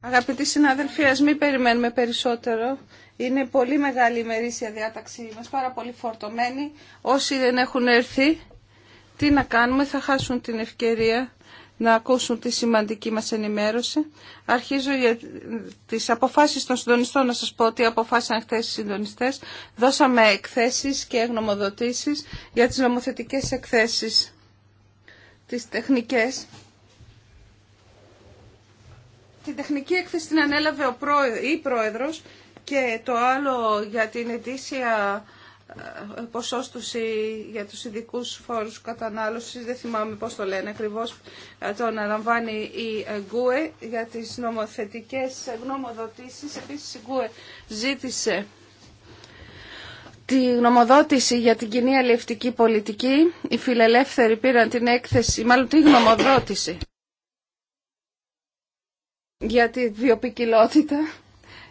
Αγαπητοί συνάδελφοι, ας μην περιμένουμε περισσότερο. Είναι πολύ μεγάλη η ημερήσια διάταξη μας, πάρα πολύ φορτωμένη. Όσοι δεν έχουν έρθει, τι να κάνουμε, θα χάσουν την ευκαιρία να ακούσουν τη σημαντική μας ενημέρωση. Αρχίζω για τις αποφάσεις των συντονιστών να σας πω ότι αποφάσισαν χθε οι συντονιστές. Δώσαμε εκθέσεις και γνωμοδοτήσεις για τις νομοθετικές εκθέσεις, τις τεχνικές την τεχνική έκθεση την ανέλαβε ο ή πρόεδρος και το άλλο για την ετήσια ε, ποσόστοση για τους ειδικού φόρους κατανάλωσης, δεν θυμάμαι πώς το λένε ακριβώς, ε, τον αναλαμβάνει η ε, ΓΚΟΕ για τις νομοθετικές γνωμοδοτήσεις. Επίσης η ΓΚΟΕ ζήτησε τη γνωμοδότηση για την κοινή αλληλευτική πολιτική. Οι φιλελεύθεροι πήραν την έκθεση, μάλλον τη γνωμοδότηση για τη βιοπικιλότητα,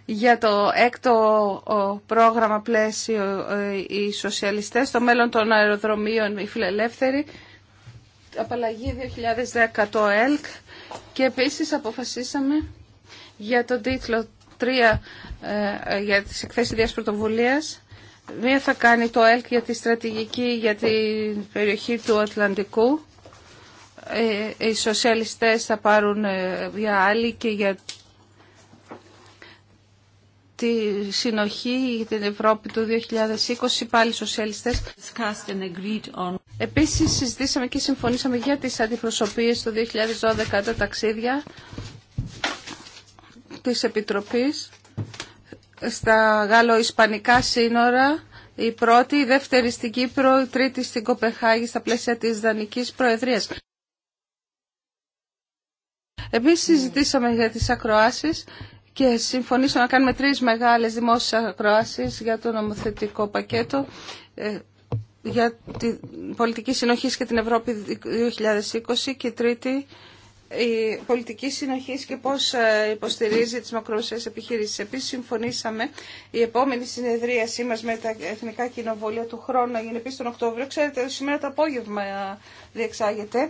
για το έκτο πρόγραμμα πλαίσιο ε, οι σοσιαλιστές, το μέλλον των αεροδρομίων οι φιλελεύθεροι, απαλλαγή 2010 το ΕΛΚ και επίσης αποφασίσαμε για τον τίτλο 3 ε, για τις εκθέσεις ιδίας πρωτοβουλίας. Μία θα κάνει το ΕΛΚ για τη στρατηγική για την περιοχή του Ατλαντικού ε, οι σοσιαλιστές θα πάρουν ε, για άλλη και για τη συνοχή για την Ευρώπη του 2020 πάλι σοσιαλιστές. Επίσης συζητήσαμε και συμφωνήσαμε για τις αντιπροσωπείες του 2012 τα ταξίδια της Επιτροπής στα γάλλο-ισπανικά σύνορα η πρώτη, η δεύτερη στην Κύπρο, η τρίτη στην Κοπεχάγη στα πλαίσια της Δανικής Προεδρίας. Επίσης συζητήσαμε για τις ακροάσεις και συμφωνήσαμε να κάνουμε τρεις μεγάλες δημόσιες ακροάσεις για το νομοθετικό πακέτο ε, για την πολιτική συνοχή και την Ευρώπη 2020 και τρίτη η πολιτική συνοχή και πώς ε, υποστηρίζει τις μακρόσιες επιχειρήσεις. Επίσης συμφωνήσαμε η επόμενη συνεδρίασή μας με τα Εθνικά Κοινοβούλια του χρόνου να γίνει επίσης τον Οκτώβριο. Ξέρετε, σήμερα το απόγευμα ε, διεξάγεται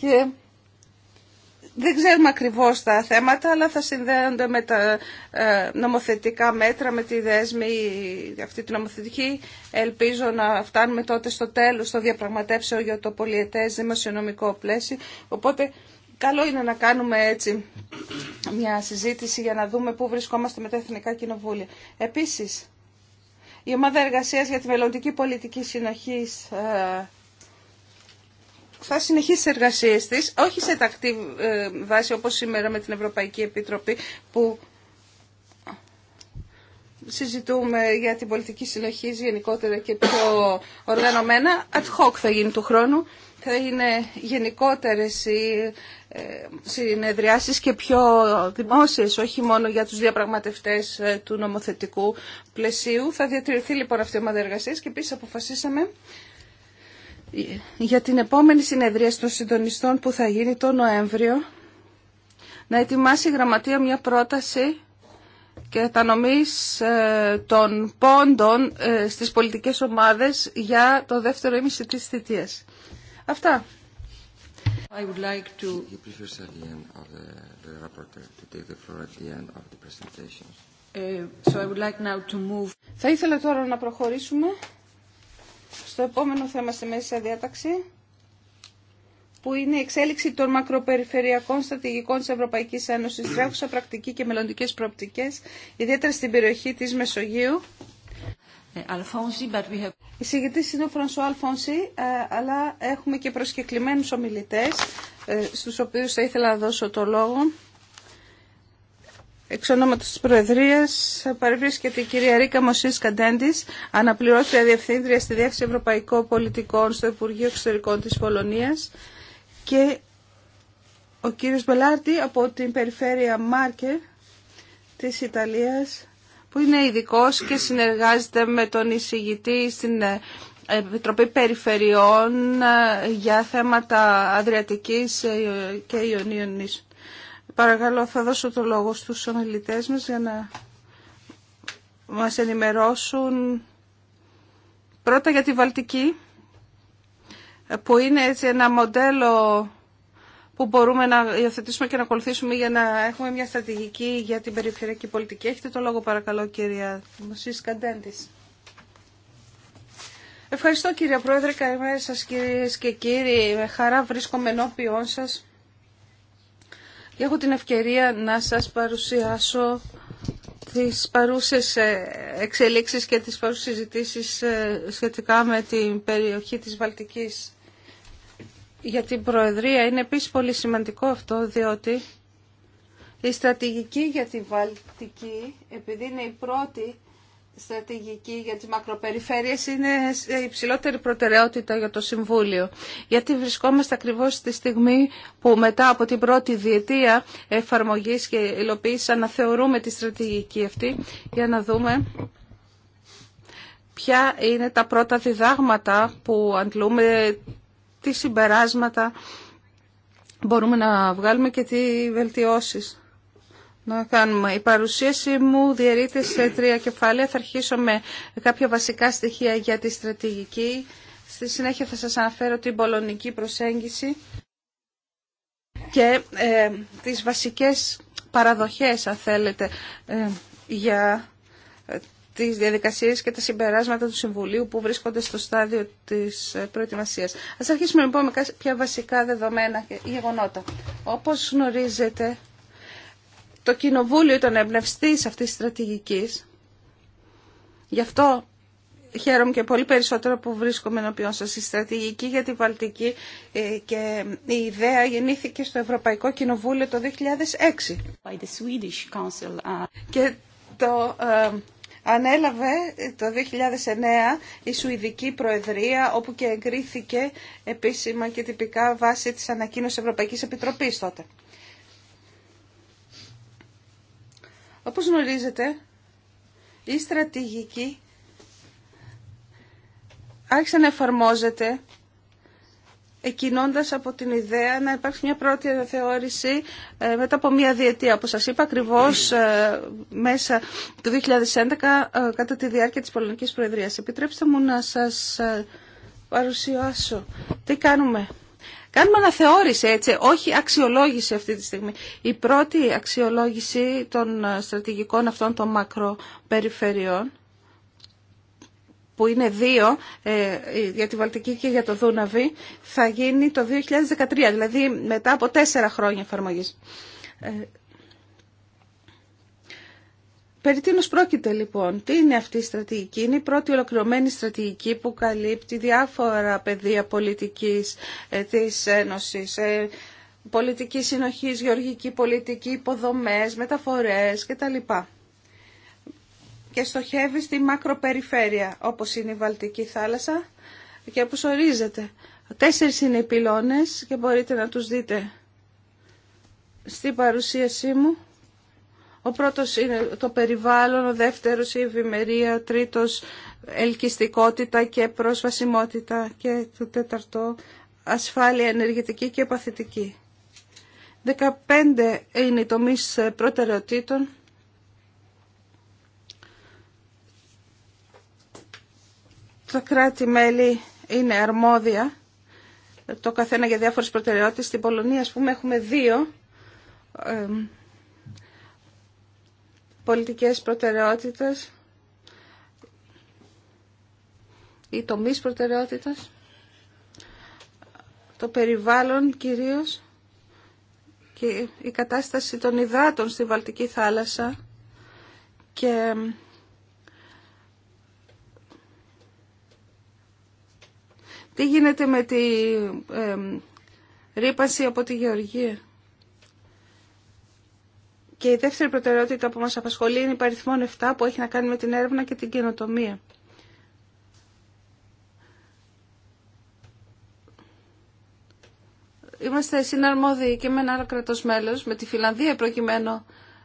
και δεν ξέρουμε ακριβώς τα θέματα, αλλά θα συνδέονται με τα ε, νομοθετικά μέτρα, με τη δέσμη, αυτή τη νομοθετική. Ελπίζω να φτάνουμε τότε στο τέλος, στο διαπραγματεύσεο για το πολιετές δημοσιονομικό πλαίσιο. Οπότε καλό είναι να κάνουμε έτσι μια συζήτηση για να δούμε πού βρισκόμαστε με τα Εθνικά Κοινοβούλια. Επίσης, η ομάδα εργασίας για τη μελλοντική πολιτική συνοχής ε, θα συνεχίσει τις εργασίες της, όχι σε τακτή ε, βάση όπως σήμερα με την Ευρωπαϊκή Επιτροπή που συζητούμε για την πολιτική συνοχή γενικότερα και πιο οργανωμένα. Ad hoc θα γίνει του χρόνου. Θα είναι γενικότερες οι ε, συνεδριάσεις και πιο δημόσιες, όχι μόνο για τους διαπραγματευτές ε, του νομοθετικού πλαισίου. Θα διατηρηθεί λοιπόν αυτή η ομάδα εργασίας και επίσης αποφασίσαμε για την επόμενη συνεδρία των συντονιστών που θα γίνει το Νοέμβριο να ετοιμάσει η Γραμματεία μια πρόταση και κατανομής ε, των πόντων ε, στις πολιτικές ομάδες για το δεύτερο ήμιση της θητείας. Αυτά. I would like to... Θα ήθελα τώρα να προχωρήσουμε στο επόμενο θέμα στη μέση διάταξη που είναι η εξέλιξη των μακροπεριφερειακών στρατηγικών της Ευρωπαϊκής Ένωσης, τρέχουσα πρακτική και μελλοντικέ προοπτικές, ιδιαίτερα στην περιοχή της Μεσογείου. Ε, η συγκεκριτής είναι ο Φρανσουά Αλφόνση, ε, αλλά έχουμε και προσκεκλημένους ομιλητές, ε, στους οποίους θα ήθελα να δώσω το λόγο. Εξ ονόματο της Προεδρίας παρευρίσκεται η κυρία Ρίκα Μωσής Καντέντη, αναπληρώτρια διευθύντρια στη Διεύθυνση Ευρωπαϊκών Πολιτικών στο Υπουργείο Εξωτερικών της Πολωνίας και ο κύριος Μπελάρτη από την περιφέρεια Μάρκε της Ιταλίας που είναι ειδικό και συνεργάζεται με τον εισηγητή στην ε, Επιτροπή Περιφερειών ε, για θέματα Αδριατικής ε, και Ιωνίων νήσου. Παρακαλώ, θα δώσω το λόγο στους ομιλητές μας για να μας ενημερώσουν πρώτα για τη Βαλτική, που είναι έτσι ένα μοντέλο που μπορούμε να υιοθετήσουμε και να ακολουθήσουμε για να έχουμε μια στρατηγική για την περιφερειακή πολιτική. Έχετε το λόγο παρακαλώ κυρία Μωσής Καντέντης. Ευχαριστώ κυρία Πρόεδρε, καλημέρα σας κυρίες και κύριοι. Με χαρά βρίσκομαι ενώπιόν σας Έχω την ευκαιρία να σας παρουσιάσω τις παρούσες ε, εξελίξεις και τις παρούσες συζητήσεις ε, σχετικά με την περιοχή της Βαλτικής. Για την Προεδρία είναι επίσης πολύ σημαντικό αυτό, διότι η στρατηγική για τη Βαλτική, επειδή είναι η πρώτη στρατηγική για τις μακροπεριφέρειες είναι η υψηλότερη προτεραιότητα για το Συμβούλιο. Γιατί βρισκόμαστε ακριβώς στη στιγμή που μετά από την πρώτη διετία εφαρμογής και υλοποίησης αναθεωρούμε τη στρατηγική αυτή για να δούμε ποια είναι τα πρώτα διδάγματα που αντλούμε, τι συμπεράσματα μπορούμε να βγάλουμε και τι βελτιώσεις να κάνουμε. Η παρουσίαση μου διαιρείται σε τρία κεφάλαια. Θα αρχίσω με κάποια βασικά στοιχεία για τη στρατηγική. Στη συνέχεια θα σας αναφέρω την πολωνική προσέγγιση και ε, τις βασικές παραδοχές, αν θέλετε, ε, για ε, τις διαδικασίες και τα συμπεράσματα του Συμβουλίου που βρίσκονται στο στάδιο της ε, προετοιμασίας. Ας αρχίσουμε λοιπόν με κάποια βασικά δεδομένα και γεγονότα. Όπως γνωρίζετε, το Κοινοβούλιο ήταν εμπνευστή αυτής της στρατηγικής. Γι' αυτό χαίρομαι και πολύ περισσότερο που βρίσκομαι ενώπιον σας. Η στρατηγική για τη Βαλτική ε, και η ιδέα γεννήθηκε στο Ευρωπαϊκό Κοινοβούλιο το 2006. By the Swedish Council. Uh, και το ε, ανέλαβε το 2009 η Σουηδική Προεδρία, όπου και εγκρίθηκε επίσημα και τυπικά βάσει της ανακοίνωσης Ευρωπαϊκής Επιτροπής τότε. Όπως γνωρίζετε, η στρατηγική άρχισε να εφαρμόζεται εκκινώντας από την ιδέα να υπάρξει μια πρώτη θεώρηση ε, μετά από μια διετία. Όπως σας είπα, ακριβώς ε, μέσα του 2011 ε, κατά τη διάρκεια της Πολωνικής Προεδρίας. Επιτρέψτε μου να σας παρουσιάσω τι κάνουμε Κάνουμε αναθεώρηση έτσι, όχι αξιολόγηση αυτή τη στιγμή. Η πρώτη αξιολόγηση των ε, στρατηγικών αυτών των μακροπεριφερειών που είναι δύο ε, για τη Βαλτική και για το Δούναβη, θα γίνει το 2013, δηλαδή μετά από τέσσερα χρόνια εφαρμογής. Ε, Περί τίνος πρόκειται λοιπόν. Τι είναι αυτή η στρατηγική. Είναι η πρώτη ολοκληρωμένη στρατηγική που καλύπτει διάφορα πεδία πολιτικής ε, της Ένωσης. Ε, πολιτική συνοχής, γεωργική πολιτική, υποδομές, μεταφορές κτλ. Και στοχεύει στη μακροπεριφέρεια όπως είναι η Βαλτική θάλασσα και όπως ορίζεται. Τέσσερις είναι οι πυλώνες και μπορείτε να τους δείτε στη παρουσίασή μου. Ο πρώτος είναι το περιβάλλον, ο δεύτερος η ευημερία, τρίτος ελκυστικότητα και προσβασιμότητα και το τέταρτο ασφάλεια ενεργητική και παθητική. 15 είναι οι τομείς προτεραιοτήτων. Τα κράτη-μέλη είναι αρμόδια, το καθένα για διάφορες προτεραιότητες. Στην Πολωνία, ας πούμε, έχουμε δύο πολιτικές προτεραιότητες ή τομείς προτεραιότητας, το περιβάλλον κυρίως και η κατάσταση των υδάτων στη Βαλτική θάλασσα και τι γίνεται με τη ε, ρήπαση από τη Γεωργία. Και η δεύτερη προτεραιότητα που μας απασχολεί είναι η παριθμόν 7 που έχει να κάνει με την έρευνα και την καινοτομία. Είμαστε συναρμόδιοι και με ένα άλλο κρατός μέλος, με τη Φιλανδία προκειμένου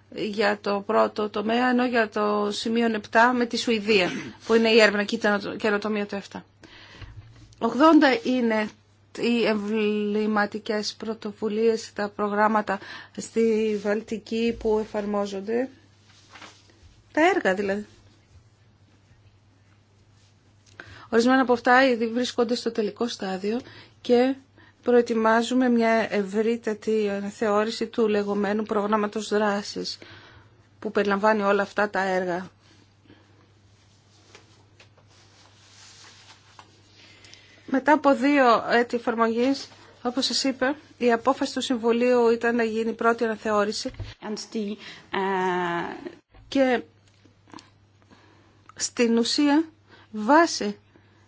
για το πρώτο τομέα, ενώ για το σημείο 7 με τη Σουηδία, που είναι η έρευνα και η καινοτομία του 7. 80 είναι οι εμβληματικέ πρωτοβουλίες, τα προγράμματα στη Βαλτική που εφαρμόζονται. Τα έργα δηλαδή. Ορισμένα από αυτά ήδη βρίσκονται στο τελικό στάδιο και προετοιμάζουμε μια ευρύτατη θεώρηση του λεγόμενου προγράμματος δράσης που περιλαμβάνει όλα αυτά τα έργα Μετά από δύο έτη εφαρμογή, όπω σα είπα, η απόφαση του Συμβουλίου ήταν να γίνει η πρώτη αναθεώρηση. Ε, Και στην ουσία, βάση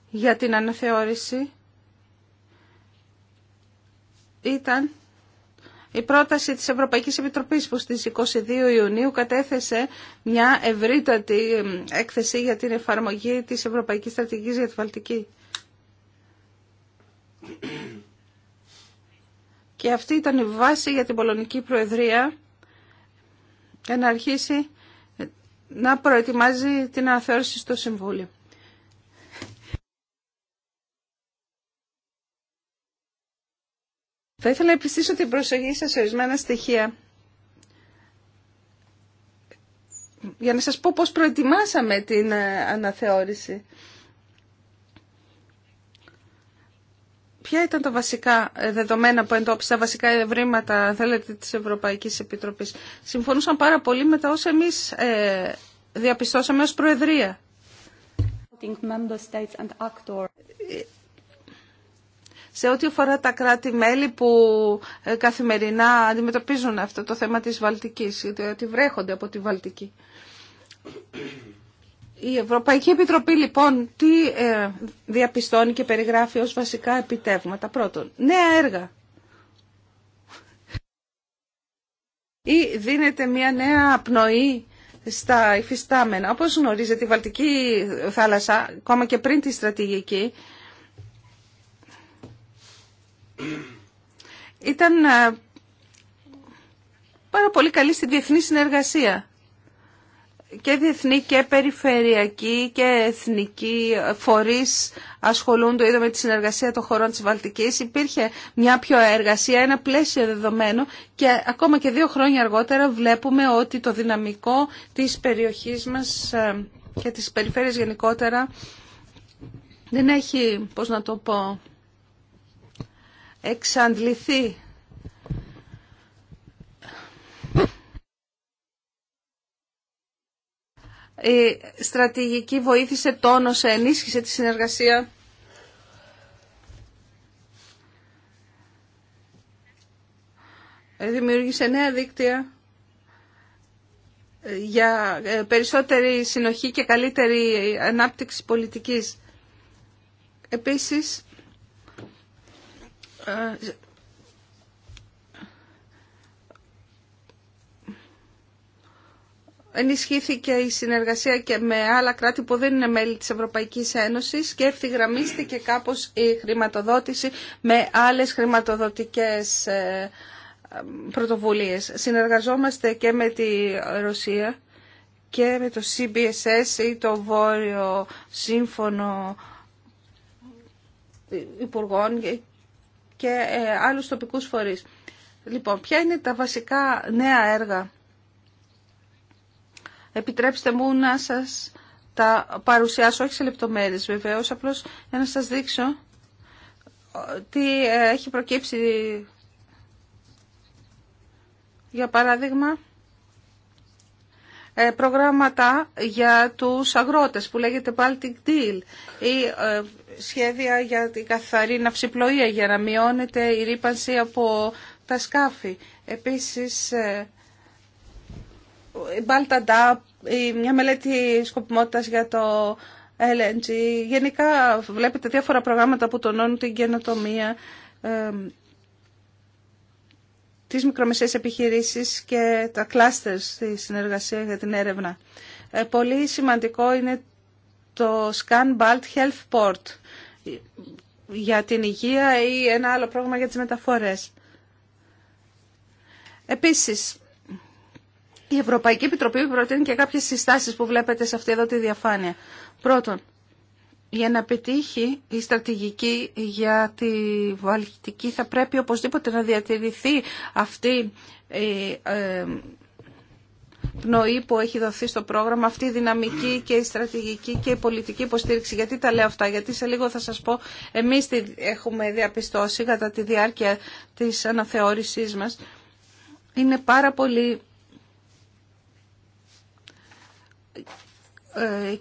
για την αναθεώρηση ήταν η πρόταση της Ευρωπαϊκής Επιτροπής που στις 22 Ιουνίου κατέθεσε μια ευρύτατη έκθεση για την εφαρμογή της Ευρωπαϊκής Στρατηγικής για τη Βαλτική. Και αυτή ήταν η βάση για την Πολωνική Προεδρία για να αρχίσει να προετοιμάζει την αναθεώρηση στο Συμβούλιο. Θα ήθελα να επιστήσω την προσοχή σας σε ορισμένα στοιχεία για να σας πω πώς προετοιμάσαμε την ε, αναθεώρηση. Ποια ήταν τα βασικά ε, δεδομένα που εντόπισε, τα βασικά ευρήματα θέλετε, της Ευρωπαϊκής Επιτροπής. Συμφωνούσαν πάρα πολύ με τα όσα εμείς ε, διαπιστώσαμε ως Προεδρία. Ε, σε ό,τι αφορά τα κράτη-μέλη που ε, καθημερινά αντιμετωπίζουν αυτό το θέμα της Βαλτικής, ότι βρέχονται από τη Βαλτική. Η Ευρωπαϊκή Επιτροπή λοιπόν τι ε, διαπιστώνει και περιγράφει ως βασικά επιτεύγματα. Πρώτον, νέα έργα. Ή δίνεται μια νέα πνοή στα υφιστάμενα. Όπως γνωρίζετε η δινεται μια νεα απνοη θάλασσα, ακόμα και πριν τη στρατηγική, ήταν ε, πάρα πολύ καλή στη διεθνή συνεργασία και διεθνή και περιφερειακή και εθνική φορείς ασχολούνται με τη συνεργασία των χωρών της Βαλτικής. Υπήρχε μια πιο εργασία, ένα πλαίσιο δεδομένο και ακόμα και δύο χρόνια αργότερα βλέπουμε ότι το δυναμικό της περιοχής μας ε, και της περιφέρειας γενικότερα δεν έχει, πώς να το πω, εξαντληθεί η στρατηγική βοήθησε, τόνωσε, ενίσχυσε τη συνεργασία. Δημιούργησε νέα δίκτυα για ε, περισσότερη συνοχή και καλύτερη ανάπτυξη πολιτικής. Επίσης, ε, ενισχύθηκε η συνεργασία και με άλλα κράτη που δεν είναι μέλη της Ευρωπαϊκής Ένωσης και ευθυγραμμίστηκε κάπως η χρηματοδότηση με άλλες χρηματοδοτικές ε, πρωτοβουλίες. Συνεργαζόμαστε και με τη Ρωσία και με το CBSS ή το Βόρειο Σύμφωνο Υπουργών και ε, άλλους τοπικούς φορείς. Λοιπόν, ποια είναι τα βασικά νέα έργα Επιτρέψτε μου να σας τα παρουσιάσω, όχι σε λεπτομέρειες βεβαίως, απλώς για να σας δείξω ε, τι ε, έχει προκύψει. Για παράδειγμα, ε, προγράμματα για τους αγρότες που λέγεται Baltic Deal ή σχέδια για την καθαρή ναυσιπλοεία για να μειώνεται η ρήπανση από τα σκάφη. Επίσης, Balta DAP, μια μελέτη σκοπιμότητας για το LNG. Γενικά βλέπετε διάφορα προγράμματα που τονώνουν την καινοτομία, ε, τις μικρομεσαίες επιχειρήσεις και τα κλάστερ στη συνεργασία για την έρευνα. Ε, πολύ σημαντικό είναι το Scan Balt Health Port για την υγεία ή ένα άλλο πρόγραμμα για τις μεταφορές. Επίσης, η Ευρωπαϊκή Επιτροπή προτείνει και κάποιες συστάσεις που βλέπετε σε αυτή εδώ τη διαφάνεια. Πρώτον, για να πετύχει η στρατηγική για τη βαλτική θα πρέπει οπωσδήποτε να διατηρηθεί αυτή η ε, ε, πνοή που έχει δοθεί στο πρόγραμμα, αυτή η δυναμική και η στρατηγική και η πολιτική υποστήριξη. Γιατί τα λέω αυτά, γιατί σε λίγο θα σας πω, εμείς τη έχουμε διαπιστώσει κατά τη διάρκεια της αναθεώρησής μας. Είναι πάρα πολύ Ε,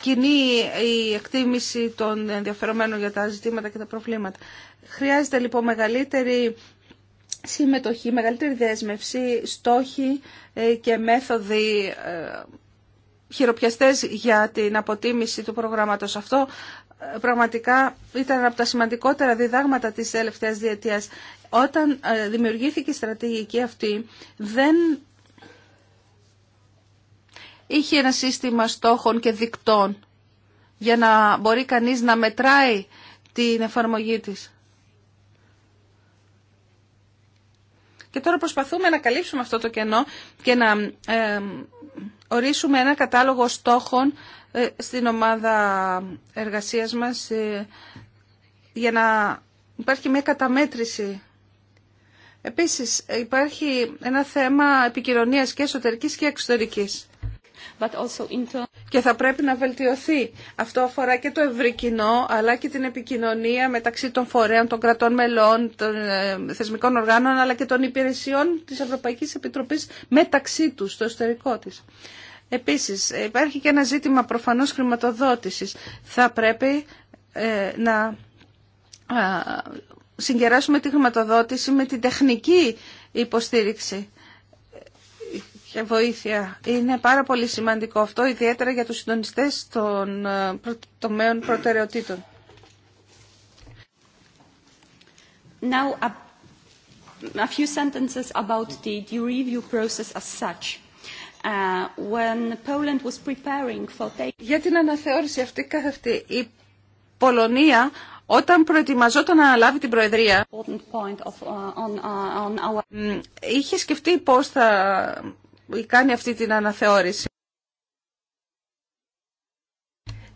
κοινή η εκτίμηση των ενδιαφερομένων για τα ζητήματα και τα προβλήματα. Χρειάζεται λοιπόν μεγαλύτερη συμμετοχή, μεγαλύτερη δέσμευση, στόχοι ε, και μέθοδοι ε, χειροπιαστές για την αποτίμηση του προγράμματος. Αυτό πραγματικά ήταν από τα σημαντικότερα διδάγματα της τελευταίας διετίας. Όταν δημιουργήθηκε η στρατηγική αυτή, δεν είχε ένα σύστημα στόχων και δικτών για να μπορεί κανείς να μετράει την εφαρμογή της. Και τώρα προσπαθούμε να καλύψουμε αυτό το κενό και να ορίσουμε ένα κατάλογο στόχων ε, στην ομάδα εργασίας μας ε, για να υπάρχει μια καταμέτρηση. Επίσης υπάρχει ένα θέμα επικοινωνίας και εσωτερικής και εξωτερικής. Και θα πρέπει να βελτιωθεί. Αυτό αφορά και το ευρύ αλλά και την επικοινωνία μεταξύ των φορέων, των κρατών μελών, των ε, θεσμικών οργάνων, αλλά και των υπηρεσιών της Ευρωπαϊκής Επιτροπής μεταξύ τους, στο εσωτερικό της. Επίσης, υπάρχει και ένα ζήτημα προφανώς χρηματοδότησης. Θα πρέπει ε, να συγκεράσουμε τη χρηματοδότηση με την τεχνική υποστήριξη και βοήθεια. Είναι πάρα πολύ σημαντικό αυτό, ιδιαίτερα για τους συντονιστές των ε, τομέων προτεραιοτήτων. Now, a few sentences about the review process as such. Uh, when Poland was preparing for... Για την αναθεώρηση αυτή καθ' αυτή, η Πολωνία όταν προετοιμαζόταν να αναλάβει την Προεδρία uh, uh, είχε σκεφτεί πώς θα κάνει αυτή την αναθεώρηση.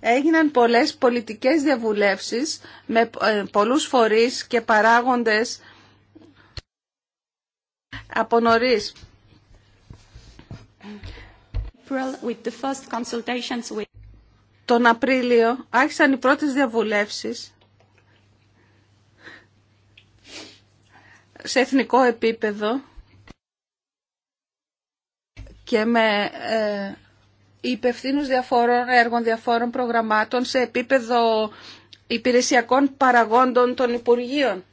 Έγιναν πολλές πολιτικές διαβουλεύσεις με ε, πολλούς φορείς και παράγοντες από νωρίς. Τον Απρίλιο άρχισαν οι πρώτες διαβουλεύσεις σε εθνικό επίπεδο και με ε, υπευθύνου διαφόρων έργων, διαφόρων προγραμμάτων σε επίπεδο υπηρεσιακών παραγόντων των Υπουργείων.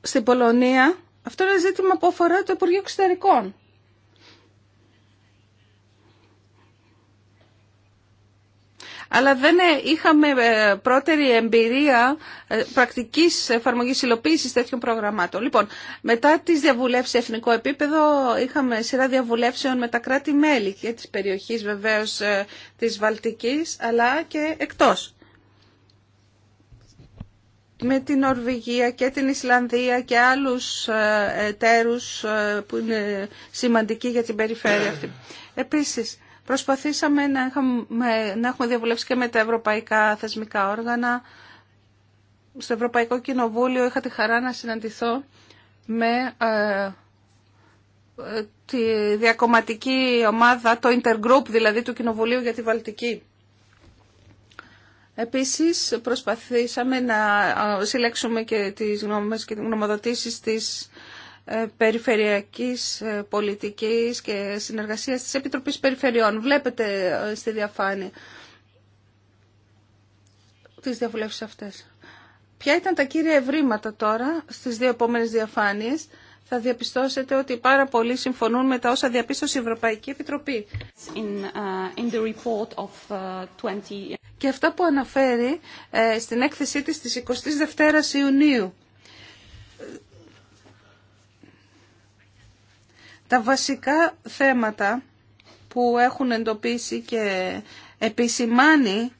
Στην Πολωνία αυτό είναι ζήτημα που αφορά το Υπουργείο Εξωτερικών. αλλά δεν ε, είχαμε ε, πρώτερη εμπειρία ε, πρακτικής εφαρμογής υλοποίησης τέτοιων προγραμμάτων. Λοιπόν, μετά τις διαβουλεύσεις σε εθνικό επίπεδο είχαμε σειρά διαβουλεύσεων με τα κράτη-μέλη και της περιοχής βεβαίως της Βαλτικής, αλλά και εκτός με την Νορβηγία και την Ισλανδία και άλλους τέρους που είναι σημαντικοί για την περιφέρεια αυτή. Επίσης, Προσπαθήσαμε να έχουμε, να διαβουλεύσει και με τα ευρωπαϊκά θεσμικά όργανα. Στο Ευρωπαϊκό Κοινοβούλιο είχα τη χαρά να συναντηθώ με ε, ε, τη διακομματική ομάδα, το Intergroup δηλαδή του Κοινοβουλίου για τη Βαλτική. Επίσης προσπαθήσαμε να ε, συλλέξουμε και τις γνώμες και τις γνωμοδοτήσεις της ε, περιφερειακής ε, πολιτικής και συνεργασίας της Επιτροπής Περιφερειών. Βλέπετε ε, στη διαφάνεια τις διαβουλεύσεις αυτές. Ποια ήταν τα κύρια ευρήματα τώρα στις δύο επόμενες διαφάνειες. Θα διαπιστώσετε ότι πάρα πολλοί συμφωνούν με τα όσα διαπίστωσε η Ευρωπαϊκή Επιτροπή. Uh, the report of, uh, Και αυτά που αναφέρει στην έκθεσή της της 22 Ιουνίου Τα βασικά θέματα που έχουν εντοπίσει και επισημάνει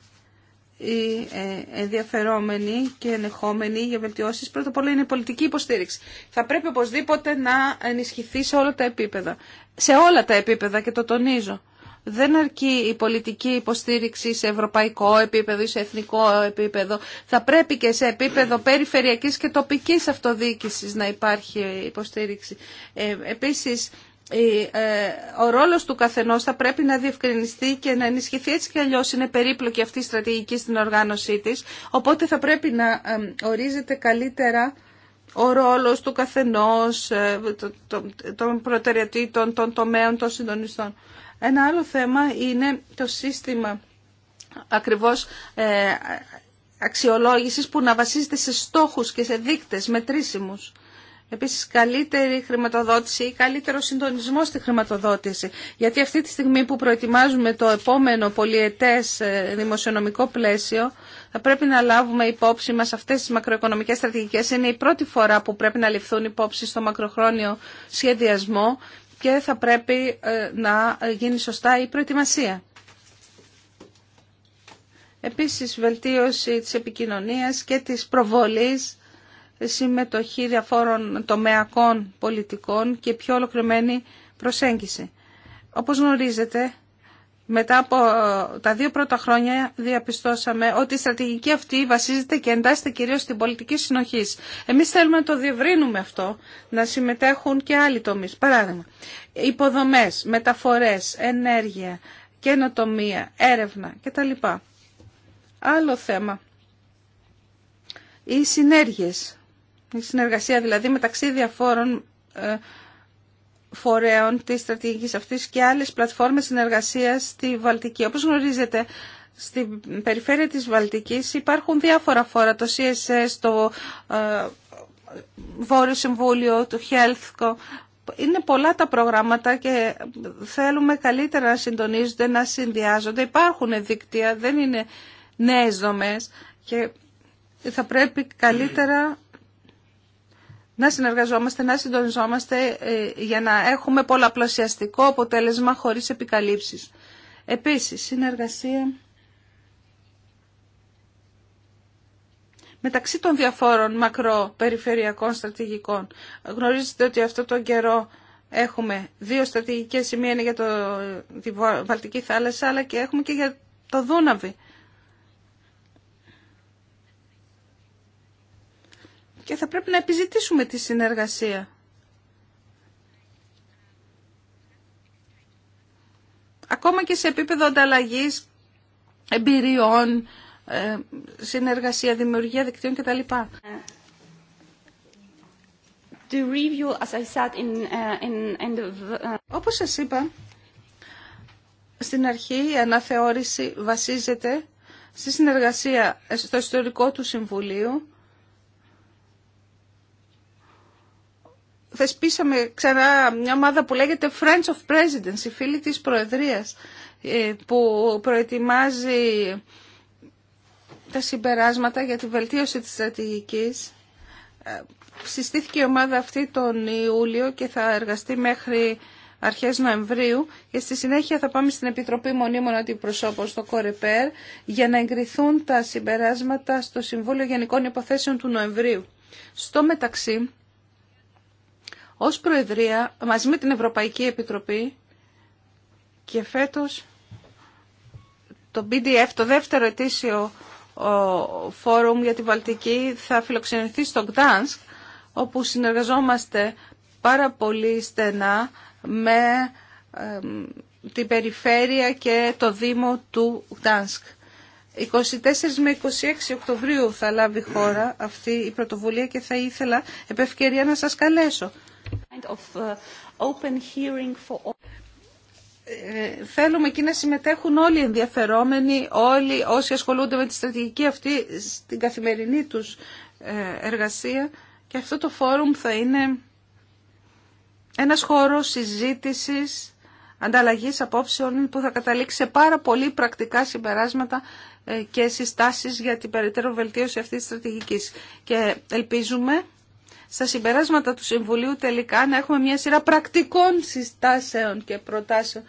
οι ε, ενδιαφερόμενοι και ενεχόμενοι για βελτιώσεις, πρώτα απ' όλα είναι η πολιτική υποστήριξη. Θα πρέπει οπωσδήποτε να ενισχυθεί σε όλα τα επίπεδα. Σε όλα τα επίπεδα και το τονίζω. Δεν αρκεί η πολιτική υποστήριξη σε ευρωπαϊκό επίπεδο ή σε εθνικό επίπεδο. Θα πρέπει και σε επίπεδο περιφερειακής και τοπικής αυτοδιοίκησης να υπάρχει υποστήριξη. Ε, επίσης, ε, ο ρόλος του καθενός θα πρέπει να διευκρινιστεί και να ενισχυθεί έτσι και αλλιώς είναι περίπλοκη αυτή η στρατηγική στην οργάνωσή της, οπότε θα πρέπει να ε, ορίζεται καλύτερα ο ρόλος του καθενός, ε, των προτεραιοτήτων, των τομέων, των συντονιστών. Ένα άλλο θέμα είναι το σύστημα ακριβώς ε, αξιολόγησης που να βασίζεται σε στόχους και σε δείκτες μετρήσιμους. Επίσης καλύτερη χρηματοδότηση ή καλύτερο συντονισμό στη χρηματοδότηση. Γιατί αυτή τη στιγμή που προετοιμάζουμε το επόμενο πολιετές ε, δημοσιονομικό πλαίσιο θα πρέπει να λάβουμε υπόψη μας αυτές τις μακροοικονομικές στρατηγικές. Είναι η πρώτη φορά που πρέπει να ληφθούν υπόψη στο μακροχρόνιο σχεδιασμό και θα πρέπει ε, να γίνει σωστά η προετοιμασία. Επίσης, βελτίωση της επικοινωνίας και της προβολής, συμμετοχή διαφόρων τομεακών πολιτικών και πιο ολοκληρωμένη προσέγγιση. Όπως γνωρίζετε, μετά από τα δύο πρώτα χρόνια διαπιστώσαμε ότι η στρατηγική αυτή βασίζεται και εντάσσεται κυρίως στην πολιτική συνοχή. Εμείς θέλουμε να το διευρύνουμε αυτό, να συμμετέχουν και άλλοι τομείς. Παράδειγμα, υποδομές, μεταφορές, ενέργεια, καινοτομία, έρευνα κτλ. Άλλο θέμα. Οι συνέργειες, η συνεργασία δηλαδή μεταξύ διαφόρων ε, φορέων της στρατηγικής αυτής και άλλες πλατφόρμες συνεργασίας στη Βαλτική. Όπως γνωρίζετε, στην περιφέρεια της Βαλτικής υπάρχουν διάφορα φόρα, το CSS, το ε, Βόρειο Συμβούλιο, το HealthCo. Είναι πολλά τα προγράμματα και θέλουμε καλύτερα να συντονίζονται, να συνδυάζονται. Υπάρχουν δίκτυα, δεν είναι νέες δομές και θα πρέπει καλύτερα να συνεργαζόμαστε, να συντονιζόμαστε ε, για να έχουμε πολλαπλασιαστικό αποτέλεσμα χωρίς επικαλύψεις. Επίσης, συνεργασία μεταξύ των διαφόρων μακροπεριφερειακών στρατηγικών. Γνωρίζετε ότι αυτό τον καιρό έχουμε δύο στρατηγικές, η για το, τη Βαλτική θάλασσα, αλλά και έχουμε και για το Δούναβι. και θα πρέπει να επιζητήσουμε τη συνεργασία. Ακόμα και σε επίπεδο ανταλλαγή εμπειριών, ε, συνεργασία, δημιουργία δικτύων κτλ. The review, Όπως σας είπα, στην αρχή η αναθεώρηση βασίζεται στη συνεργασία στο ιστορικό του Συμβουλίου θεσπίσαμε ξανά μια ομάδα που λέγεται Friends of Presidents, οι φίλοι της Προεδρίας, ε, που προετοιμάζει τα συμπεράσματα για τη βελτίωση της στρατηγικής. Ε, συστήθηκε η ομάδα αυτή τον Ιούλιο και θα εργαστεί μέχρι αρχές Νοεμβρίου και στη συνέχεια θα πάμε στην Επιτροπή Μονίμων Αντιπροσώπων στο ΚΟΡΕΠΕΡ για να εγκριθούν τα συμπεράσματα στο Συμβούλιο Γενικών Υποθέσεων του Νοεμβρίου. Στο μεταξύ, ως Προεδρία, μαζί με την Ευρωπαϊκή Επιτροπή και φέτος το BDF, το δεύτερο ετήσιο φόρουμ για τη Βαλτική, θα φιλοξενηθεί στο Γκτάνσκ, όπου συνεργαζόμαστε πάρα πολύ στενά με την περιφέρεια και το Δήμο του Γκτάνσκ. 24 με 26 Οκτωβρίου θα λάβει χώρα αυτή η πρωτοβουλία και θα ήθελα επευκαιρία να σας καλέσω. Uh, ε, θέλουμε εκεί να συμμετέχουν όλοι οι ενδιαφερόμενοι, όλοι όσοι ασχολούνται με τη στρατηγική αυτή στην καθημερινή τους ε, εργασία και αυτό το φόρουμ θα είναι ένας χώρος συζήτησης, ανταλλαγής απόψεων που θα καταλήξει σε πάρα πολύ πρακτικά συμπεράσματα ε, και συστάσεις για την περαιτέρω βελτίωση αυτής της στρατηγικής. Και ελπίζουμε στα συμπεράσματα του Συμβουλίου τελικά να έχουμε μια σειρά πρακτικών συστάσεων και προτάσεων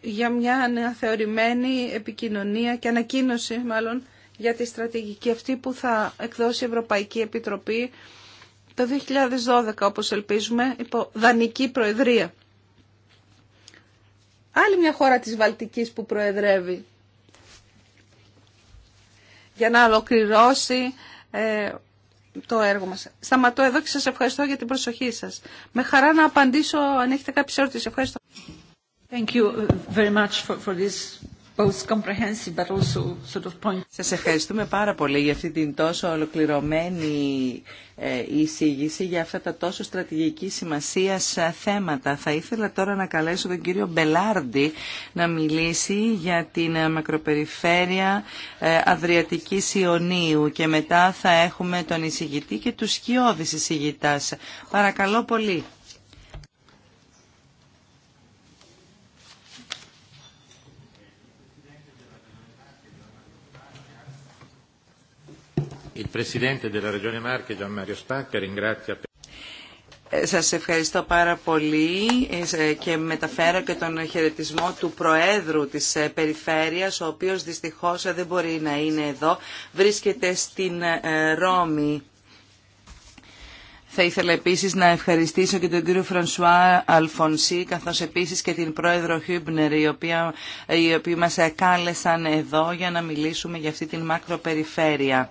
για μια αναθεωρημένη επικοινωνία και ανακοίνωση μάλλον για τη στρατηγική αυτή που θα εκδώσει η Ευρωπαϊκή Επιτροπή το 2012 όπως ελπίζουμε υπό δανική προεδρία. Άλλη μια χώρα της Βαλτικής που προεδρεύει για να ολοκληρώσει ε, το έργο μας. Σταματώ εδώ και σας ευχαριστώ για την προσοχή σας. Με χαρά να απαντήσω αν έχετε κάποιες ερώτηση. Ευχαριστώ. Uh, very much for this σας ευχαριστούμε πάρα πολύ για αυτή την τόσο ολοκληρωμένη ε, εισήγηση για αυτά τα τόσο στρατηγική σημασία θέματα. Θα ήθελα τώρα να καλέσω τον κύριο Μπελάρντι να μιλήσει για την ε, μακροπεριφέρεια ε, Αδριατική Ιωνίου και μετά θα έχουμε τον εισηγητή και τους σκιώδης εισηγητάς. Παρακαλώ πολύ. Σας ευχαριστώ πάρα πολύ ε, και μεταφέρω και τον χαιρετισμό του Προέδρου της ε, Περιφέρειας, ο οποίος δυστυχώς ε, δεν μπορεί να είναι εδώ, βρίσκεται στην Ρώμη. Θα ήθελα επίσης να ευχαριστήσω και τον κύριο Φρανσουά Αλφονσί, καθώς επίσης και την πρόεδρο Χιούμπνερ, οι, οποία, οποίοι μας κάλεσαν εδώ για να μιλήσουμε για αυτή την μακροπεριφέρεια.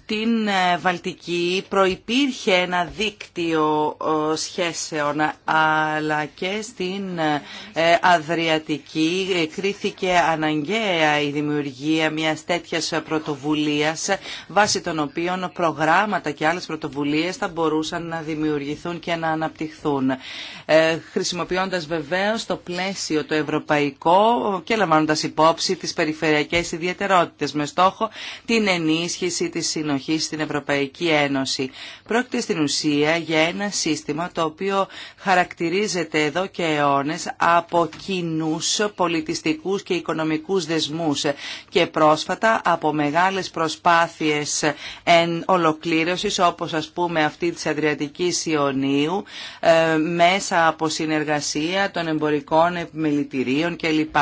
στην ε, Βαλτική προϋπήρχε ένα δίκτυο ε, σχέσεων αλλά και στην ε, Αδριατική κρίθηκε αναγκαία η δημιουργία μιας τέτοιας πρωτοβουλίας βάσει των οποίων προγράμματα και άλλες πρωτοβουλίες θα μπορούσαν να δημιουργηθούν και να αναπτυχθούν χρησιμοποιώντας βεβαίως το πλαίσιο το ευρωπαϊκό και λαμβάνοντας υπόψη τις περιφερειακές ιδιαιτερότητες με στόχο την ενίσχυση της συνοχής στην Ευρωπαϊκή Ένωση. Πρόκειται στην ουσία για ένα σύστημα το οποίο χαρακτηρίζεται εδώ και αιώνε από κοινού πολιτιστικού και οικονομικούς δεσμού και πρόσφατα από μεγάλε προσπάθειε εν ολοκλήρωσης όπως ας πούμε αυτή τη Αδριατικής Ιωνίου ε, μέσα από συνεργασία των εμπορικών επιμελητηρίων κλπ.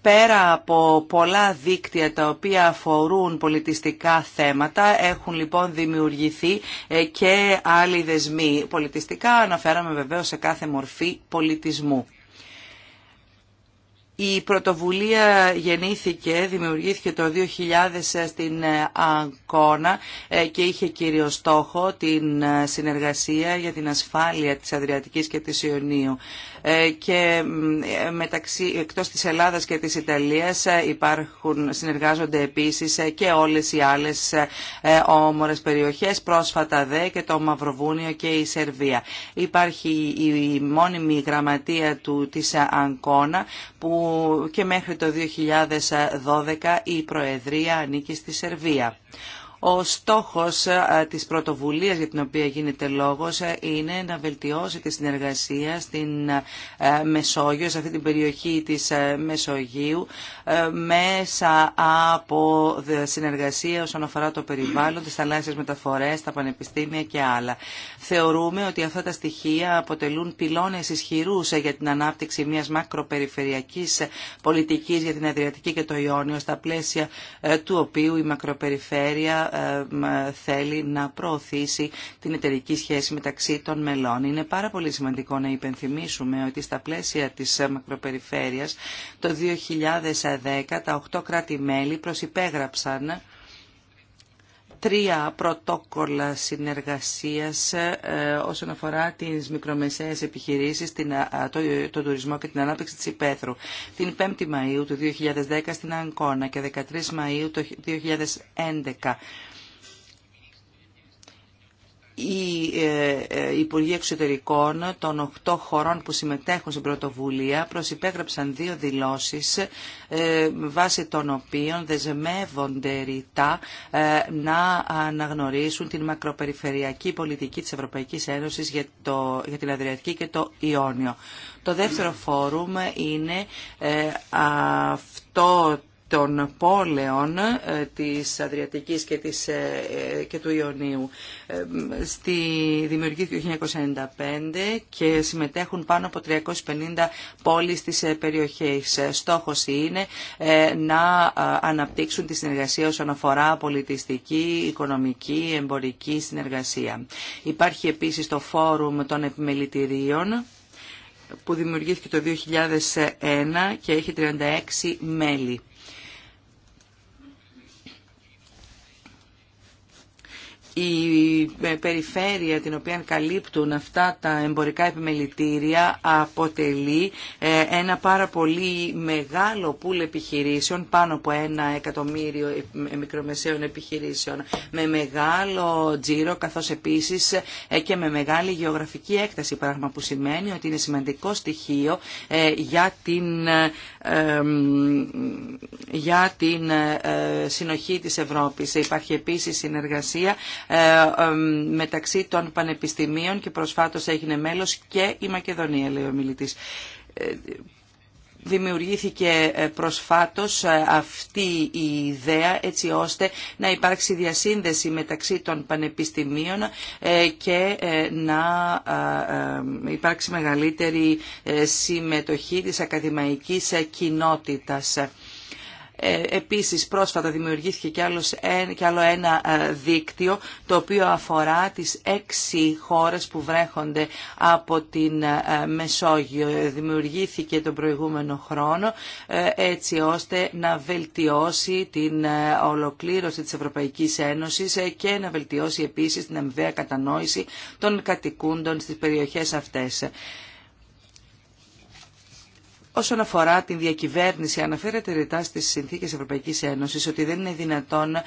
Πέρα από πολλά δίκτυα τα οποία αφορούν πολιτιστικά θέματα έχουν λοιπόν δημιουργηθεί ε, και άλλοι δεσμοί πολιτιστικά αναφέραμε βεβαίως σε κάθε μορφή πολιτισμού. Η πρωτοβουλία γεννήθηκε, δημιουργήθηκε το 2000 στην Αγκώνα ε, ε, και είχε κύριο στόχο την συνεργασία για την ασφάλεια της Αδριατικής και της Ιωνίου. Ε, και ε, μεταξύ, εκτός της Ελλάδας και της Ιταλίας ε, υπάρχουν, συνεργάζονται επίσης και όλες οι άλλες όμορες περιοχές, πρόσφατα δε και το Μαυροβούνιο και η Σερβία. Υπάρχει η μόνιμη γραμματεία του, της Αγκώνα που και μέχρι το 2012 η Προεδρία ανήκει στη Σερβία. Ο στόχος ε, της πρωτοβουλίας για την οποία γίνεται λόγος ε, είναι να βελτιώσει τη συνεργασία στην ε, Μεσόγειο, σε αυτή την περιοχή της Μεσογείου, μέσα από συνεργασία όσον αφορά το περιβάλλον, τις θαλάσσιες μεταφορές, τα πανεπιστήμια και άλλα. Θεωρούμε ότι αυτά τα στοιχεία αποτελούν πυλώνες ισχυρούς για την ανάπτυξη μιας μακροπεριφερειακής πολιτικής για την Αδριατική και το Ιόνιο, στα πλαίσια του οποίου η μακροπεριφέρεια θέλει να προωθήσει την εταιρική σχέση μεταξύ των μελών. Είναι πάρα πολύ σημαντικό να υπενθυμίσουμε ότι στα πλαίσια της ε, μακροπεριφέρειας το 2010 τα 8 κράτη-μέλη προσυπέγραψαν τρία πρωτόκολλα συνεργασίας ε, όσον αφορά τις μικρομεσαίες επιχειρήσεις, ε, τον τουρισμό και την ανάπτυξη της υπαίθρου. Την 5η Μαΐου του 2010 στην Αγκώνα και 13 Μαΐου του 2011 οι ε, ε, Υπουργοί Εξωτερικών των 8 χωρών που συμμετέχουν στην πρωτοβουλία προσυπέγραψαν δύο δηλώσεις ε, βάσει των οποίων δεσμεύονται ρητά να αναγνωρίσουν την μακροπεριφερειακή πολιτική της Ευρωπαϊκής Ένωσης για, το, για την Αδριατική και το Ιόνιο. Το δεύτερο φόρουμ είναι αυτό των πόλεων ε, της Αδριατικής και, ε, ε, του Ιωνίου. Στη δημιουργήθηκε το 1995 και συμμετέχουν πάνω από 350 πόλεις της περιοχής. Στόχος είναι να αναπτύξουν τη συνεργασία όσον αφορά πολιτιστική, οικονομική, εμπορική συνεργασία. Υπάρχει επίσης το Φόρουμ των Επιμελητηρίων που δημιουργήθηκε το 2001 και έχει 36 μέλη. η ε, περιφέρεια την οποία καλύπτουν αυτά τα εμπορικά επιμελητήρια αποτελεί ε, ένα πάρα πολύ μεγάλο πουλ επιχειρήσεων, πάνω από ένα εκατομμύριο ε, μικρομεσαίων επιχειρήσεων, με μεγάλο τζίρο καθώς επίσης και με μεγάλη γεωγραφική έκταση, πράγμα που σημαίνει ότι είναι σημαντικό στοιχείο για την, για την συνοχή της Ευρώπης. Υπάρχει επίσης συνεργασία ε, μεταξύ των πανεπιστημίων και προσφάτως έγινε μέλος και η Μακεδονία, λέει ο μιλητής. Ε, δημιουργήθηκε ε, προσφάτως αυτή η ιδέα έτσι ώστε να υπάρξει διασύνδεση μεταξύ των πανεπιστημίων και να υπάρξει μεγαλύτερη συμμετοχή της ακαδημαϊκής κοινότητας. Ε, επίσης πρόσφατα δημιουργήθηκε και άλλο ένα ε, δίκτυο το οποίο αφορά τις έξι χώρες που βρέχονται από την ε, Μεσόγειο. Δημιουργήθηκε τον προηγούμενο χρόνο έτσι ώστε να βελτιώσει την ολοκλήρωση της Ευρωπαϊκής Ένωσης και να βελτιώσει επίσης την αμοιβαία κατανόηση των κατοικούντων στις περιοχές αυτές. Όσον αφορά την διακυβέρνηση, αναφέρεται ρητά στι συνθήκε Ευρωπαϊκής Ένωσης ότι δεν είναι δυνατόν ε,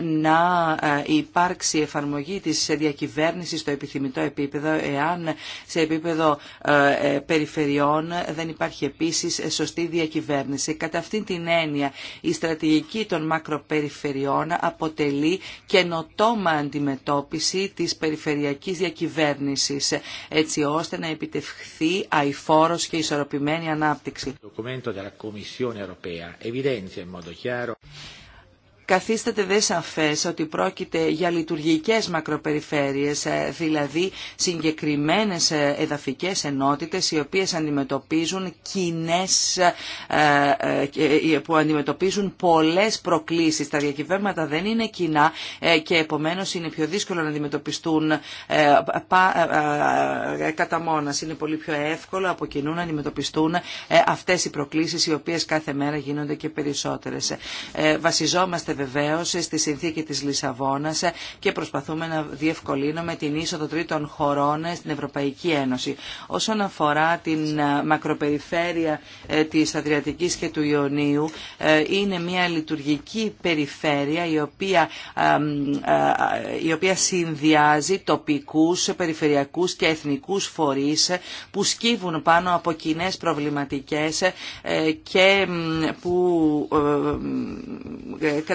να ε, υπάρξει εφαρμογή της διακυβέρνησης στο επιθυμητό επίπεδο, εάν σε επίπεδο ε, περιφερειών δεν υπάρχει επίσης σωστή διακυβέρνηση. Κατά αυτήν την έννοια, η στρατηγική των μακροπεριφερειών αποτελεί καινοτόμα αντιμετώπιση τη περιφερειακή διακυβέρνηση, έτσι ώστε να επιτευχθεί αηφόρο και ισορροπημένη ανάπτυξη ανάπτυξη καθίσταται δε σαφές ότι πρόκειται για λειτουργικές μακροπεριφέρειες, ε, δηλαδή συγκεκριμένες ε, εδαφικές ενότητες οι οποίες αντιμετωπίζουν κοινές, ε, που αντιμετωπίζουν πολλές προκλήσεις. Τα διακυβέρματα δεν είναι κοινά και επομένως είναι πιο δύσκολο να αντιμετωπιστούν κατά μόνας. Είναι πολύ πιο εύκολο από κοινού να αντιμετωπιστούν αυτές οι προκλήσεις οι οποίες κάθε μέρα γίνονται και περισσότερες. Βασιζόμαστε βεβαίως στη συνθήκη της Λισαβόνας και προσπαθούμε να διευκολύνουμε την είσοδο τρίτων χωρών στην Ευρωπαϊκή Ένωση. Όσον αφορά την ε, μακροπεριφέρεια ε, της Αδριατικής και του Ιωνίου, ε, είναι μια λειτουργική περιφέρεια η οποία, η οποία συνδυάζει τοπικούς, περιφερειακούς και εθνικούς φορείς που σκύβουν πάνω από κοινέ προβληματικές και που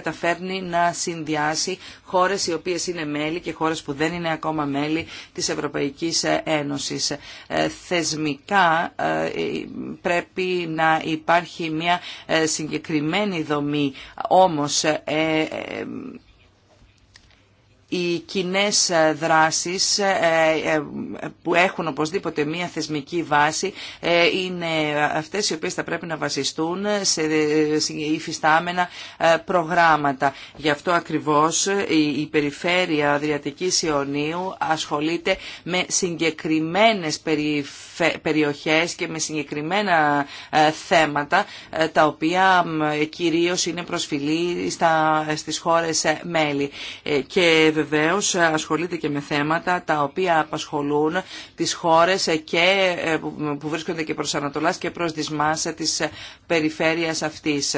καταφέρνει να συνδυάσει χώρες οι οποίες είναι μέλη και χώρες που δεν είναι ακόμα μέλη της Ευρωπαϊκής Ένωσης. Ε, θεσμικά ε, πρέπει να υπάρχει μια ε, συγκεκριμένη δομή, όμως οι κοινέ ε, δράσεις ε, ε, που έχουν οπωσδήποτε μία θεσμική βάση είναι αυτές οι οποίες θα πρέπει να βασιστούν σε υφιστάμενα προγράμματα. Γι' αυτό ακριβώς η περιφέρεια Αδριατικής Ιωνίου ασχολείται με συγκεκριμένες περιοχές και με συγκεκριμένα θέματα τα οποία κυρίως είναι προσφυλή στι στις χώρες μέλη. Και Βεβαίω, ασχολείται και με θέματα τα οποία απασχολούν τις χώρες και, ε, που βρίσκονται και προς Ανατολάς και προς δυσμάσα της περιφέρειας αυτής.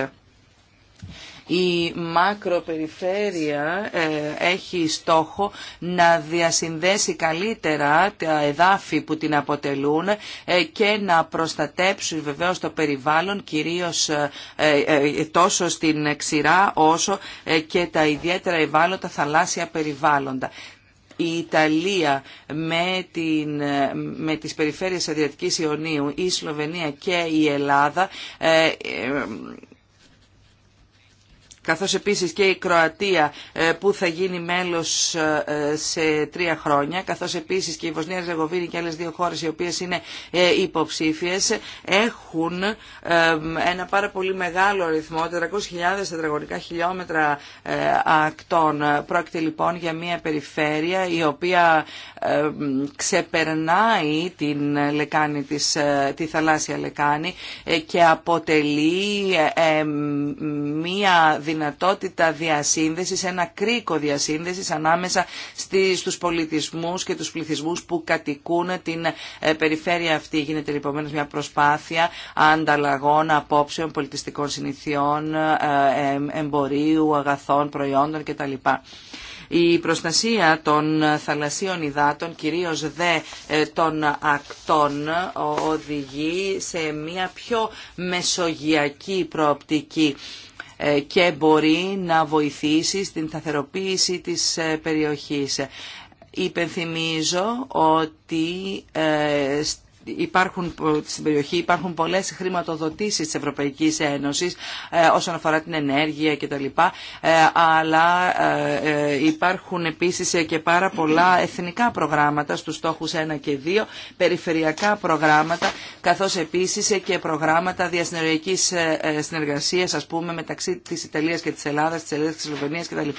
Η μακροπεριφέρεια ε, έχει στόχο να διασυνδέσει καλύτερα τα εδάφη που την αποτελούν ε, και να προστατέψει βεβαίως το περιβάλλον κυρίως ε, τόσο στην ξηρά όσο και τα ιδιαίτερα ευάλωτα θαλάσσια περιβάλλοντα η Ιταλία με, την, με τις περιφέρειες Αδριατικής Ιωνίου, η Σλοβενία και η Ελλάδα καθώς επίσης και η Κροατία ε, που θα γίνει μέλος ε, σε τρία χρόνια, καθώς επίσης και η Βοσνία Ζεγοβίνη και άλλες δύο χώρες οι οποίες είναι ε, υποψήφιες, έχουν ένα πάρα πολύ μεγάλο αριθμό, 400.000 τετραγωνικά χιλιόμετρα ακτών. Πρόκειται λοιπόν για μια περιφέρεια η οποία ξεπερνάει την λεκάνη τη θαλάσσια λεκάνη και αποτελεί μια δυνατότητα δυνατότητα διασύνδεσης, ένα κρίκο διασύνδεσης ανάμεσα στους πολιτισμούς και τους πληθυσμούς που κατοικούν την ε, περιφέρεια αυτή. Γίνεται λοιπόν μια προσπάθεια ανταλλαγών, απόψεων, πολιτιστικών συνηθιών, ε, εμπορίου, αγαθών, προϊόντων κτλ. Η προστασία των θαλασσίων υδάτων, κυρίως δε ε, των ακτών, οδηγεί σε μια πιο μεσογειακή προοπτική. Ε, και μπορεί να βοηθήσει στην σταθεροποίηση της ε, περιοχής. Υπενθυμίζω ότι ε, υπάρχουν, στην περιοχή υπάρχουν πολλές χρηματοδοτήσεις της Ευρωπαϊκής Ένωσης ε, όσον αφορά την ενέργεια και κτλ. Ε, αλλά ε, υπάρχουν επίσης και πάρα πολλά εθνικά προγράμματα στους στόχους 1 και 2, περιφερειακά προγράμματα, καθώς επίσης και προγράμματα διασυνεργειακής συνεργασίας, ας πούμε, μεταξύ της Ιταλίας και της Ελλάδας, της Ελλάδας και της Σλοβενίας κτλ.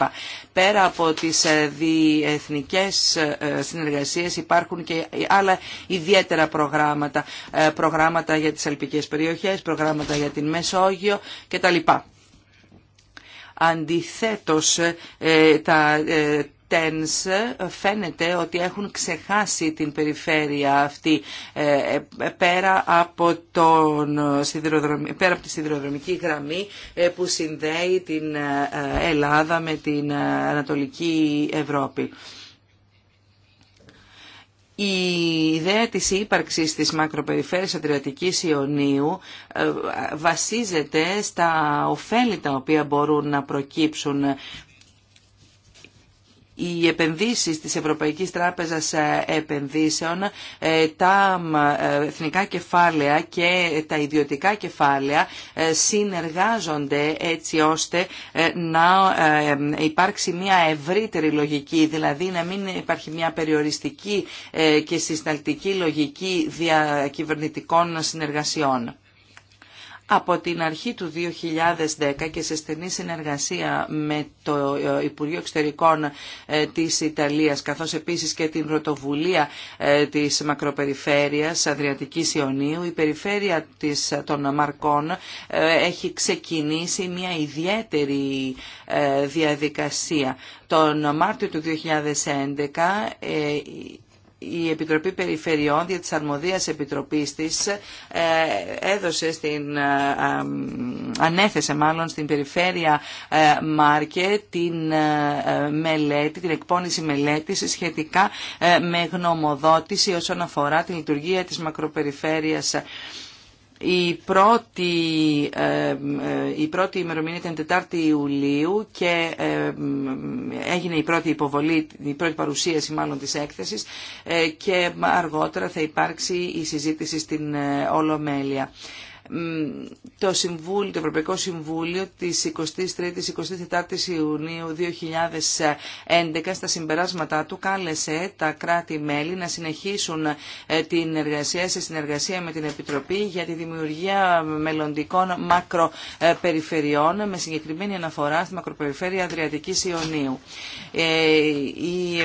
Πέρα από τις διεθνικές συνεργασίες υπάρχουν και άλλα ιδιαίτερα προγράμματα προγράμματα, ε, προγράμματα για τις αλπικές περιοχές, προγράμματα για την Μεσόγειο κτλ. Αντιθέτως, ε, τα TENS ε, φαίνεται ότι έχουν ξεχάσει την περιφέρεια αυτή πέρα από, τον, πέρα από τη σιδηροδρομική γραμμή που συνδέει την Ελλάδα με την Ανατολική Ευρώπη. Η ιδέα της ύπαρξης της μακροπεριφέρειας Αντριατικής Ιωνίου ε, βασίζεται στα ωφέλη τα οποία μπορούν να προκύψουν οι επενδύσεις της Ευρωπαϊκής Τράπεζας ε, Επενδύσεων, ε, τα ε, εθνικά κεφάλαια και τα ιδιωτικά κεφάλαια συνεργάζονται έτσι ώστε να υπάρξει μια ευρύτερη λογική, δηλαδή να μην υπάρχει μια περιοριστική και συσταλτική λογική διακυβερνητικών συνεργασιών από την αρχή του 2010 και σε στενή συνεργασία με το ε, Υπουργείο Εξωτερικών ε, της Ιταλίας καθώς επίσης και την πρωτοβουλία ε, της μακροπεριφέρειας Αδριατικής Ιωνίου η περιφέρεια της, των Μαρκών έχει ξεκινήσει μια ιδιαίτερη διαδικασία. Τον Μάρτιο του 2011 η Επιτροπή Περιφερειών δια της Αρμοδίας Επιτροπής της ε, έδωσε στην, ε, ανέθεσε μάλλον στην Περιφέρεια ε, Μάρκε την μελέτη, την εκπόνηση μελέτης σχετικά με γνωμοδότηση όσον αφορά τη λειτουργία της μακροπεριφέρειας η πρώτη, ε, ε, η πρώτη ημερομηνία ήταν 4η Ιουλίου και ε, έγινε η πρώτη υποβολή, η πρώτη παρουσίαση μάλλον της έκθεσης και αργότερα θα υπάρξει η συζήτηση στην Ολομέλεια το, Συμβούλιο, το Ευρωπαϊκό Συμβούλιο της 23ης-24ης Ιουνίου 2011 στα συμπεράσματά του κάλεσε τα κράτη-μέλη να συνεχίσουν ε, την εργασία σε συνεργασία με την Επιτροπή για τη δημιουργία μελλοντικών μακροπεριφερειών ε, με συγκεκριμένη αναφορά στη μακροπεριφέρεια Αδριατικής Ιωνίου. Ε, η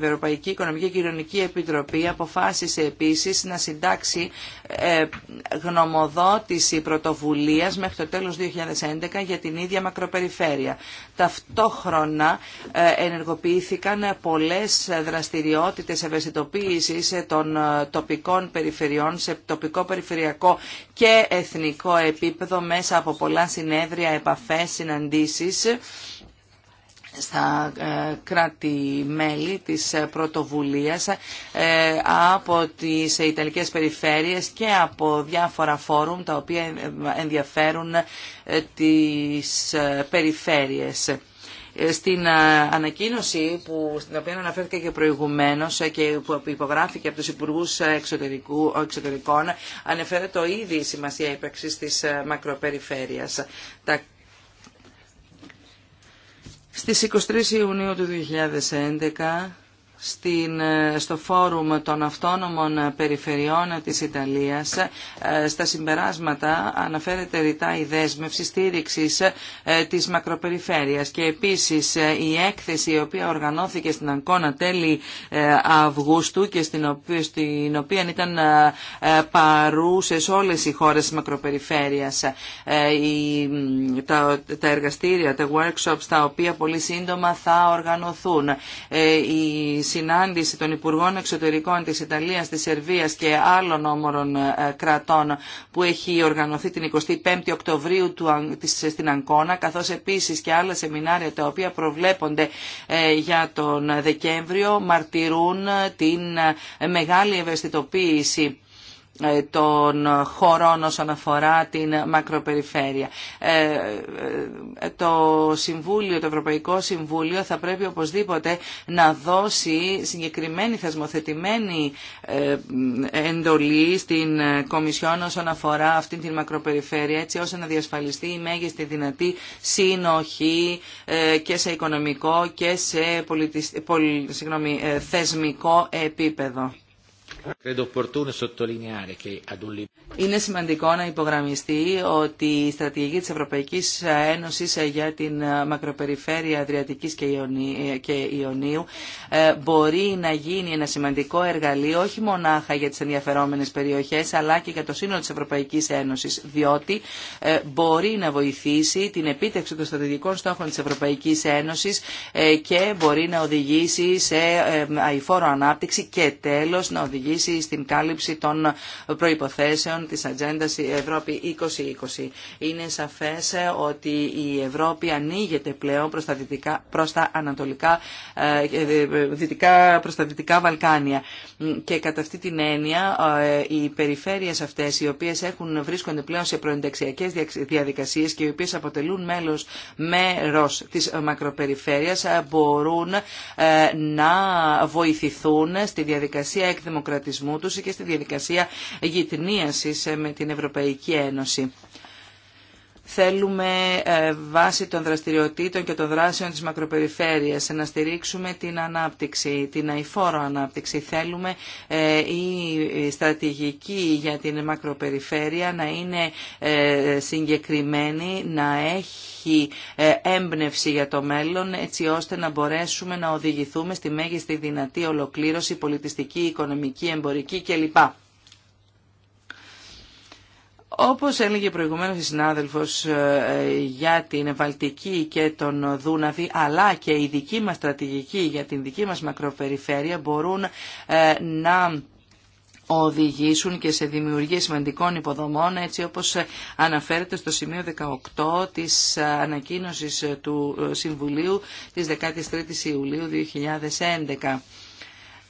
Ευρωπαϊκή Οικονομική και Κοινωνική Επιτροπή αποφάσισε επίσης να συντάξει γνωμοδότηση Τη πρωτοβουλίας μέχρι το τέλος 2011 για την ίδια μακροπεριφέρεια. Ταυτόχρονα ε, ενεργοποιήθηκαν πολλές δραστηριότητες ευαισθητοποίησης των ε, τοπικών περιφερειών σε τοπικό, περιφερειακό και εθνικό επίπεδο μέσα από πολλά συνέδρια, επαφές, συναντήσεις στα ε, κράτη-μέλη της ε, πρωτοβουλίας ε, από τις Ιταλικές περιφέρειες και από διάφορα φόρουμ τα οποία ενδιαφέρουν τις περιφέρειες. Στην ανακοίνωση που, στην οποία αναφέρθηκε και προηγουμένως και που υπογράφηκε από τους Υπουργούς Εξωτερικού, Εξωτερικών αναφέρεται το ίδιο η σημασία ύπαρξης της μακροπεριφέρειας. Τα στις 23 Ιουνίου του 2011 στην, ε, στο φόρουμ των αυτόνομων περιφερειών της Ιταλίας ε, στα συμπεράσματα αναφέρεται ρητά η δέσμευση στήριξης ε, της μακροπεριφέρειας και επίσης η έκθεση η οποία οργανώθηκε στην Αγκώνα τέλη Αυγούστου και στην οποία, στην οποία ήταν παρούσες όλες οι χώρες της μακροπεριφέρειας η, τα, τα εργαστήρια, τα workshops τα οποία πολύ σύντομα θα οργανωθούν συνάντηση των Υπουργών Εξωτερικών της Ιταλίας, της Σερβίας και άλλων όμορων ε, κρατών που έχει οργανωθεί την 25η Οκτωβρίου στην Αγκώνα, καθώς επίσης και άλλα σεμινάρια τα οποία προβλέπονται ε, για τον Δεκέμβριο μαρτυρούν ε, την μεγάλη ευαισθητοποίηση ε, των χωρών όσον αφορά την μακροπεριφέρεια. Ε, ε, το Συμβούλιο, το Ευρωπαϊκό Συμβούλιο θα πρέπει οπωσδήποτε να δώσει συγκεκριμένη θεσμοθετημένη εντολή στην Κομισιόν όσον αφορά αυτή την μακροπεριφέρεια έτσι ώστε να διασφαλιστεί η μέγιστη δυνατή συνοχή και σε οικονομικό και σε πολιτισ... θεσμικό επίπεδο. Είναι σημαντικό να υπογραμμιστεί ότι η στρατηγική της Ευρωπαϊκής Ένωσης ε, για την ε, μακροπεριφέρεια Αδριατικής και ε, Ιωνίου μπορεί να γίνει ένα σημαντικό εργαλείο όχι μονάχα για τις ενδιαφερόμενες περιοχές αλλά και για το σύνολο της Ευρωπαϊκής Ένωσης διότι μπορεί να βοηθήσει την επίτευξη των στρατηγικών στόχων της Ευρωπαϊκής Ένωσης και μπορεί να οδηγήσει σε αηφόρο ανάπτυξη και τέλος να οδηγήσει οδηγήσει στην κάλυψη των προϋποθέσεων της Ατζέντα Ευρώπη 2020. Είναι σαφές ότι η Ευρώπη ανοίγεται πλέον προς τα, δυτικά, προς τα ανατολικά, ε, ε, δυτικά, προς τα δυτικά Βαλκάνια. Και κατά αυτή την έννοια ε, οι περιφέρειες αυτές οι οποίες έχουν, βρίσκονται πλέον σε προενταξιακές διαδικασίες και οι οποίες αποτελούν μέλος μέρος της μακροπεριφέρειας μπορούν να βοηθηθούν στη διαδικασία εκδημοκρατίας τους και στη διαδικασία γυτνίασης ε, με την Ευρωπαϊκή Ένωση. Θέλουμε ε, βάσει των δραστηριοτήτων και των δράσεων της μακροπεριφέρειας να στηρίξουμε την ανάπτυξη, την αηφόρο ανάπτυξη. Θέλουμε ε, η στρατηγική για την μακροπεριφέρεια να είναι ε, συγκεκριμένη, να έχει έμπνευση για το μέλλον έτσι ώστε να μπορέσουμε να οδηγηθούμε στη μέγιστη δυνατή ολοκλήρωση πολιτιστική, οικονομική, εμπορική κλπ. Όπως έλεγε προηγουμένως η συνάδελφος ε, για την Βαλτική και τον Δούναβη, αλλά και η δική μας στρατηγική για την δική μας μακροπεριφέρεια μπορούν ε, να οδηγήσουν και σε δημιουργία σημαντικών υποδομών, έτσι όπως ε, αναφέρεται στο σημείο 18 της ανακοίνωσης του Συμβουλίου της 13ης Ιουλίου 2011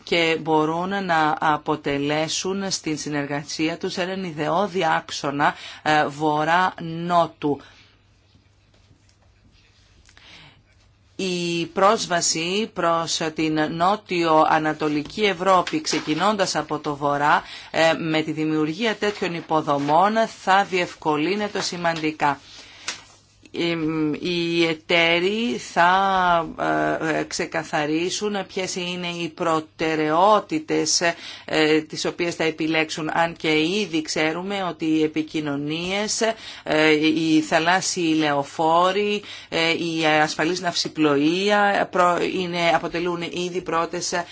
και μπορούν να αποτελέσουν στην συνεργασία τους έναν ιδεώδη άξονα ε, βορρά-νότου. Η πρόσβαση προς την νότιο-ανατολική Ευρώπη ξεκινώντας από το βορρά ε, με τη δημιουργία τέτοιων υποδομών θα διευκολύνεται σημαντικά οι εταίροι θα ε, ξεκαθαρίσουν ποιες είναι οι προτεραιότητες ε, τις οποίες θα επιλέξουν αν και ήδη ξέρουμε ότι οι επικοινωνίες, ε, οι θαλάσσιοι λεωφόροι, η ασφαλής ναυσιπλοεία είναι, αποτελούν ήδη πρώτες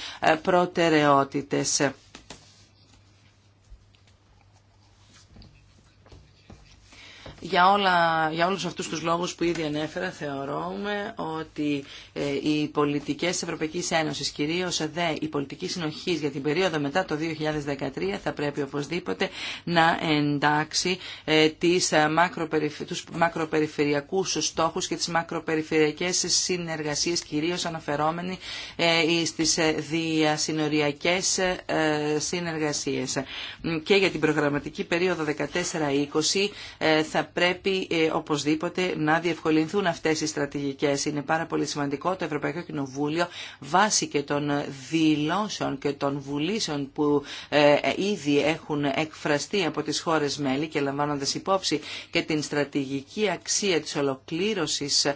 προτεραιότητες. Για, όλα, για όλους αυτούς τους λόγους που ήδη ανέφερα θεωρούμε ότι ε, οι πολιτικές της Ευρωπαϊκής Ένωσης, κυρίως ε, δε η πολιτική συνοχή για την περίοδο μετά το 2013 θα πρέπει οπωσδήποτε να εντάξει ε, τις μακροπεριφ... τους μακροπεριφερειακούς στόχους και τις μακροπεριφερειακές συνεργασίες κυρίως αναφερόμενοι στις διασυνοριακές συνεργασίες. Και για την προγραμματική περίοδο 14-20 θα πρέπει ε, οπωσδήποτε να διευκολυνθούν αυτές οι στρατηγικές. Είναι πάρα πολύ σημαντικό το Ευρωπαϊκό Κοινοβούλιο βάσει και των δηλώσεων και των βουλήσεων που ε, ε, ήδη έχουν εκφραστεί από τις χώρες μέλη και λαμβάνοντας υπόψη και την στρατηγική αξία της ολοκλήρωσης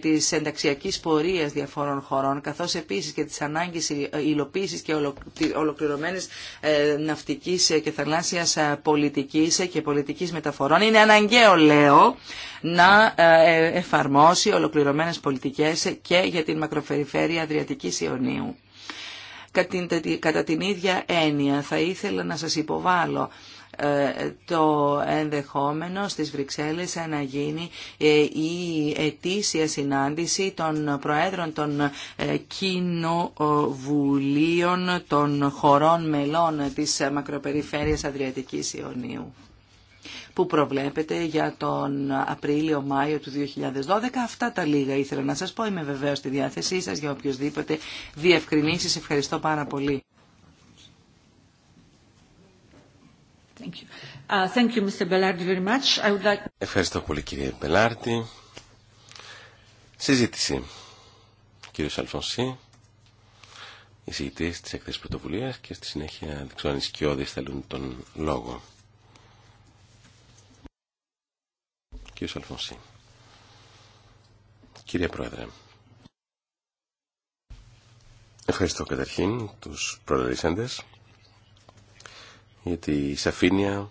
της ενταξιακής πορείας διαφόρων χωρών καθώς επίσης και της ανάγκης υλοποίησης και ολοκληρωμένης ναυτικής και θαλάσσιας πολιτικής και πολιτικής μεταφορών. Είναι αναγκαίο λέω να ε, εφαρμόσει ολοκληρωμένες πολιτικές και για την μακροπεριφέρεια Αδριατικής Ιωνίου. Κατά την ίδια έννοια θα ήθελα να σας υποβάλω ε, το ενδεχόμενο στις Βρυξέλλες να γίνει ε, η ετήσια συνάντηση των Προέδρων των Κοινοβουλίων των χωρών μελών της Μακροπεριφέρειας Αδριατικής Ιωνίου που προβλέπεται για τον Απρίλιο-Μάιο του 2012. Αυτά τα λίγα ήθελα να σας πω. Είμαι βεβαίως στη διάθεσή σας για οποιοδήποτε διευκρινήσεις. Ευχαριστώ πάρα πολύ. Ευχαριστώ πολύ κύριε Μπελάρτη. Συζήτηση. Κύριος Αλφονσί, εισηγητής της εκθέσης πρωτοβουλίας και στη συνέχεια δεξιόνις κοιόδης θέλουν τον λόγο. Κύριος Αλφονσή. Κύριε Πρόεδρε, ευχαριστώ καταρχήν τους προλαλήσαντες για τη σαφήνεια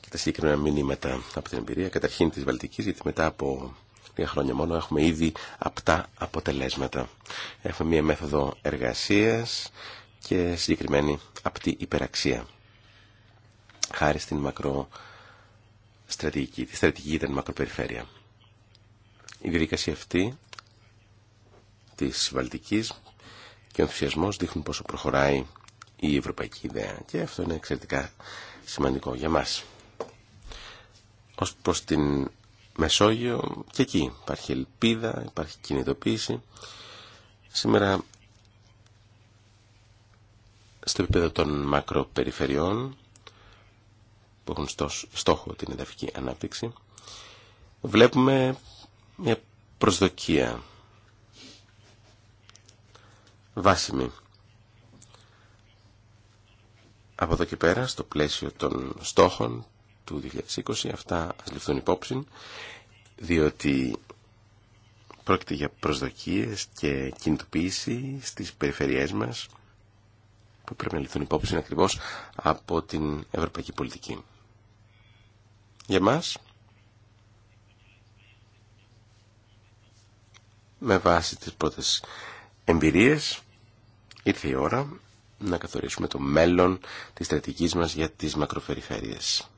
και τα συγκεκριμένα μηνύματα από την εμπειρία καταρχήν της Βαλτικής γιατί μετά από δύο χρόνια μόνο έχουμε ήδη απτά αποτελέσματα. Έχουμε μία μέθοδο εργασίας και συγκεκριμένη απτή υπεραξία χάρη στην μακρο στρατηγική. Τη στρατηγική ήταν μακροπεριφέρεια. Η διαδικασία αυτή της Βαλτικής και ο ενθουσιασμός δείχνουν πόσο προχωράει η ευρωπαϊκή ιδέα και αυτό είναι εξαιρετικά σημαντικό για μας. Ως προς την Μεσόγειο και εκεί υπάρχει ελπίδα, υπάρχει κινητοποίηση. Σήμερα στο επίπεδο των μακροπεριφερειών που έχουν στόχο την εδαφική ανάπτυξη, βλέπουμε μια προσδοκία βάσιμη. Από εδώ και πέρα, στο πλαίσιο των στόχων του 2020, αυτά ας ληφθούν υπόψη, διότι πρόκειται για προσδοκίες και κινητοποίηση στις περιφερειές μας που πρέπει να ληφθούν υπόψη ακριβώς από την ευρωπαϊκή πολιτική για μας με βάση τις πρώτες εμπειρίες ήρθε η ώρα να καθορίσουμε το μέλλον της στρατηγικής μας για τις μακροπεριφέρειες.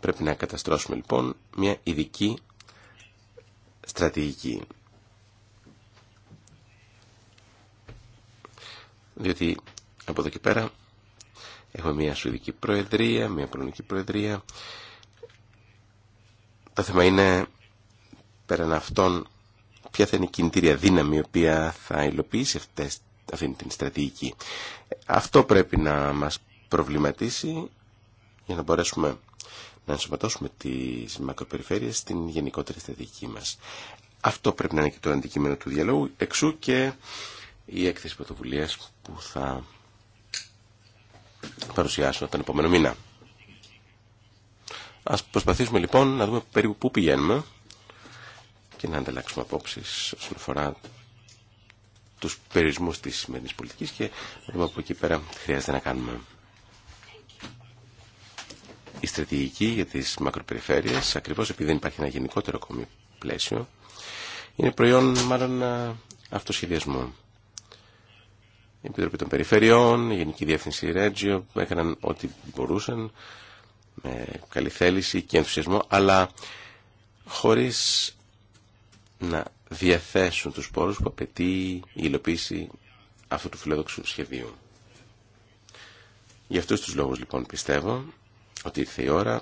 Πρέπει να καταστρώσουμε λοιπόν μια ειδική στρατηγική. Διότι από εδώ και πέρα Έχουμε μια Σουηδική Προεδρία, μια Πολωνική Προεδρία. Το θέμα είναι, πέραν αυτών, ποια θα είναι η κινητήρια δύναμη η οποία θα υλοποιήσει αυτές, αυτή την στρατηγική. Αυτό πρέπει να μας προβληματίσει για να μπορέσουμε να ενσωματώσουμε τις μακροπεριφέρειες στην γενικότερη στρατηγική μας. Αυτό πρέπει να είναι και το αντικείμενο του διαλόγου, εξού και η έκθεση πρωτοβουλία που θα παρουσιάσω τον επόμενο μήνα. Ας προσπαθήσουμε λοιπόν να δούμε περίπου πού πηγαίνουμε και να ανταλλάξουμε απόψεις όσον αφορά τους περιορισμούς της σημερινής πολιτικής και να δούμε από εκεί πέρα τι χρειάζεται να κάνουμε. Η στρατηγική για τις μακροπεριφέρειες, ακριβώς επειδή δεν υπάρχει ένα γενικότερο ακόμη πλαίσιο, είναι προϊόν μάλλον αυτοσχεδιασμού η Επιτροπή των Περιφερειών, η Γενική Διεύθυνση Ρέτζιο έκαναν ό,τι μπορούσαν με καλή θέληση και ενθουσιασμό αλλά χωρίς να διαθέσουν τους πόρους που απαιτεί η υλοποίηση αυτού του φιλόδοξου σχεδίου. Για αυτούς τους λόγους λοιπόν πιστεύω ότι ήρθε η ώρα,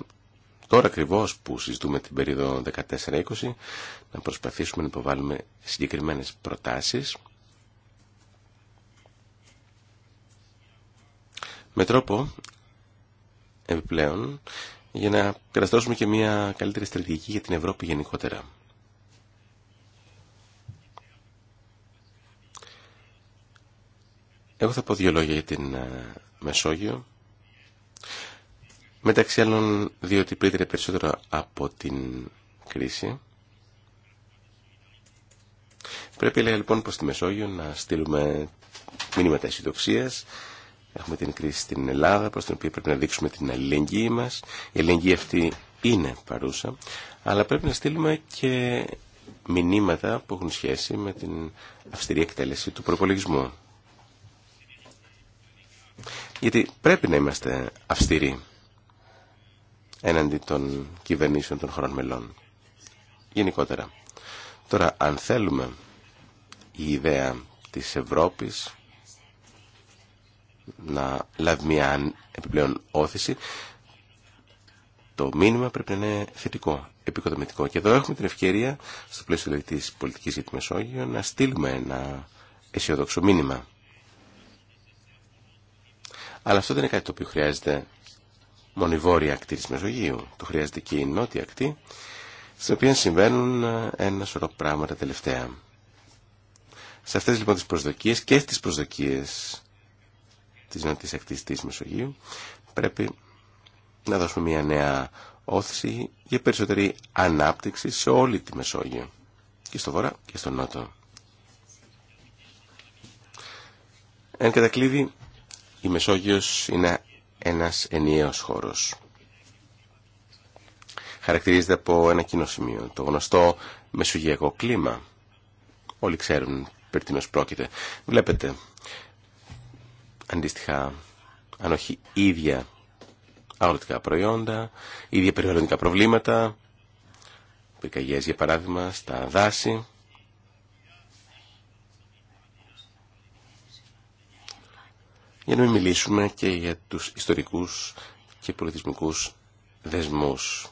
τώρα ακριβώ που συζητούμε την περίοδο 14-20, να προσπαθήσουμε να υποβάλουμε συγκεκριμένες προτάσεις με τρόπο επιπλέον για να καταστρώσουμε και μια καλύτερη στρατηγική για την Ευρώπη γενικότερα. Εγώ θα πω δύο λόγια για την ε, Μεσόγειο. Μεταξύ άλλων, διότι πλήττεται περισσότερο από την κρίση. Πρέπει λέει, λοιπόν προς τη Μεσόγειο να στείλουμε μήνυματα αισιοδοξία Έχουμε την κρίση στην Ελλάδα, προς την οποία πρέπει να δείξουμε την αλληλεγγύη μας. Η αλληλεγγύη αυτή είναι παρούσα, αλλά πρέπει να στείλουμε και μηνύματα που έχουν σχέση με την αυστηρή εκτέλεση του προπολογισμού. Γιατί πρέπει να είμαστε αυστηροί έναντι των κυβερνήσεων των χωρών μελών. Γενικότερα. Τώρα, αν θέλουμε η ιδέα της Ευρώπης να λάβει μια επιπλέον όθηση, το μήνυμα πρέπει να είναι θετικό, επικοδομητικό. Και εδώ έχουμε την ευκαιρία, στο πλαίσιο δηλαδή, τη πολιτικής για τη Μεσόγειο, να στείλουμε ένα αισιοδόξο μήνυμα. Αλλά αυτό δεν είναι κάτι το οποίο χρειάζεται μόνο η βόρεια ακτή τη Μεσογείου. Το χρειάζεται και η νότια ακτή, στην οποία συμβαίνουν ένα σωρό πράγματα τελευταία. Σε αυτέ λοιπόν τι προσδοκίε και στις προσδοκίε της νότιας ακτής της Μεσογείου πρέπει να δώσουμε μια νέα όθηση για περισσότερη ανάπτυξη σε όλη τη Μεσόγειο και στο Βορρά και στο Νότο. Εν κατακλείδη, η Μεσόγειος είναι ένας ενιαίος χώρος. Χαρακτηρίζεται από ένα κοινό σημείο, το γνωστό μεσογειακό κλίμα. Όλοι ξέρουν περί τίνος πρόκειται. Βλέπετε, αντίστοιχα, αν όχι ίδια αγροτικά προϊόντα, ίδια περιβαλλοντικά προβλήματα, πυρκαγιές για παράδειγμα στα δάση. Για να μην μιλήσουμε και για τους ιστορικούς και πολιτισμικούς δεσμούς.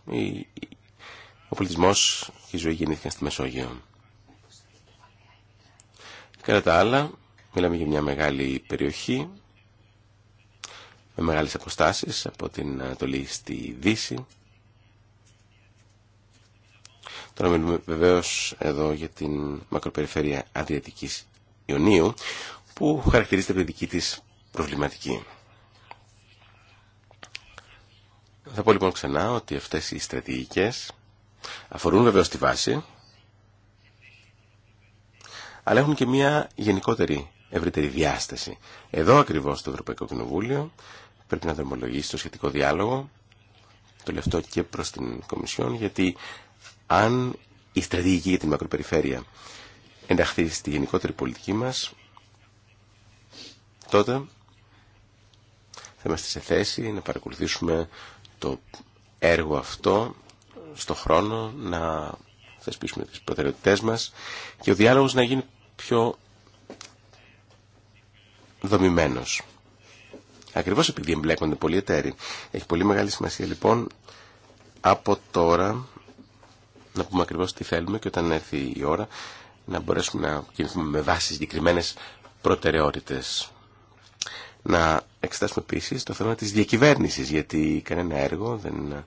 Ο πολιτισμός και η ζωή γεννήθηκαν στη Μεσόγειο. Κατά τα άλλα, μιλάμε για μια μεγάλη περιοχή με μεγάλες αποστάσεις από την Ανατολή ε, στη Δύση. Τώρα μιλούμε βεβαίως εδώ για την μακροπεριφέρεια Αδριατικής Ιωνίου που χαρακτηρίζεται από τη δική της προβληματική. Θα πω λοιπόν ξανά ότι αυτές οι στρατηγικές αφορούν βεβαίως τη βάση αλλά έχουν και μια γενικότερη ευρύτερη διάσταση. Εδώ ακριβώς το Ευρωπαϊκό Κοινοβούλιο πρέπει να δρομολογήσει το σχετικό διάλογο, το λεφτό και προς την Κομισιόν, γιατί αν η στρατηγική για την μακροπεριφέρεια ενταχθεί στη γενικότερη πολιτική μας, τότε θα είμαστε σε θέση να παρακολουθήσουμε το έργο αυτό στο χρόνο, να θεσπίσουμε τις προτεραιότητές μας και ο διάλογος να γίνει πιο δομημένος ακριβώς επειδή εμπλέκονται πολλοί εταίροι. Έχει πολύ μεγάλη σημασία λοιπόν από τώρα να πούμε ακριβώς τι θέλουμε και όταν έρθει η ώρα να μπορέσουμε να κινηθούμε με βάση συγκεκριμένε προτεραιότητες. Να εξετάσουμε επίση το θέμα της διακυβέρνησης, γιατί κανένα έργο δεν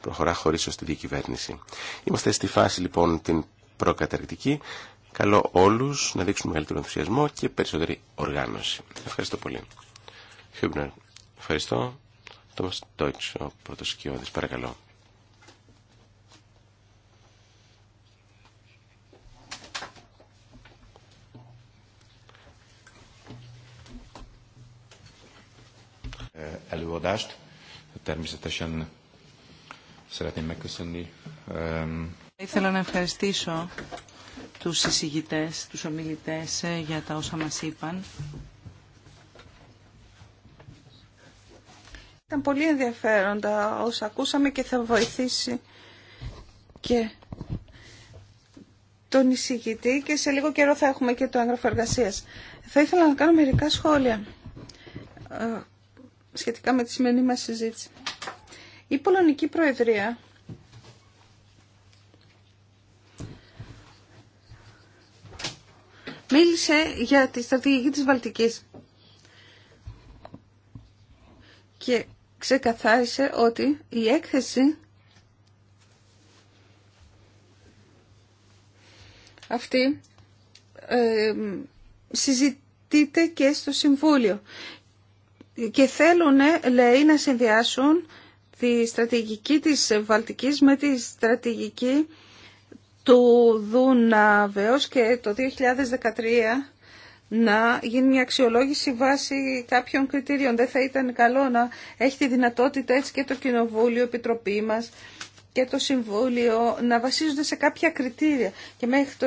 προχωρά χωρίς σωστή διακυβέρνηση. Είμαστε στη φάση λοιπόν την προκαταρκτική. Καλό όλους να δείξουμε μεγαλύτερο ενθουσιασμό και περισσότερη οργάνωση. Ευχαριστώ πολύ. Χιούμπνερ. Ευχαριστώ. Τόμας Ντόιτς, ο πρώτος σκιώδης. Παρακαλώ. előadást. Természetesen szeretném Ήθελα να ευχαριστήσω τους συζητητές, τους ομιλητές ε, για τα όσα μας είπαν. Ήταν πολύ ενδιαφέροντα όσα ακούσαμε και θα βοηθήσει και τον εισηγητή και σε λίγο καιρό θα έχουμε και το έγγραφο εργασία. Θα ήθελα να κάνω μερικά σχόλια ε, σχετικά με τη σημερινή μας συζήτηση. Η Πολωνική Προεδρία μίλησε για τη στρατηγική της Βαλτικής. Και ξεκαθάρισε ότι η έκθεση αυτή ε, συζητείται και στο Συμβούλιο και θέλουν, λέει, να συνδυάσουν τη στρατηγική της Βαλτικής με τη στρατηγική του Δούναβεως και το 2013 να γίνει μια αξιολόγηση βάσει κάποιων κριτήριων. Δεν θα ήταν καλό να έχει τη δυνατότητα έτσι και το Κοινοβούλιο, η Επιτροπή μας και το Συμβούλιο να βασίζονται σε κάποια κριτήρια και μέχρι το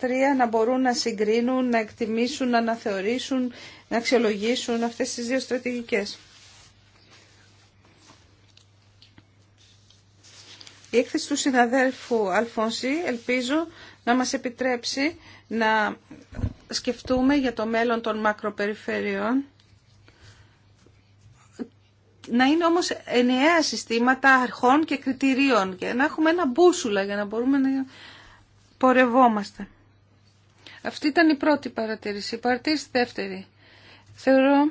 2013 να μπορούν να συγκρίνουν, να εκτιμήσουν, να αναθεωρήσουν, να αξιολογήσουν αυτές τις δύο στρατηγικές. Η έκθεση του συναδέλφου Αλφόνση ελπίζω να μας επιτρέψει να σκεφτούμε για το μέλλον των μακροπεριφερειών να είναι όμως ενιαία συστήματα αρχών και κριτηρίων και να έχουμε ένα μπούσουλα για να μπορούμε να πορευόμαστε. Αυτή ήταν η πρώτη παρατήρηση. παρατήρηση δεύτερη. Θεωρώ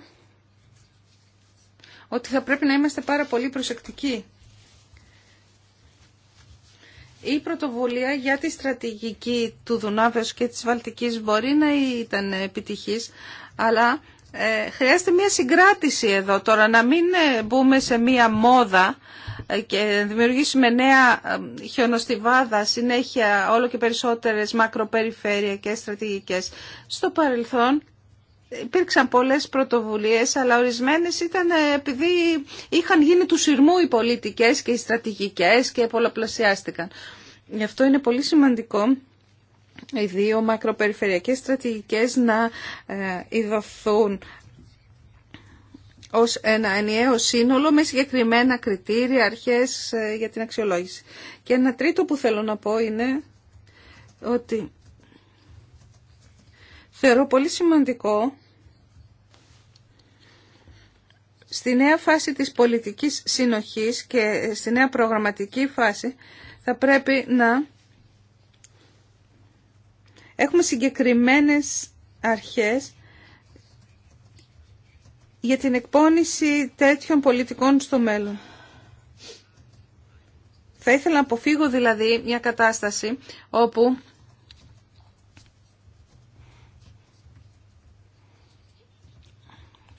ότι θα πρέπει να είμαστε πάρα πολύ προσεκτικοί η πρωτοβουλία για τη στρατηγική του Δουνάβεως και της Βαλτικής μπορεί να ήταν επιτυχής, αλλά ε, χρειάζεται μια συγκράτηση εδώ τώρα, να μην ε, μπούμε σε μια μόδα ε, και δημιουργήσουμε νέα ε, χιονοστιβάδα, συνέχεια όλο και περισσότερες μακροπεριφέρεια και στρατηγικές. Στο παρελθόν Υπήρξαν πολλές πρωτοβουλίες, αλλά ορισμένες ήταν ε, επειδή είχαν γίνει του σειρμού οι πολιτικές και οι στρατηγικές και πολλαπλασιάστηκαν. Γι' αυτό είναι πολύ σημαντικό οι δύο μακροπεριφερειακές στρατηγικές να ε, ειδωθούν ως ένα ενιαίο σύνολο με συγκεκριμένα κριτήρια, αρχές ε, για την αξιολόγηση. Και ένα τρίτο που θέλω να πω είναι ότι θεωρώ πολύ σημαντικό Στη νέα φάση της πολιτικής συνοχής και στη νέα προγραμματική φάση θα πρέπει να έχουμε συγκεκριμένες αρχές για την εκπόνηση τέτοιων πολιτικών στο μέλλον. Θα ήθελα να αποφύγω δηλαδή μια κατάσταση όπου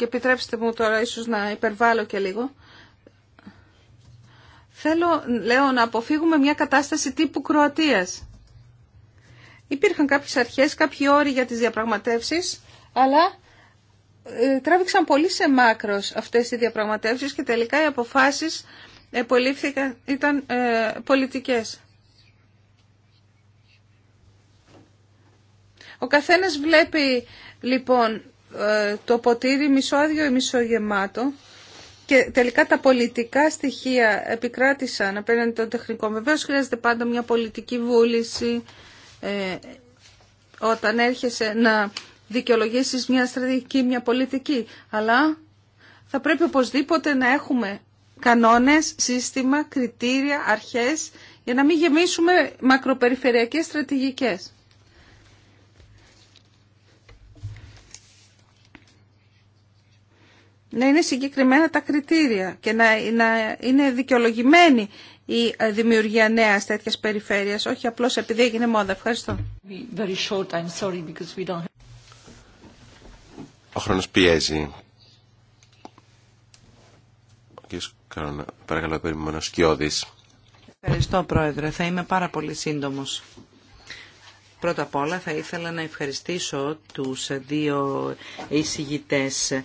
και επιτρέψτε μου τώρα ίσως να υπερβάλλω και λίγο. Θέλω, λέω, να αποφύγουμε μια κατάσταση τύπου Κροατίας. Υπήρχαν κάποιες αρχές, κάποιοι όροι για τις διαπραγματεύσεις, αλλά ε, τράβηξαν πολύ σε μάκρος αυτές οι διαπραγματεύσεις και τελικά οι αποφάσεις επολύφθηκαν ήταν ε, πολιτικές. Ο καθένας βλέπει λοιπόν ε, το ποτήρι μισοάδιο ή μισογεμάτο και τελικά τα πολιτικά στοιχεία επικράτησαν απέναντι των τεχνικό Βεβαίω χρειάζεται πάντα μια πολιτική βούληση ε, όταν έρχεσαι να δικαιολογήσει μια στρατηγική, μια πολιτική. Αλλά θα πρέπει οπωσδήποτε να έχουμε κανόνες, σύστημα, κριτήρια, αρχές για να μην γεμίσουμε μακροπεριφερειακές στρατηγικές. να είναι συγκεκριμένα τα κριτήρια και να, να είναι δικαιολογημένη η ε, δημιουργία νέα τέτοια περιφέρεια, όχι απλώ επειδή έγινε μόδα. Ευχαριστώ. Ο χρόνο πιέζει. Παρακαλώ, Σκιώδη. Ευχαριστώ, Πρόεδρε. Θα είμαι πάρα πολύ σύντομο. Πρώτα απ' όλα θα ήθελα να ευχαριστήσω τους δύο εισηγητές ε,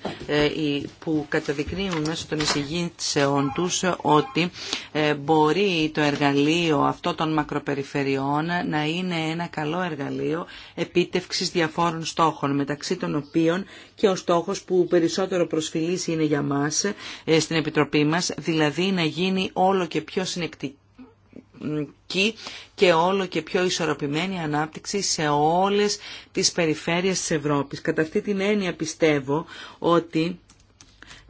που καταδεικνύουν μέσω των εισηγήσεων τους ότι ε, μπορεί το εργαλείο αυτό των μακροπεριφερειών να είναι ένα καλό εργαλείο επίτευξης διαφόρων στόχων μεταξύ των οποίων και ο στόχος που περισσότερο προσφυλής είναι για μας ε, στην Επιτροπή μας δηλαδή να γίνει όλο και πιο συνεκτική και όλο και πιο ισορροπημένη ανάπτυξη σε όλες τις περιφέρειες της Ευρώπης. Κατά αυτή την έννοια πιστεύω ότι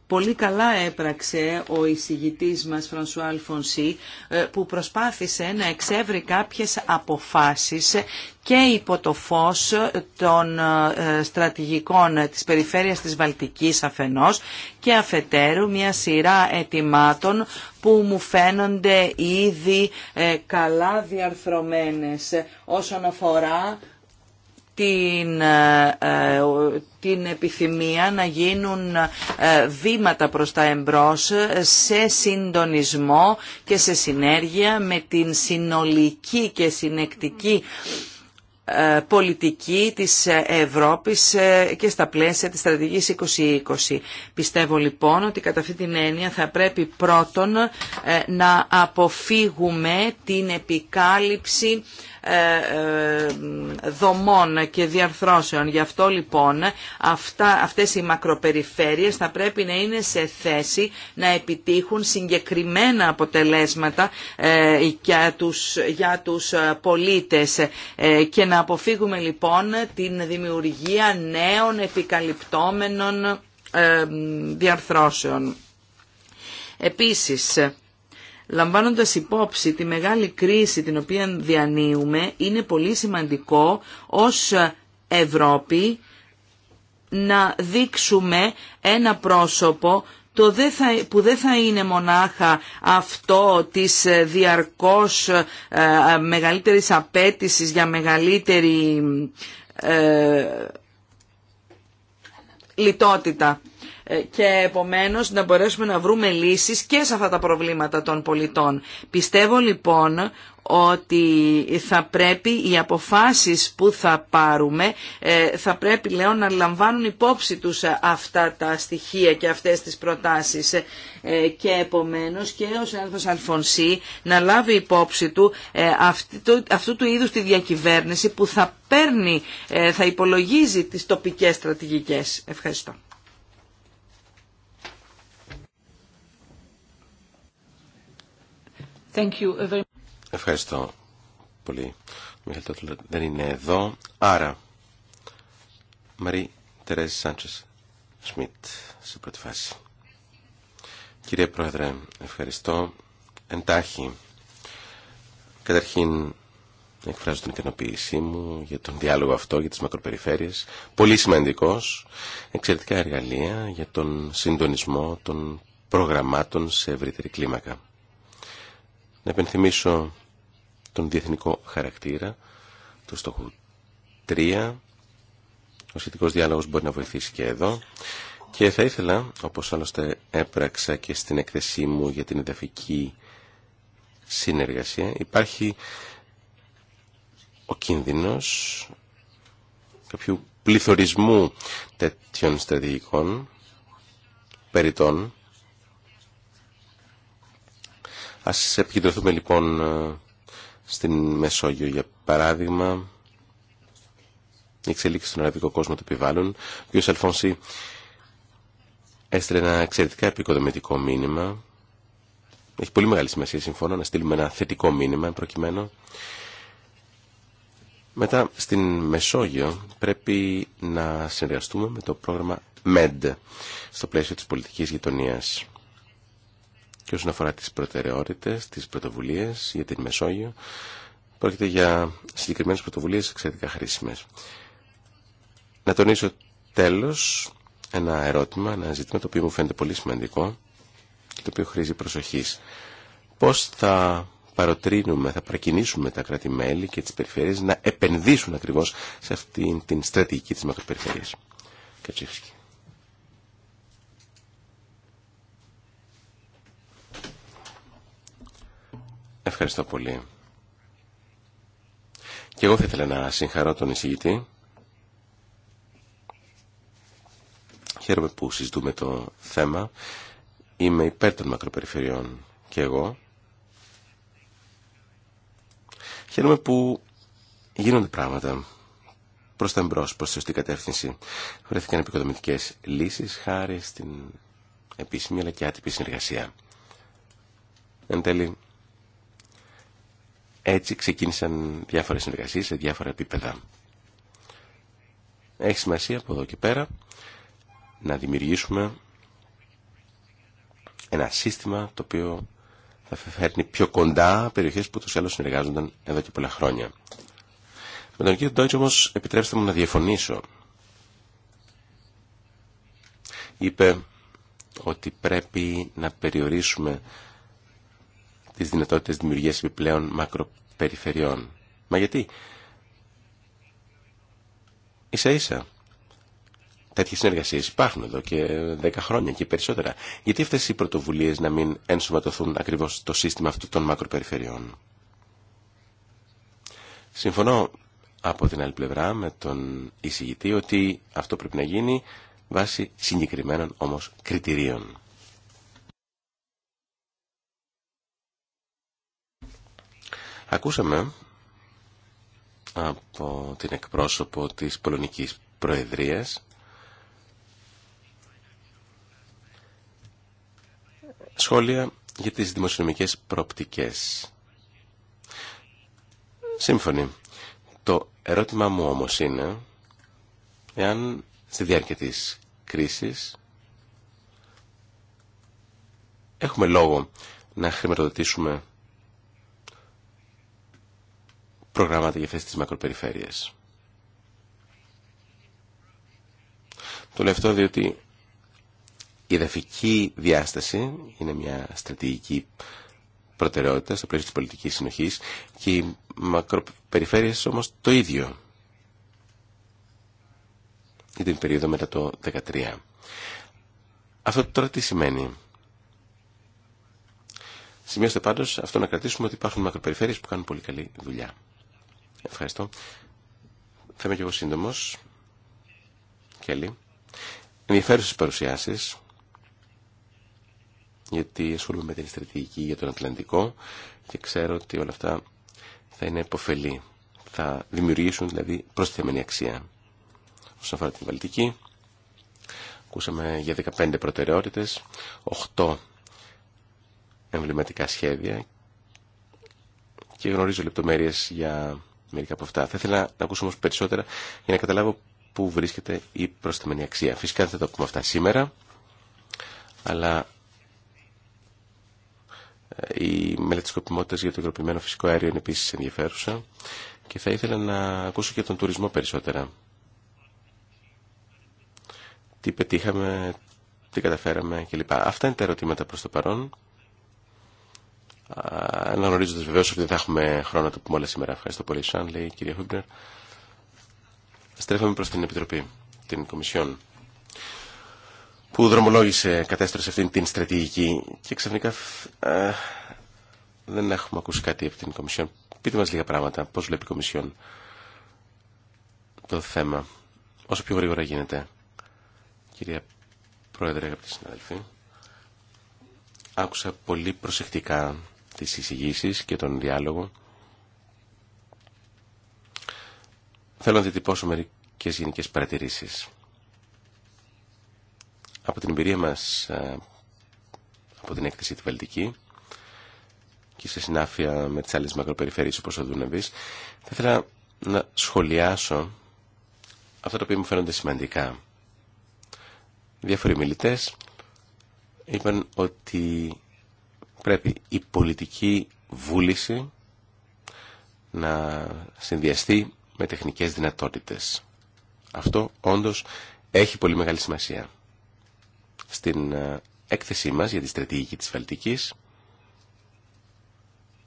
πολύ καλά έπραξε ο εισηγητής μας Φρανσουά Αλφονσί ε, που προσπάθησε να εξεύρει κάποιες αποφάσεις και υπό το φως των ε, στρατηγικών της περιφέρειας της Βαλτικής αφενός και αφετέρου μια σειρά ετοιμάτων που μου φαίνονται ήδη ε, καλά διαρθρωμένες όσον αφορά την, ε, ε, την επιθυμία να γίνουν ε, βήματα προς τα εμπρός σε συντονισμό και σε συνέργεια με την συνολική και συνεκτική πολιτική της Ευρώπης και στα πλαίσια της στρατηγικής 2020. Πιστεύω λοιπόν ότι κατά αυτή την έννοια θα πρέπει πρώτον να αποφύγουμε την επικάλυψη ε, ε, δομών και διαρθρώσεων. Γι' αυτό λοιπόν αυτά, αυτές οι μακροπεριφέρειες θα πρέπει να είναι σε θέση να επιτύχουν συγκεκριμένα αποτελέσματα ε, για τους, για τους πολίτες και να αποφύγουμε λοιπόν την δημιουργία νέων επικαλυπτόμενων διαρθρώσεων. Επίσης, Λαμβάνοντας υπόψη τη μεγάλη κρίση την οποία διανύουμε, είναι πολύ σημαντικό ως Ευρώπη να δείξουμε ένα πρόσωπο το που δεν θα είναι μονάχα αυτό της διαρκώς ε, μεγαλύτερης απέτησης για μεγαλύτερη ε, λιτότητα. Ε, και επομένως να μπορέσουμε να βρούμε λύσεις και σε αυτά τα προβλήματα των πολιτών. Πιστεύω λοιπόν ότι θα πρέπει οι αποφάσεις που θα πάρουμε ε, θα πρέπει λέω να λαμβάνουν υπόψη τους ε, αυτά τα στοιχεία και αυτές τις προτάσεις και επομένως και ο Σέλφος Αλφονσί να λάβει υπόψη του αυτού του είδους τη διακυβέρνηση που θα παίρνει, θα υπολογίζει τις τοπικές στρατηγικές. Ευχαριστώ. Ευχαριστώ πολύ. Μιχαήλ δεν είναι εδώ. Άρα, Μαρή Τερέζη Σάντσες Σμιτ, σε πρώτη φάση. Κύριε Πρόεδρε, ευχαριστώ. Εντάχει, καταρχήν εκφράζω την ικανοποίησή μου για τον διάλογο αυτό, για τις μακροπεριφέρειες. Πολύ σημαντικός, εξαιρετικά εργαλεία για τον συντονισμό των προγραμμάτων σε ευρύτερη κλίμακα. Να επενθυμίσω τον διεθνικό χαρακτήρα του στόχου 3. Ο σχετικός διάλογος μπορεί να βοηθήσει και εδώ. Και θα ήθελα, όπως άλλωστε έπραξα και στην έκθεσή μου για την εδαφική συνεργασία, υπάρχει ο κίνδυνος κάποιου πληθωρισμού τέτοιων στρατηγικών περιτών Ας επικεντρωθούμε λοιπόν ε, στην Μεσόγειο για παράδειγμα. η εξέλιξη στον αραβικό κόσμο το επιβάλλον Ο κ. Αλφόνση έστειλε ένα εξαιρετικά επικοδομητικό μήνυμα. Έχει πολύ μεγάλη σημασία, συμφωνώ, να στείλουμε ένα θετικό μήνυμα, προκειμένου. Μετά, στην Μεσόγειο, πρέπει να συνεργαστούμε με το πρόγραμμα MED, στο πλαίσιο της πολιτικής γειτονίας. Και όσον αφορά τις προτεραιότητες, τις πρωτοβουλίες για την Μεσόγειο, πρόκειται για συγκεκριμένες πρωτοβουλίες εξαιρετικά χρήσιμες. Να τονίσω τέλος ένα ερώτημα, ένα ζήτημα το οποίο μου φαίνεται πολύ σημαντικό και το οποίο χρήζει προσοχής. Πώς θα παροτρύνουμε, θα παρακινήσουμε τα κράτη-μέλη και τις περιφέρειες να επενδύσουν ακριβώς σε αυτήν την στρατηγική της μακροπεριφέρειας. Κατσίφσκι. Ευχαριστώ πολύ. Και εγώ θα ήθελα να συγχαρώ τον εισηγητή. Χαίρομαι που συζητούμε το θέμα. Είμαι υπέρ των μακροπεριφερειών και εγώ. Χαίρομαι που γίνονται πράγματα προς τα εμπρός, προς τη σωστή κατεύθυνση. Βρέθηκαν επικοδομητικές λύσεις χάρη στην επίσημη αλλά και άτυπη συνεργασία. Εν τέλει, έτσι ξεκίνησαν διάφορες συνεργασίες σε διάφορα επίπεδα. Έχει σημασία από εδώ και πέρα να δημιουργήσουμε ένα σύστημα το οποίο θα φέρνει πιο κοντά περιοχές που τους άλλους συνεργάζονταν εδώ και πολλά χρόνια. Με τον κύριο Ντόιτς όμως επιτρέψτε μου να διαφωνήσω. Είπε ότι πρέπει να περιορίσουμε τις δυνατότητες δημιουργίας επιπλέον μακροπεριφερειών. Μα γιατί? Ίσα ίσα. Τέτοιες συνεργασίες υπάρχουν εδώ και 10 χρόνια και περισσότερα. Γιατί αυτές οι πρωτοβουλίες να μην ενσωματωθούν ακριβώς στο σύστημα αυτού των μακροπεριφερειών. Συμφωνώ από την άλλη πλευρά με τον εισηγητή ότι αυτό πρέπει να γίνει βάσει συγκεκριμένων όμως κριτηρίων. Ακούσαμε από την εκπρόσωπο της Πολωνικής Προεδρίας σχόλια για τις δημοσιονομικές προοπτικές. Σύμφωνοι. Το ερώτημα μου όμως είναι εάν στη διάρκεια της κρίσης έχουμε λόγο να χρηματοδοτήσουμε προγράμματα για αυτές τις μακροπεριφέρειες. Το λέω αυτό διότι η εδαφική διάσταση είναι μια στρατηγική προτεραιότητα στο πλαίσιο της πολιτικής συνοχής και οι μακροπεριφέρειες όμως το ίδιο για την περίοδο μετά το 2013. Αυτό τώρα τι σημαίνει. Σημειώστε πάντως αυτό να κρατήσουμε ότι υπάρχουν μακροπεριφέρειες που κάνουν πολύ καλή δουλειά. Ευχαριστώ. Θα είμαι και εγώ σύντομο. Κέλλη. Ενδιαφέρουσε παρουσιάσει. Γιατί ασχολούμαι με την στρατηγική για τον Ατλαντικό και ξέρω ότι όλα αυτά θα είναι υποφελή. Θα δημιουργήσουν δηλαδή προσθεμένη αξία. Όσον αφορά την Βαλτική, ακούσαμε για 15 προτεραιότητες, 8 εμβληματικά σχέδια και γνωρίζω λεπτομέρειε για μερικά από αυτά. Θα ήθελα να ακούσω όμω περισσότερα για να καταλάβω πού βρίσκεται η προσθεμένη αξία. Φυσικά δεν θα το πούμε αυτά σήμερα, αλλά ε, η μελέτη σκοπιμότητα για το υγροποιημένο φυσικό αέριο είναι επίση ενδιαφέρουσα και θα ήθελα να ακούσω και τον τουρισμό περισσότερα. Τι πετύχαμε, τι καταφέραμε κλπ. Αυτά είναι τα ερωτήματα προ το παρόν. Αναγνωρίζοντα βεβαίω ότι δεν θα έχουμε χρόνο να το πούμε όλα σήμερα. Ευχαριστώ πολύ, Σαν, λέει η κυρία Χούμπνερ. Στρέφαμε προ την Επιτροπή, την Κομισιόν, που δρομολόγησε, κατέστρεψε αυτήν την στρατηγική και ξαφνικά α, δεν έχουμε ακούσει κάτι από την Κομισιόν. Πείτε μα λίγα πράγματα, πώ βλέπει η Κομισιόν το θέμα, όσο πιο γρήγορα γίνεται. Κυρία Πρόεδρε, αγαπητοί συναδελφοί, άκουσα πολύ προσεκτικά τις εισηγήσεις και τον διάλογο. Θέλω να διατυπώσω μερικές γενικές παρατηρήσεις. Από την εμπειρία μας ε, από την έκθεση τη Βαλτική και σε συνάφεια με τις άλλες μακροπεριφέρειες όπως ο Δούνεβης, θα ήθελα να σχολιάσω αυτά τα οποία μου φαίνονται σημαντικά. Διάφοροι μιλητές είπαν ότι πρέπει η πολιτική βούληση να συνδυαστεί με τεχνικές δυνατότητες. Αυτό όντως έχει πολύ μεγάλη σημασία. Στην ε, έκθεσή μας για τη στρατηγική της Βαλτικής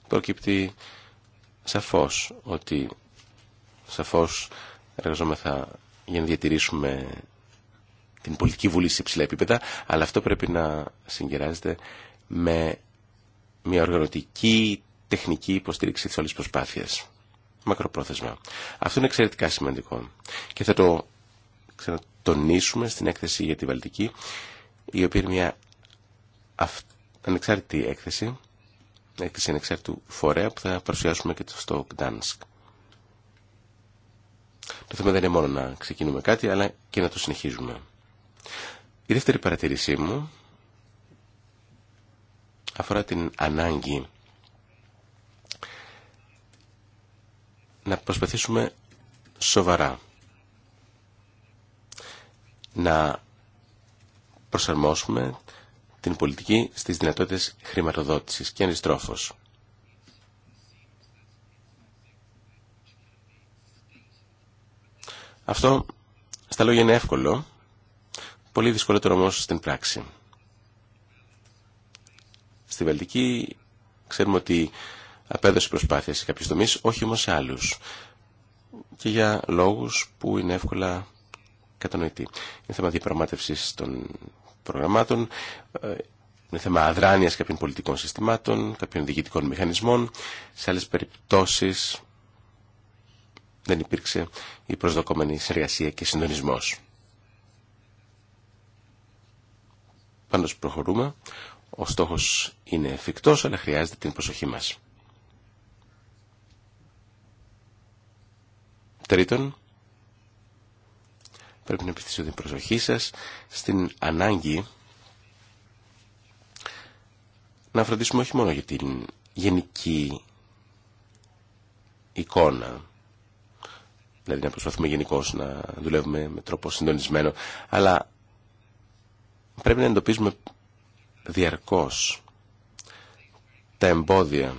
προκύπτει σαφώς ότι σαφώς εργαζόμεθα για να διατηρήσουμε την πολιτική βούληση σε επίπεδα, αλλά αυτό πρέπει να συγκεράζεται με μια οργανωτική τεχνική υποστήριξη τη όλη προσπάθεια. Μακροπρόθεσμα. Αυτό είναι εξαιρετικά σημαντικό. Και θα το ξανατονίσουμε στην έκθεση για τη Βαλτική, η οποία είναι μια ανεξάρτητη έκθεση, έκθεση ανεξάρτητου φορέα που θα παρουσιάσουμε και στο Gdansk. Το θέμα δεν είναι μόνο να ξεκινούμε κάτι, αλλά και να το συνεχίζουμε. Η δεύτερη παρατηρήσή μου αφορά την ανάγκη να προσπαθήσουμε σοβαρά να προσαρμόσουμε την πολιτική στις δυνατότητες χρηματοδότησης και αντιστρόφως. Αυτό στα λόγια είναι εύκολο, πολύ δυσκολότερο όμως στην πράξη. Στη βελτική, ξέρουμε ότι απέδωσε προσπάθεια σε κάποιους τομείς, όχι όμως σε άλλους. Και για λόγους που είναι εύκολα κατανοητοί. Είναι θέμα διαπραγμάτευσης των προγραμμάτων, ε, είναι θέμα αδράνειας κάποιων πολιτικών συστημάτων, κάποιων διοικητικών μηχανισμών. Σε άλλες περιπτώσεις δεν υπήρξε η προσδοκόμενη συνεργασία και συντονισμός. Πάντως προχωρούμε. Ο στόχος είναι εφικτός, αλλά χρειάζεται την προσοχή μας. Τρίτον, πρέπει να επιστήσω την προσοχή σας στην ανάγκη να φροντίσουμε όχι μόνο για την γενική εικόνα, δηλαδή να προσπαθούμε γενικώ να δουλεύουμε με τρόπο συντονισμένο, αλλά πρέπει να εντοπίζουμε διαρκώς τα εμπόδια,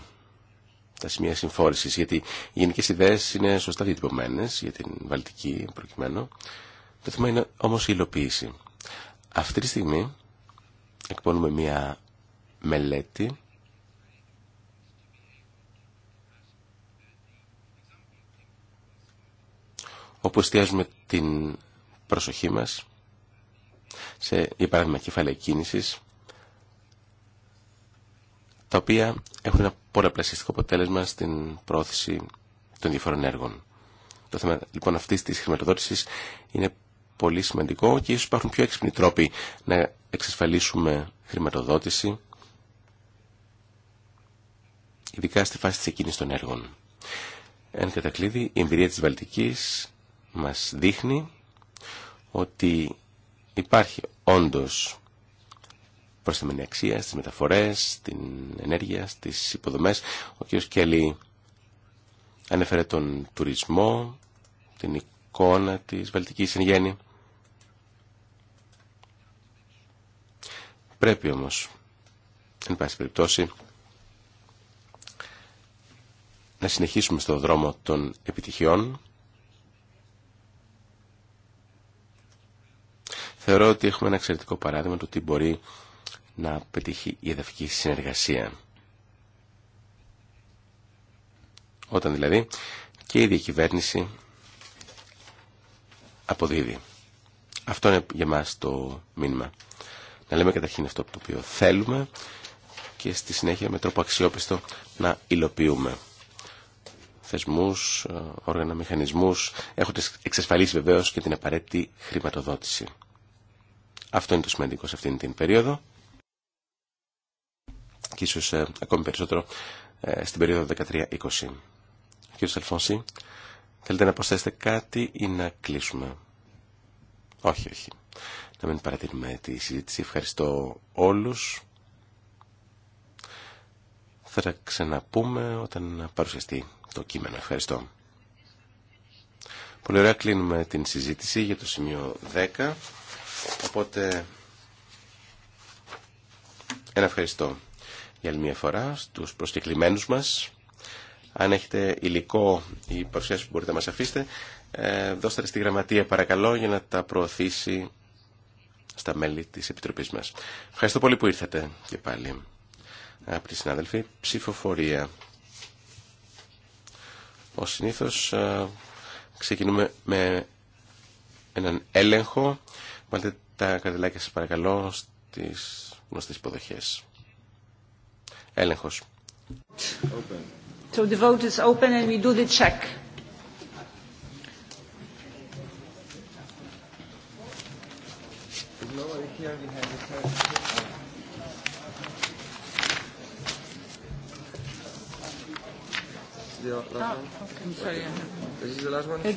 τα σημεία συμφόρησης, γιατί οι γενικές ιδέες είναι σωστά διατυπωμένες για την βαλτική προκειμένου. Το θέμα είναι όμως η υλοποίηση. Αυτή τη στιγμή εκπονούμε μία μελέτη όπου εστιάζουμε την προσοχή μας σε, για παράδειγμα, κεφάλαια κίνησης, τα οποία έχουν ένα πολλαπλασιαστικό αποτέλεσμα στην πρόθεση των διαφορών έργων. Το θέμα λοιπόν αυτή τη χρηματοδότηση είναι πολύ σημαντικό και ίσω υπάρχουν πιο έξυπνοι τρόποι να εξασφαλίσουμε χρηματοδότηση, ειδικά στη φάση τη εκείνη των έργων. Εν κατακλείδη, η εμπειρία τη Βαλτική μα δείχνει ότι υπάρχει όντω τα αξία, στις μεταφορές, στην ενέργεια, στις υποδομές. Ο κ. Κέλλη ανέφερε τον τουρισμό, την εικόνα της Βαλτικής εν γέννη. Πρέπει όμως, εν πάση περιπτώσει, να συνεχίσουμε στο δρόμο των επιτυχιών. Θεωρώ ότι έχουμε ένα εξαιρετικό παράδειγμα του τι μπορεί να πετύχει η εδαφική συνεργασία. Όταν δηλαδή και η διακυβέρνηση αποδίδει. Αυτό είναι για μας το μήνυμα. Να λέμε καταρχήν αυτό το οποίο θέλουμε και στη συνέχεια με τρόπο αξιόπιστο να υλοποιούμε. Θεσμούς, ε, όργανα, μηχανισμούς, έχουν εξασφαλίσει βεβαίως και την απαραίτητη χρηματοδότηση. Αυτό είναι το σημαντικό σε αυτήν την περίοδο και ίσως ε, ακόμη περισσότερο ε, στην περίοδο 13-20. Κύριε Αλφόνση, θέλετε να προσθέσετε κάτι ή να κλείσουμε. Όχι, όχι. Να μην παρατηρούμε τη συζήτηση. Ευχαριστώ όλους. Θα τα ξαναπούμε όταν παρουσιαστεί το κείμενο. Ευχαριστώ. Πολύ ωραία κλείνουμε την συζήτηση για το σημείο 10. Οπότε ένα ευχαριστώ για άλλη μια φορά στους προσκεκλημένους μας. Αν έχετε υλικό ή παρουσιάσεις που μπορείτε να μας αφήσετε, ε, δώστε στη γραμματεία παρακαλώ για να τα προωθήσει στα μέλη της Επιτροπής μας. Ευχαριστώ πολύ που ήρθατε και πάλι. Αγαπητοί συνάδελφοι, ψηφοφορία. Ως συνήθως ε, ξεκινούμε με έναν έλεγχο. Βάλτε τα καρδιλάκια σας παρακαλώ στις γνωστές υποδοχές έλεγχος. So the vote is open and we do the check.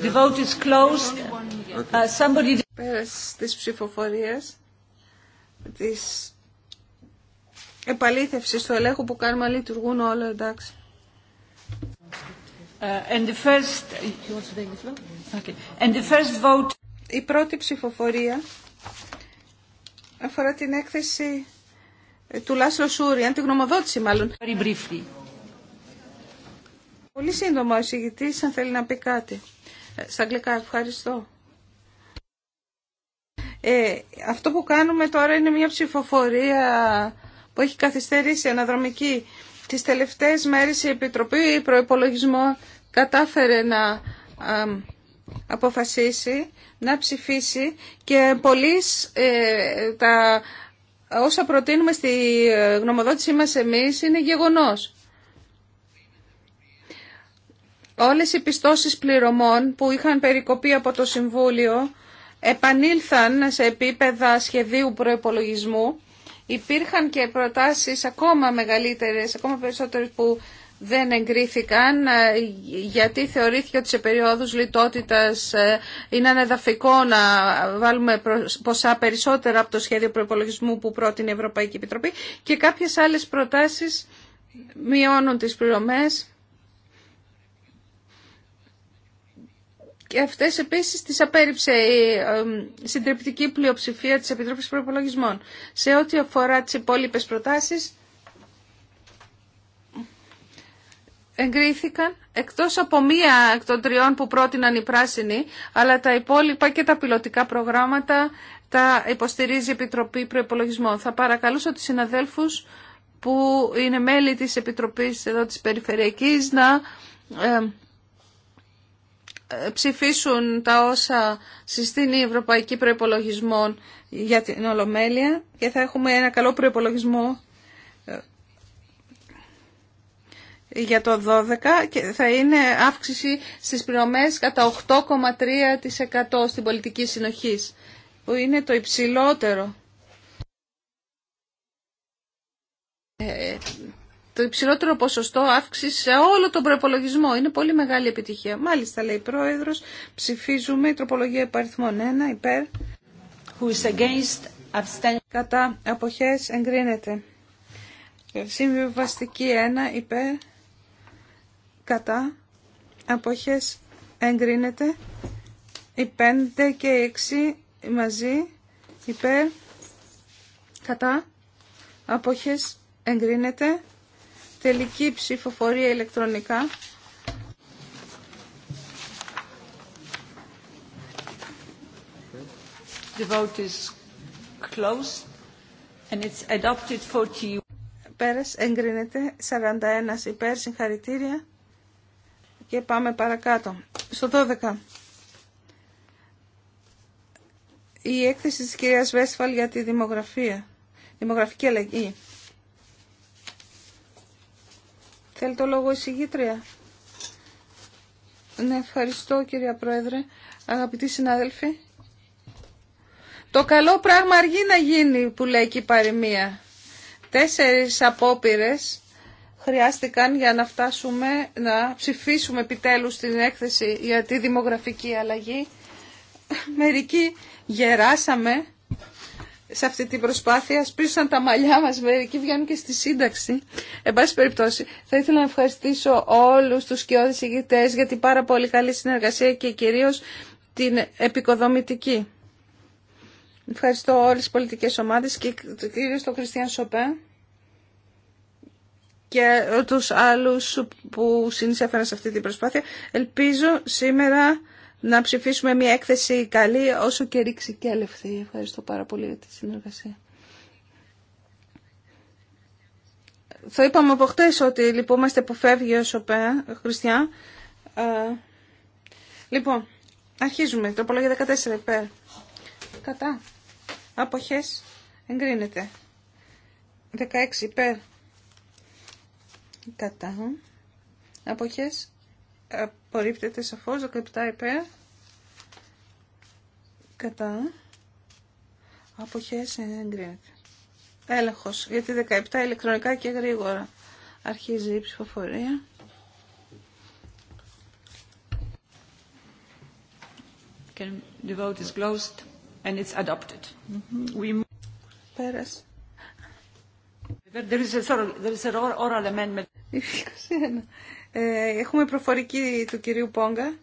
The vote is closed. Somebody. της επαλήθευση στο ελέγχο που κάνουμε λειτουργούν όλα εντάξει. Uh, Η πρώτη ψηφοφορία αφορά την έκθεση ε, του Λάσρο Σούρι, αν την γνωμοδότηση μάλλον. Πολύ σύντομα ο εισηγητής αν θέλει να πει κάτι. Ε, στα αγγλικά ευχαριστώ. Ε, αυτό που κάνουμε τώρα είναι μια ψηφοφορία που έχει καθυστερήσει αναδρομική. Τις τελευταίες μέρες η Επιτροπή προπολογισμό κατάφερε να αποφασίσει, να ψηφίσει και πολλοί ε, τα όσα προτείνουμε στη γνωμοδότησή μας εμείς είναι γεγονός. Όλες οι πιστώσεις πληρωμών που είχαν περικοπεί από το Συμβούλιο επανήλθαν σε επίπεδα σχεδίου προϋπολογισμού Υπήρχαν και προτάσεις ακόμα μεγαλύτερες, ακόμα περισσότερες που δεν εγκρίθηκαν ε, γιατί θεωρήθηκε ότι σε περιόδους λιτότητας ε, είναι ανεδαφικό να βάλουμε ποσά περισσότερα από το σχέδιο προπολογισμού που πρότεινε η Ευρωπαϊκή Επιτροπή και κάποιες άλλες προτάσεις μειώνουν τις πληρωμές Και αυτέ επίση τι απέρριψε η συντριπτική πλειοψηφία της Επιτροπής Προπολογισμών. Σε ό,τι αφορά τις υπόλοιπε προτάσει. εγκρίθηκαν, εκτός από μία εκ των τριών που πρότειναν οι πράσινοι, αλλά τα υπόλοιπα και τα πιλωτικά προγράμματα τα υποστηρίζει η Επιτροπή Προπολογισμών. Θα παρακαλούσα του συναδέλφου που είναι μέλη της Επιτροπής εδώ της Περιφερειακής να ψηφίσουν τα όσα συστήνει η Ευρωπαϊκή προπολογισμό για την Ολομέλεια και θα έχουμε ένα καλό προϋπολογισμό ε, για το 12 και θα είναι αύξηση στις πληρωμές κατά 8,3% στην πολιτική συνοχής που είναι το υψηλότερο ε, το υψηλότερο ποσοστό αύξηση σε όλο τον προπολογισμό. Είναι πολύ μεγάλη επιτυχία. Μάλιστα, λέει η Πρόεδρο, ψηφίζουμε η τροπολογία υπαριθμών 1 υπέρ. Who is against, abstain... Κατά αποχέ εγκρίνεται. Συμβιβαστική 1 υπέρ. Κατά αποχέ εγκρίνεται. Οι 5 και 6 μαζί υπέρ. Κατά αποχέ εγκρίνεται τελική ψηφοφορία ηλεκτρονικά. The vote is closed and it's adopted Πέρας εγκρίνεται 41 υπέρ συγχαρητήρια και πάμε παρακάτω. Στο 12. Η έκθεση της κυρίας Βέσφαλ για τη δημογραφία. Δημογραφική αλλαγή. Θέλει το λόγο η συγγήτρια. Ναι, ευχαριστώ κυρία Πρόεδρε, αγαπητοί συνάδελφοι. Το καλό πράγμα αργεί να γίνει που λέει και η παροιμία. Τέσσερις απόπειρε χρειάστηκαν για να φτάσουμε να ψηφίσουμε επιτέλους την έκθεση για τη δημογραφική αλλαγή. Μερικοί γεράσαμε σε αυτή την προσπάθεια. Σπίσαν τα μαλλιά μας, μερικοί βγαίνουν και στη σύνταξη. Εν πάση περιπτώσει, θα ήθελα να ευχαριστήσω όλους τους σκιώδεις ηγητές για την πάρα πολύ καλή συνεργασία και κυρίως την επικοδομητική. Ευχαριστώ όλες τις πολιτικές ομάδες και κυρίως τον Χριστιαν Σοπέ και τους άλλους που συνεισέφεραν σε αυτή την προσπάθεια. Ελπίζω σήμερα να ψηφίσουμε μια έκθεση καλή όσο και ρίξει και αλευθή. Ευχαριστώ πάρα πολύ για τη συνεργασία. Θα είπαμε από χτε ότι λυπόμαστε που φεύγει ο Σοπέ, Χριστιαν. Ε, λοιπόν, αρχίζουμε. Τροπολογία 14 υπέρ. Κατά. Αποχές. Εγκρίνεται. 16 υπέρ. Κατά. Αποχές απορρίπτεται σαφώς 17 υπέρ κατά αποχές εγκρίνεται έλεγχος γιατί 17 ηλεκτρονικά και γρήγορα αρχίζει η ψηφοφορία The vote is closed and it's adopted. Mhm. We Πέρασε. There is a, sorry, there is a oral amendment. Ε, έχουμε προφορική του κυρίου Πόγκα.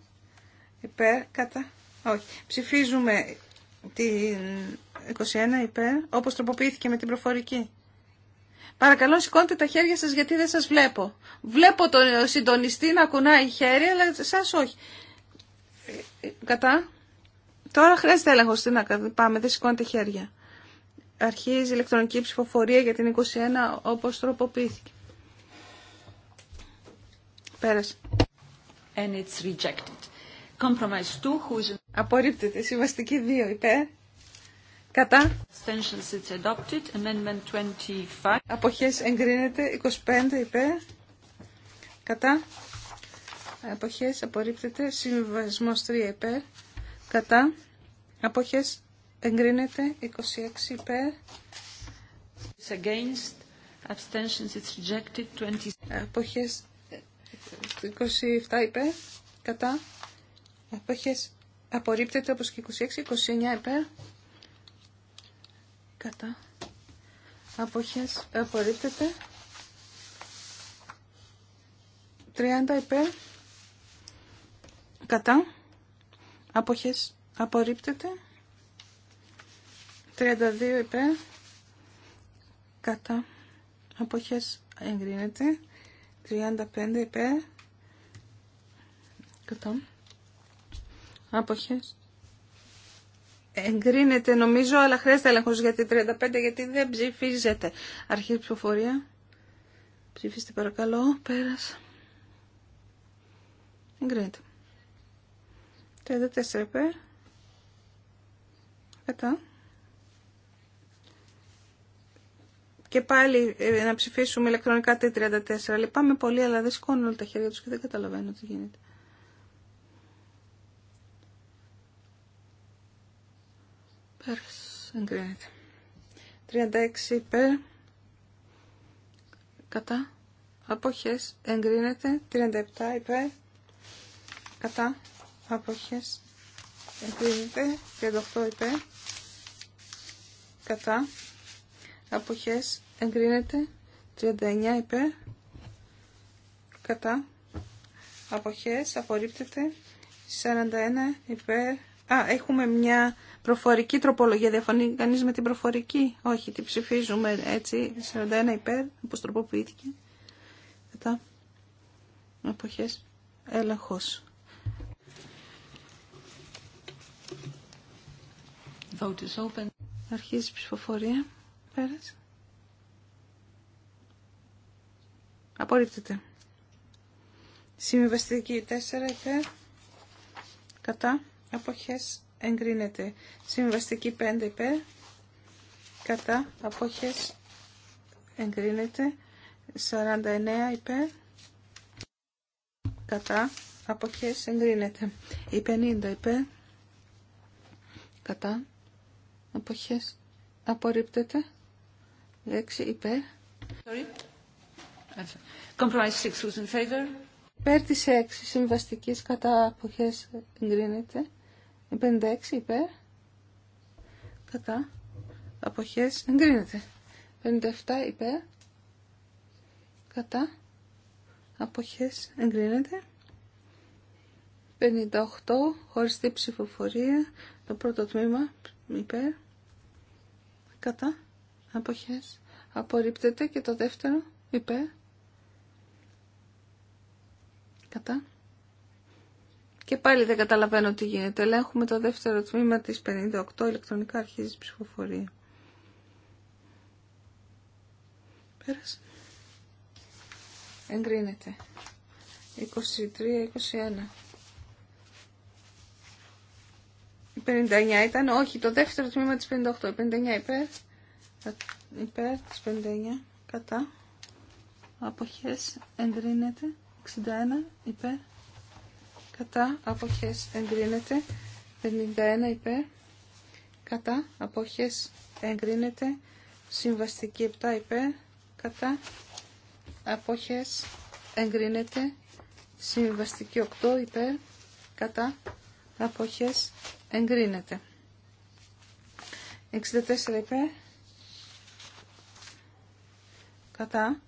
Υπέρ, κατά. Όχι. Ψηφίζουμε την 21 υπέρ, όπως τροποποιήθηκε με την προφορική. Παρακαλώ σηκώντε τα χέρια σας γιατί δεν σας βλέπω. Βλέπω τον συντονιστή να κουνάει χέρι, αλλά σας όχι. Ε, κατά. Τώρα χρειάζεται έλεγχο. Τι να πάμε, δεν σηκώνετε χέρια. Αρχίζει η ηλεκτρονική ψηφοφορία για την 21 όπως τροποποιήθηκε. Πέρασε. Απορρίπτεται. Συμβαστική 2 υπέρ. Κατά. Αποχές εγκρίνεται. 25 υπέρ. Κατά. Αποχές απορρίπτεται. Συμβασμός 3 υπέρ. Κατά. Αποχές εγκρίνεται. 26 υπέρ. Αποχές 27 υπέρ, κατά, αποχές, απορρίπτεται όπως και 26, 29 υπέρ, κατά, αποχές, απορρίπτεται, 30 υπέρ, κατά, αποχές, απορρίπτεται, 32 υπέρ, κατά, αποχές, εγκρίνεται, 35 είπε. Κατά. Άποχες. Εγκρίνεται νομίζω, αλλά χρειάζεται έλεγχος για την 35 γιατί δεν ψηφίζεται. Αρχή ψηφοφορία. Ψηφίστε παρακαλώ. Πέρας. Εγκρίνεται. 34 υπέρ. Κατά. Και πάλι ε, να ψηφίσουμε ηλεκτρονικά T34. Λυπάμαι πολύ, αλλά δεν σηκώνουν όλα τα χέρια τους και δεν καταλαβαίνω τι γίνεται. Πέρασε, εγκρίνεται. 36 υπέρ. Κατά. Απόχες, εγκρίνεται. 37 υπέρ. Κατά. Απόχες, εγκρίνεται. 38 υπέρ. Κατά αποχές εγκρίνεται 39 υπέρ κατά αποχές απορρίπτεται 41 υπέρ Α, έχουμε μια προφορική τροπολογία. Διαφωνεί κανεί με την προφορική. Όχι, την ψηφίζουμε έτσι. 41 υπέρ, όπω τροποποιήθηκε. Κατά. Αποχέ. Έλεγχο. Vote open. Αρχίζει η ψηφοφορία. Πέρας. Απορρίπτεται. Συμβιβαστική 4 υπέρ. Κατά. Αποχές εγκρίνεται. Συμβαστική 5 υπέρ. Κατά. Αποχές εγκρίνεται. 49 υπέρ. Κατά. Αποχές εγκρίνεται. Η 50 υπέρ. Κατά. Αποχές απορρίπτεται. 6 υπέρ. Sorry. Compromise 6 in favor. Υπέρ της 6 συμβαστικής κατά αποχές εγκρίνεται. 56 υπέρ. Κατά αποχές εγκρίνεται. 57 υπέρ. Κατά αποχές εγκρίνεται. 58 χωριστή ψηφοφορία. Το πρώτο τμήμα υπέρ. Κατά αποχές απορρίπτεται και το δεύτερο υπέρ κατά και πάλι δεν καταλαβαίνω τι γίνεται ελέγχουμε το δεύτερο τμήμα της 58 ηλεκτρονικά αρχίζει η ψηφοφορία πέρασε εγκρίνεται 23-21 Η 59 ήταν, όχι, το δεύτερο τμήμα της 58, Η 59 υπέρ, υπέρ της 59 κατά αποχές εγκρίνεται 61 υπέρ κατά αποχές εγκρίνεται 51 υπέρ κατά αποχές εγκρίνεται συμβαστική 7 υπέρ κατά αποχές εγκρίνεται συμβαστική 8 υπέρ κατά αποχές εγκρίνεται 64 υπέρ Κατά.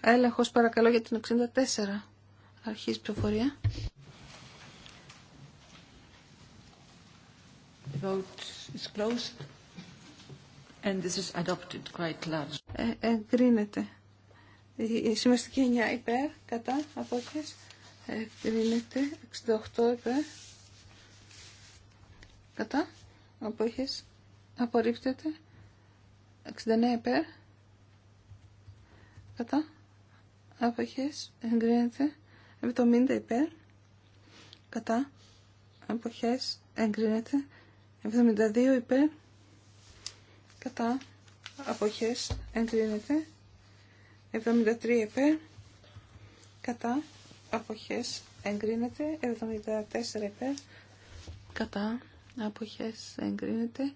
Έλεγχος παρακαλώ για την 64. Αρχής πληροφορία. The vote is closed. And this is adopted quite large. Ε, εγκρίνεται. Η συμβαστική 9 υπέρ, κατά, απόχες. Εγκρίνεται. 68 υπέρ. Κατά, απόχες. Απορρίπτεται. 69 υπέρ κατά αποχές εγκρίνεται 70 υπέρ κατά αποχές εγκρίνεται 72 υπέρ κατά αποχές εγκρίνεται 73 υπέρ κατά αποχές εγκρίνεται 74 υπέρ κατά αποχές εγκρίνεται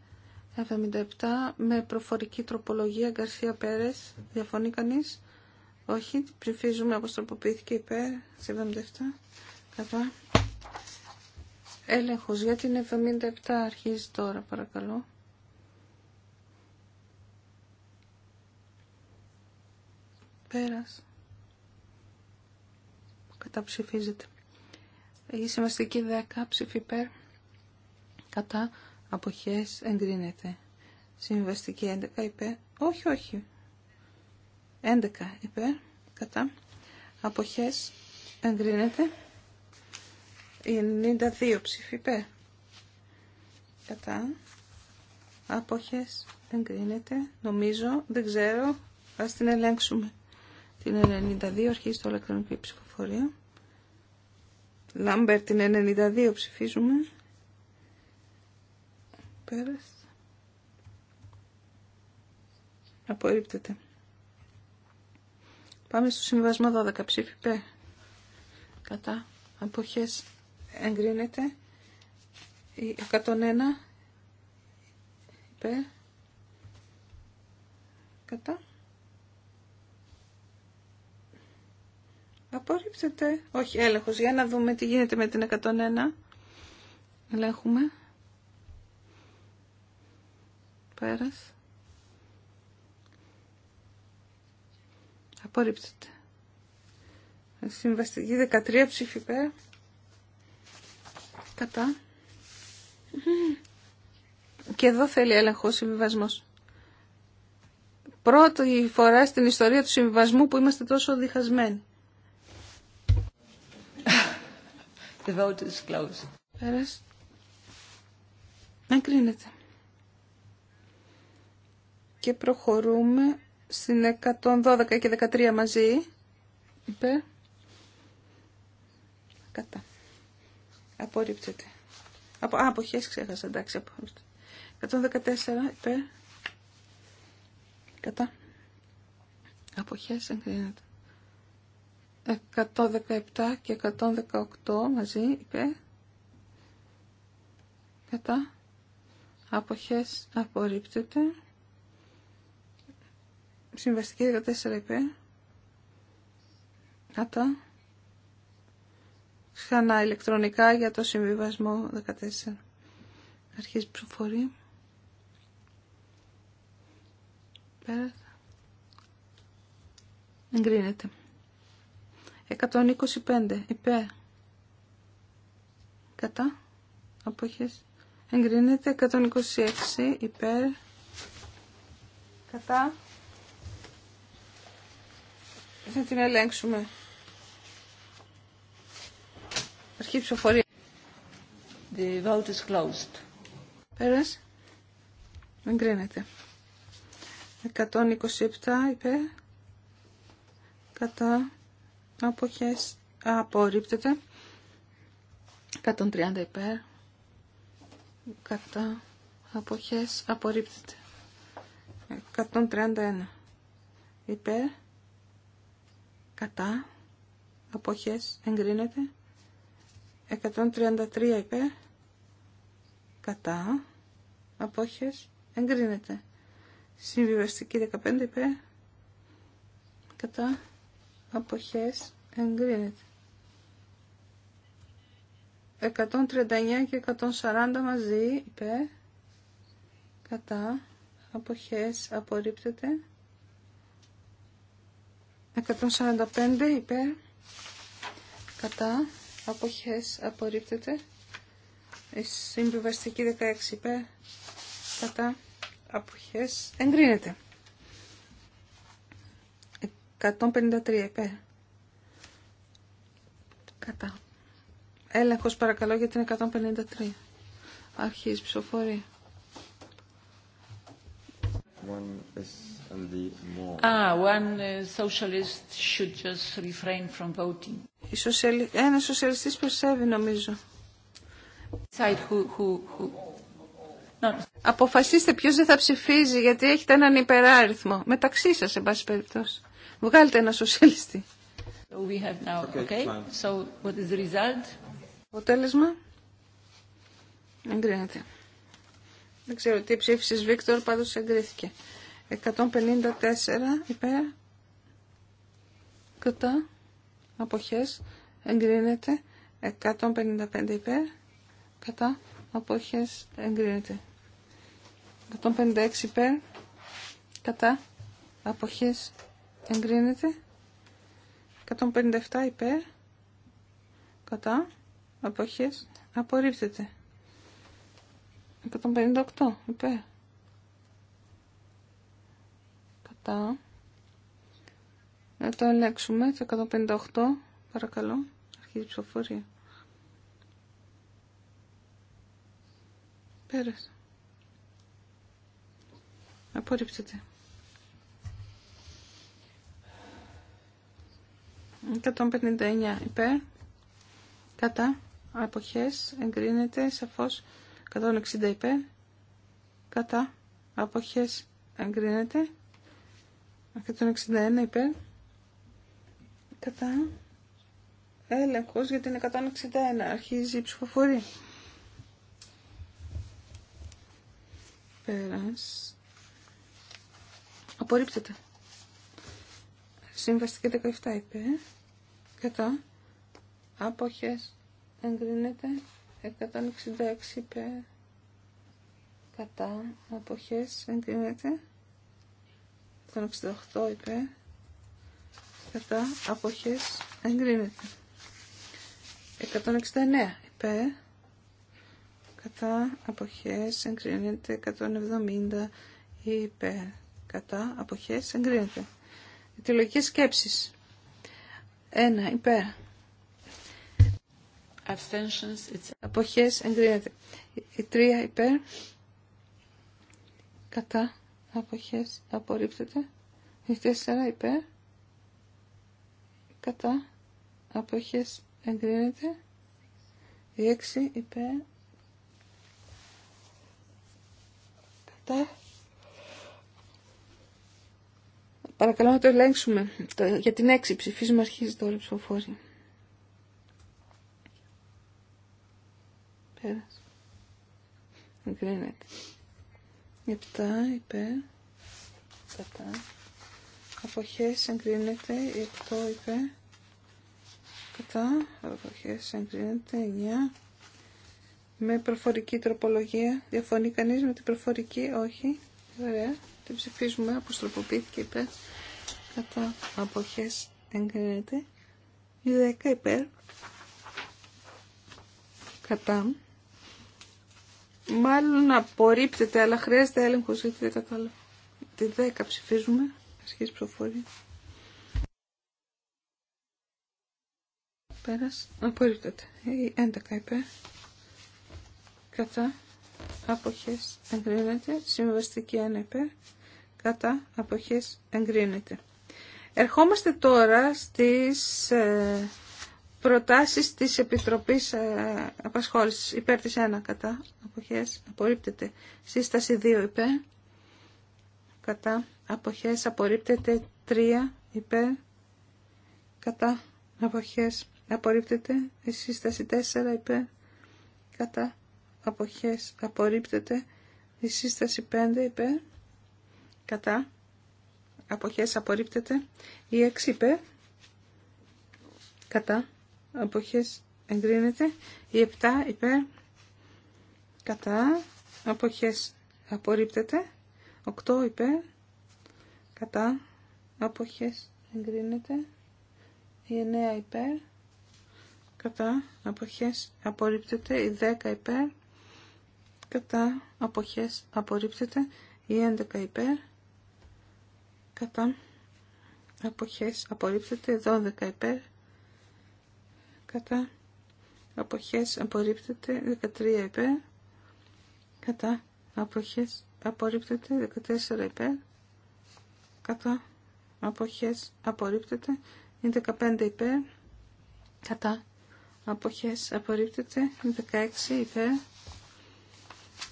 77 με προφορική τροπολογία Γκαρσία Πέρες διαφωνεί κανείς όχι, ψηφίζουμε όπως τροποποιήθηκε υπέρ, 77, κατά. Έλεγχος για την 77 αρχίζει τώρα παρακαλώ. Πέρας. Καταψηφίζεται. Η σημαστική 10 ψήφι υπέρ, κατά, αποχές εγκρίνεται. Συμβαστική 11 υπέρ, όχι, όχι, 11 υπέρ κατά αποχές εγκρίνεται 92 ψηφίπε. υπέρ κατά αποχές εγκρίνεται νομίζω δεν ξέρω ας την ελέγξουμε την 92 αρχίζει το ηλεκτρονική ψηφοφορία Λάμπερ την 92 ψηφίζουμε πέρας απορρίπτεται Πάμε στο συμβασμό 12. Ψήφι πέ. Κατά. Αποχές εγκρίνεται. 101 πε Κατά. Απορρίπτεται. Όχι, έλεγχος. Για να δούμε τι γίνεται με την 101. Ελέγχουμε. Πέρας. Απορρίπτεται. Συμβαστική 13 ψηφιπέ Κατά. Και εδώ θέλει έλεγχο συμβιβασμό. Πρώτη φορά στην ιστορία του συμβιβασμού που είμαστε τόσο διχασμένοι. The vote closed. Πέρας. Εγκρίνεται. Και προχωρούμε στην 112 και 13 μαζί. είπε, Κατά. Απορρίπτεται. Από, α, αποχές ξέχασα, εντάξει. 114 είπε, Κατά. Αποχές εγκρίνεται. 117 και 118 μαζί είπε, Κατά. Αποχές απορρίπτεται. Συμβαστική 14 υπέρ. Κατά. Ξανά ηλεκτρονικά για το συμβιβασμό 14. Αρχίζει ψηφοφορία. Πέρα. Εγκρίνεται. 125 υπέρ. Κατά. Αποχές. Εγκρίνεται. 126 υπέρ. Κατά. Θα την ελέγξουμε. Αρχή ψηφοφορία. The vote is closed. Πέρας. Εγκρίνεται. 127 υπέρ. Κατά. Αποχές. Απορρίπτεται. 130 υπέρ. Κατά. Αποχές. Απορρίπτεται. 131 υπέρ κατά αποχές εγκρίνεται 133 υπέρ κατά απόχες εγκρίνεται συμβιβαστική 15 υπέρ κατά αποχές εγκρίνεται 139 και 140 μαζί υπέρ κατά αποχές απορρίπτεται 145 υπέρ κατά αποχές απορρίπτεται η συμβιβαστική 16 υπέρ κατά αποχές εγκρίνεται 153 υπέρ κατά έλεγχος παρακαλώ για την 153 αρχής ψηφοφορία Ah, one uh, socialist Ένας νομίζω. Αποφασίστε ποιο δεν θα ψηφίζει γιατί έχετε έναν υπεράριθμο. Μεταξύ σα εν πάση περιπτώσει. Βγάλτε ένα σοσιαλιστή. So we Αποτέλεσμα. Εγκρίνεται. Δεν ξέρω τι ψήφισε Βίκτορ, πάντω εγκρίθηκε. 154 υπέρ κατά αποχές εγκρίνεται 155 υπέρ κατά αποχές εγκρίνεται 156 υπέρ κατά αποχές εγκρίνεται 157 υπέρ κατά αποχές απορρίπτεται 158 υπέρ Κατά. Να το ελέγξουμε. Το 158. Παρακαλώ. Αρχίζει η ψηφοφορία. Πέρασε. απορρίψετε 159 υπέρ. Κατά. Αποχές. Εγκρίνεται σαφώς. 160 υπέρ. Κατά. Αποχές. Εγκρίνεται. 161 υπέρ. Κατά. Έλεγχος για την 161. Αρχίζει η ψηφοφορία. Πέρας. Απορρίπτεται. Σύμβαση 17 υπέρ. Κατά. Άποχες. Εγκρίνεται. 166 υπέρ. Κατά. Αποχές. Εγκρίνεται. 168 Ειπέ. κατά αποχές εγκρίνεται 169 Ειπέ. κατά αποχές εγκρίνεται 170 Ειπέ. κατά αποχές εγκρίνεται Αιτιολογικές σκέψεις 1 Ειπέ. Abstentions, Αποχές εγκρίνεται. Η 3 υπέρ. Κατά αποχές απορρίπτεται 4 υπέρ κατά αποχές εγκρίνεται 6 υπέρ κατά Παρακαλώ να το ελέγξουμε. για την 6 ψηφίζουμε αρχίζει τώρα η ψηφοφόρια. Πέρασε. Εγκρίνεται. 7 υπέρ κατά αποχές εγκρίνεται 8 υπέρ κατά αποχές εγκρίνεται 9 με προφορική τροπολογία διαφωνεί κανείς με την προφορική όχι ωραία την ψηφίζουμε αποστροποποιήθηκε υπέρ κατά αποχές εγκρίνεται 10 υπέρ κατά Μάλλον απορρίπτεται, αλλά χρειάζεται έλεγχο γιατί δεν κατάλαβα. Τη 10 ψηφίζουμε. Αρχίζει ψηφοφορία. Πέρας. Απορρίπτεται. Η 11 υπέρ. Κατά. Αποχέ. εγκρίνεται. Συμβαστική 1 υπέρ. Κατά. Αποχέ. εγκρίνεται. Ερχόμαστε τώρα στις... Ε, προτάσεις της Επιτροπής ε, Απασχόλησης. Υπέρ της 1 κατά. Αποχές. Απορρίπτεται. Σύσταση 2 υπέρ. Κατά. Αποχές. Απορρίπτεται. 3 υπέρ. Κατά. Αποχές. Απορρίπτεται. Η σύσταση 4 υπέρ. Κατά. Αποχές. Απορρίπτεται. Η σύσταση 5 υπέρ. Κατά. Αποχές. Απορρίπτεται. Η 6 υπέρ. Κατά αποχές εγκρίνεται. Η 7 υπέρ κατά αποχές απορρίπτεται. 8 υπέρ κατά αποχές εγκρίνεται. Η 9 υπέρ κατά αποχές απορρίπτεται. Η 10 υπέρ κατά αποχές απορρίπτεται. Η 11 υπέρ κατά αποχές απορρίπτεται. 12 υπέρ κατά αποχές απορρίπτεται 13 υπέρ κατά αποχές απορρίπτεται 14 υπέρ κατά αποχές απορρίπτεται 15 υπέρ κατά αποχές απορρίπτεται 16 υπέρ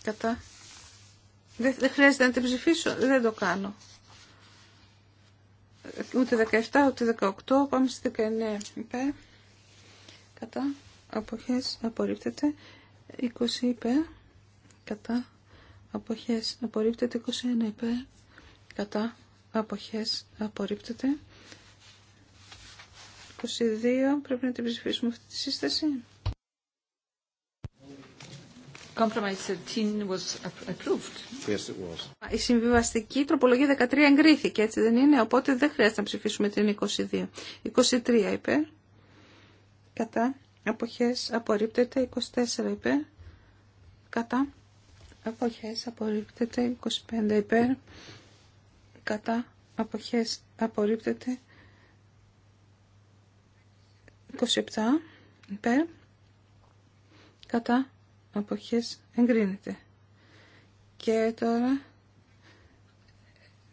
κατά δεν, χρειάζεται να την ψηφίσω δεν το κάνω ούτε 17 ούτε 18 πάμε στη 19 υπέρ κατά αποχές απορρίπτεται 20 υπέρ κατά αποχές απορρίπτεται 21 υπέρ κατά αποχές απορρίπτεται 22 πρέπει να την ψηφίσουμε αυτή τη σύσταση Compromise Yes, it was. Η συμβιβαστική τροπολογία 13 εγκρίθηκε, έτσι δεν είναι, οπότε δεν χρειάζεται να ψηφίσουμε την 22. 23 υπέρ κατά αποχές απορρίπτεται 24 υπέρ κατά αποχές απορρίπτεται 25 υπέρ κατά αποχές απορρίπτεται 27 υπέρ κατά αποχές εγκρίνεται και τώρα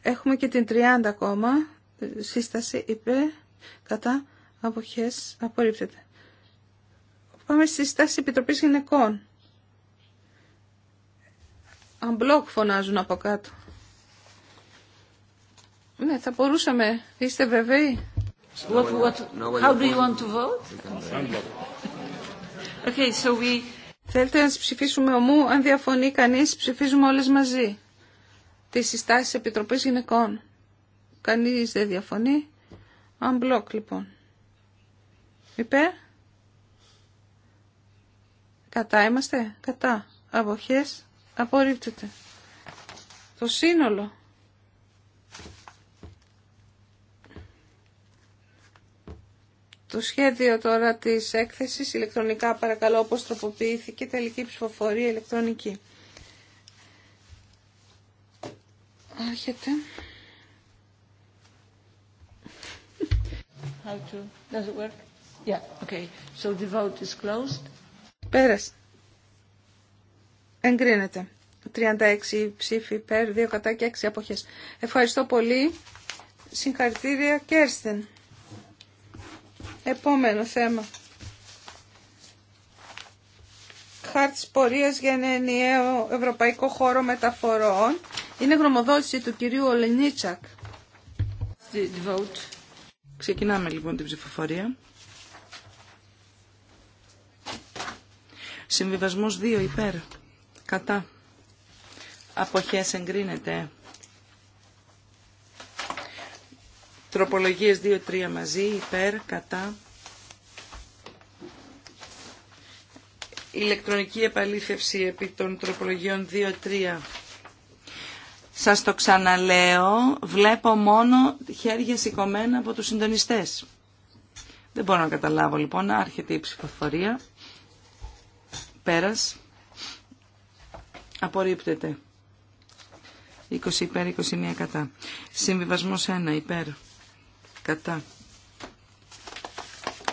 έχουμε και την 30 ακόμα σύσταση υπέρ κατά αποχές απορρίπτεται Πάμε στη στάση Επιτροπής Γυναικών. Αμπλόκ φωνάζουν από κάτω. Ναι, θα μπορούσαμε. Είστε βεβαίοι. What, Θέλετε να ψηφίσουμε ομού, αν διαφωνεί κανείς, ψηφίζουμε όλες μαζί. Τις συστάσεις Επιτροπής Γυναικών. Κανείς δεν διαφωνεί. Αμπλόκ, λοιπόν. Υπέρ. Κατά είμαστε. Κατά. Αποχές. Απορρίπτεται. Το σύνολο. Το σχέδιο τώρα της έκθεσης ηλεκτρονικά παρακαλώ όπως τροποποιήθηκε τελική ψηφοφορία ηλεκτρονική. Άρχεται. How to... Yeah, okay. So the vote is closed. Πέρας. Εγκρίνεται. 36 ψήφοι υπέρ, 2 κατά και αποχές. Ευχαριστώ πολύ. Συγχαρητήρια Κέρστεν. Επόμενο θέμα. Χάρτης πορείας για ένα ενιαίο ευρωπαϊκό χώρο μεταφορών. Είναι γνωμοδότηση του κυρίου Ολενίτσακ. Ξεκινάμε λοιπόν την ψηφοφορία. Συμβιβασμός 2 υπέρ. Κατά. Αποχές εγκρίνεται. Τροπολογίες 2-3 μαζί υπέρ. Κατά. Ηλεκτρονική επαλήθευση επί των τροπολογιών 2-3. Σας το ξαναλέω, βλέπω μόνο χέρια σηκωμένα από τους συντονιστές. Δεν μπορώ να καταλάβω λοιπόν, άρχεται η ψηφοφορία. Πέρας. Απορρίπτεται. 20 υπέρ, 21 κατά. Συμβιβασμός 1 υπέρ, κατά.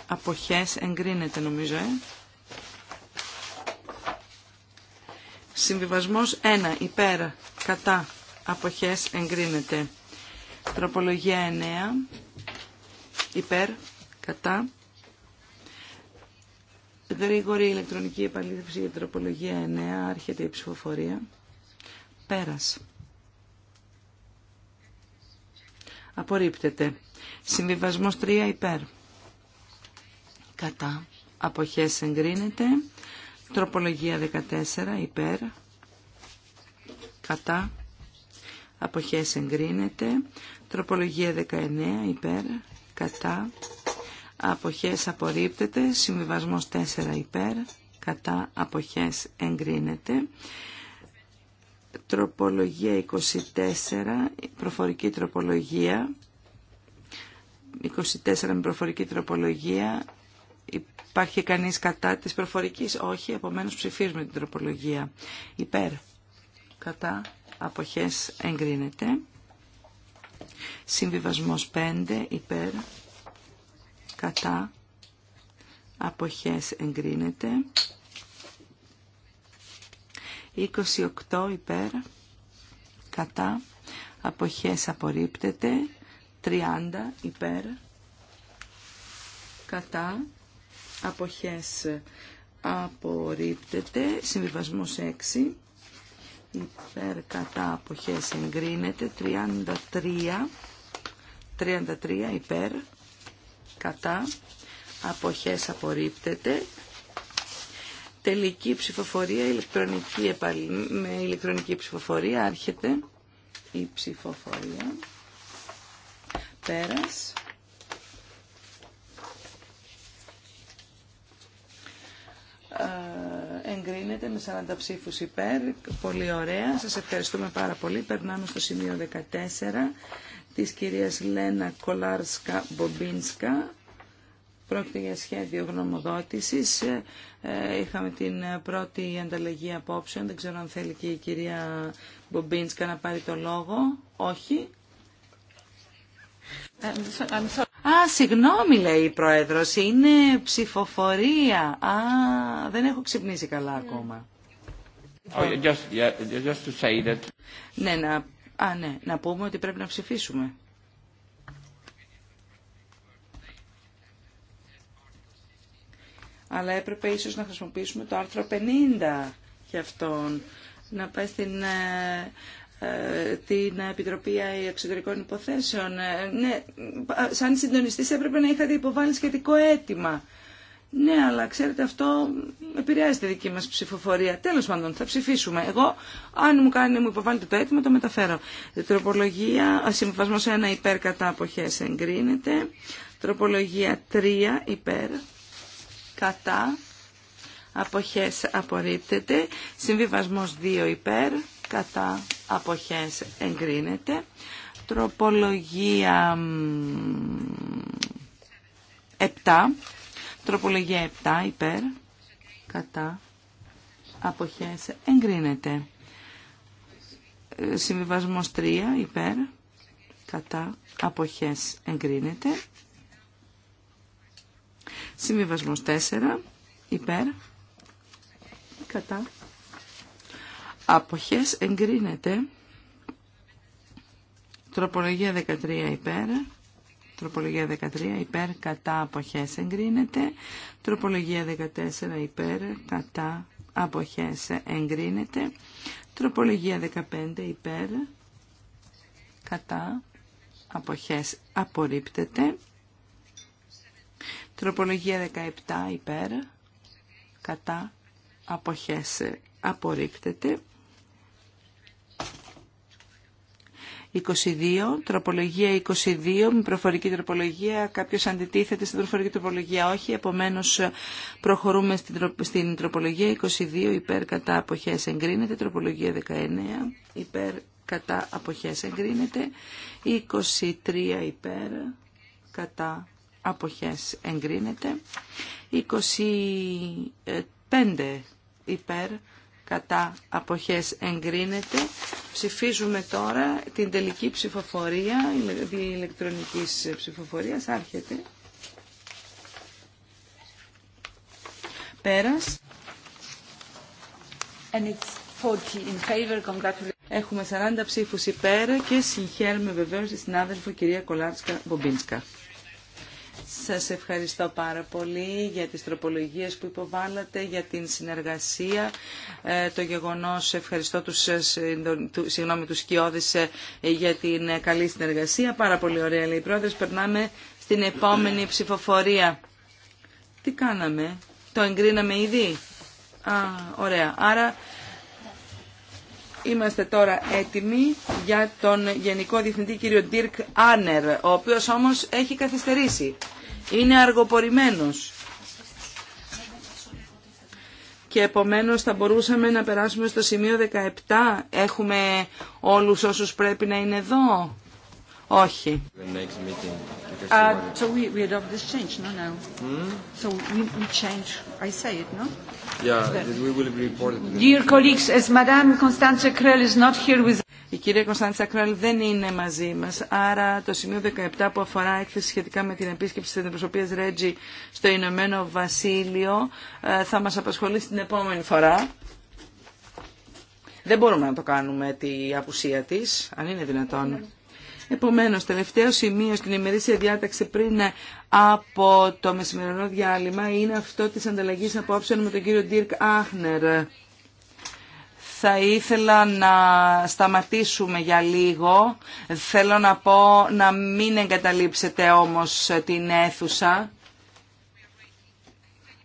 Αποχές εγκρίνεται νομίζω, ε. Συμβιβασμός 1 υπέρ, κατά. Αποχές εγκρίνεται. Τροπολογία 9 υπέρ, κατά. Γρήγορη ηλεκτρονική επαλήθευση για τροπολογία 9. Άρχεται η ψηφοφορία. Πέρας. Απορρίπτεται. Συμβιβασμός 3 υπέρ. Κατά. Αποχές εγκρίνεται. Τροπολογία 14 υπέρ. Κατά. Αποχές εγκρίνεται. Τροπολογία 19 υπέρ. Κατά αποχές απορρίπτεται, συμβιβασμός 4 υπέρ, κατά αποχές εγκρίνεται. Τροπολογία 24, προφορική τροπολογία, 24 με προφορική τροπολογία, υπάρχει κανείς κατά της προφορικής, όχι, επομένως ψηφίζουμε την τροπολογία. Υπέρ, κατά αποχές εγκρίνεται. Συμβιβασμός 5, υπέρ, κατά αποχές εγκρίνεται 28 υπέρ κατά αποχές απορρίπτεται 30 υπέρ κατά αποχές απορρίπτεται συμβιβασμός 6 υπέρ κατά αποχές εγκρίνεται 33 33 υπέρ κατά, αποχές απορρίπτεται. Τελική ψηφοφορία ηλεκτρονική, με ηλεκτρονική ψηφοφορία άρχεται η ψηφοφορία. Πέρας. εγκρίνεται με 40 ψήφους υπέρ. Πολύ ωραία. Σας ευχαριστούμε πάρα πολύ. Περνάμε στο σημείο 14 της κυρίας Λένα Κολάρσκα-Μπομπίνσκα. Πρόκειται για σχέδιο γνωμοδότησης. Ε, είχαμε την πρώτη ανταλλαγή απόψεων. Δεν ξέρω αν θέλει και η κυρία Μπομπίνσκα να πάρει το λόγο. Όχι. Α, συγγνώμη λέει η Πρόεδρος. Είναι ψηφοφορία. Α, δεν έχω ξυπνήσει καλά ακόμα. Oh, ναι, να Α, ναι, να πούμε ότι πρέπει να ψηφίσουμε. Αλλά έπρεπε ίσως να χρησιμοποιήσουμε το άρθρο 50 για αυτόν. Να πάει στην ε, ε, την Επιτροπή Εξωτερικών Υποθέσεων. Ε, ναι, σαν συντονιστής έπρεπε να είχατε υποβάλει σχετικό αίτημα. Ναι, αλλά ξέρετε αυτό επηρεάζει τη δική μας ψηφοφορία. Τέλος πάντων, θα ψηφίσουμε. Εγώ, αν μου κάνει, μου υποβάλλετε το αίτημα, το μεταφέρω. Τροπολογία, συμφασμός 1 υπέρ κατά αποχές εγκρίνεται. Τροπολογία 3 υπέρ κατά αποχές απορρίπτεται. Συμβιβασμός 2 υπέρ κατά αποχές εγκρίνεται. Τροπολογία 7 Τροπολογία 7 ε, υπέρ, κατά, αποχές, εγκρίνεται. Συμβιβασμός 3 υπέρ, κατά, αποχές, εγκρίνεται. Συμβιβασμός 4 υπέρ, κατά, αποχές, εγκρίνεται. Τροπολογία 13 υπέρ, Τροπολογία 13 υπέρ κατά αποχές εγκρίνεται. Τροπολογία 14 υπέρ κατά αποχές εγκρίνεται. Τροπολογία 15 υπέρ κατά αποχές απορρίπτεται. Τροπολογία 17 υπέρ κατά αποχές απορρίπτεται. 22, τροπολογία 22, με προφορική τροπολογία. Κάποιος αντιτίθεται στην προφορική τροπολογία, όχι. Επομένως προχωρούμε στην τροπολογία 22, υπέρ κατά αποχές εγκρίνεται. Τροπολογία 19, υπέρ κατά αποχές εγκρίνεται. 23 υπέρ κατά αποχές εγκρίνεται. 25 υπέρ κατά αποχές εγκρίνεται. Ψηφίζουμε τώρα την τελική ψηφοφορία, η ηλεκτρονικής ψηφοφορίας άρχεται. Πέρας. Έχουμε 40 ψήφους υπέρ και συγχαίρουμε βεβαίως τη συνάδελφο κυρία Κολάρσκα Μπομπίνσκα. Σας ευχαριστώ πάρα πολύ για τις τροπολογίες που υποβάλλατε, για την συνεργασία, ε, το γεγονός ευχαριστώ τους, ε, συγγνώμη, τους ε, για την ε, καλή συνεργασία. Πάρα πολύ ωραία λέει η πρόεδρος. Περνάμε στην επόμενη ψηφοφορία. Τι κάναμε, το εγκρίναμε ήδη. Α, ωραία. Άρα είμαστε τώρα έτοιμοι για τον Γενικό Διευθυντή κύριο Dirk Άνερ, ο οποίος όμως έχει καθυστερήσει είναι αργοπορημένος. Και επομένως θα μπορούσαμε να περάσουμε στο σημείο 17. Έχουμε όλους όσους πρέπει να είναι εδώ. Όχι. Uh, so we, we adopt this change, no, no. Hmm? So we, we change. I say it, no. Yeah, we will Dear colleagues, as Madame Constance Krell is not here with. Η κυρία Κωνσταντίνα Κρόλ δεν είναι μαζί μα, άρα το σημείο 17 που αφορά έκθεση σχετικά με την επίσκεψη τη αντιπροσωπεία Ρέτζι στο Ηνωμένο Βασίλειο ε, θα μα απασχολήσει την επόμενη φορά. Δεν μπορούμε να το κάνουμε τη απουσία τη, αν είναι δυνατόν. Επομένως, τελευταίο σημείο στην ημερήσια διάταξη πριν από το μεσημερινό διάλειμμα είναι αυτό της ανταλλαγής απόψεων με τον κύριο Ντίρκ Άχνερ θα ήθελα να σταματήσουμε για λίγο. Θέλω να πω να μην εγκαταλείψετε όμως την αίθουσα.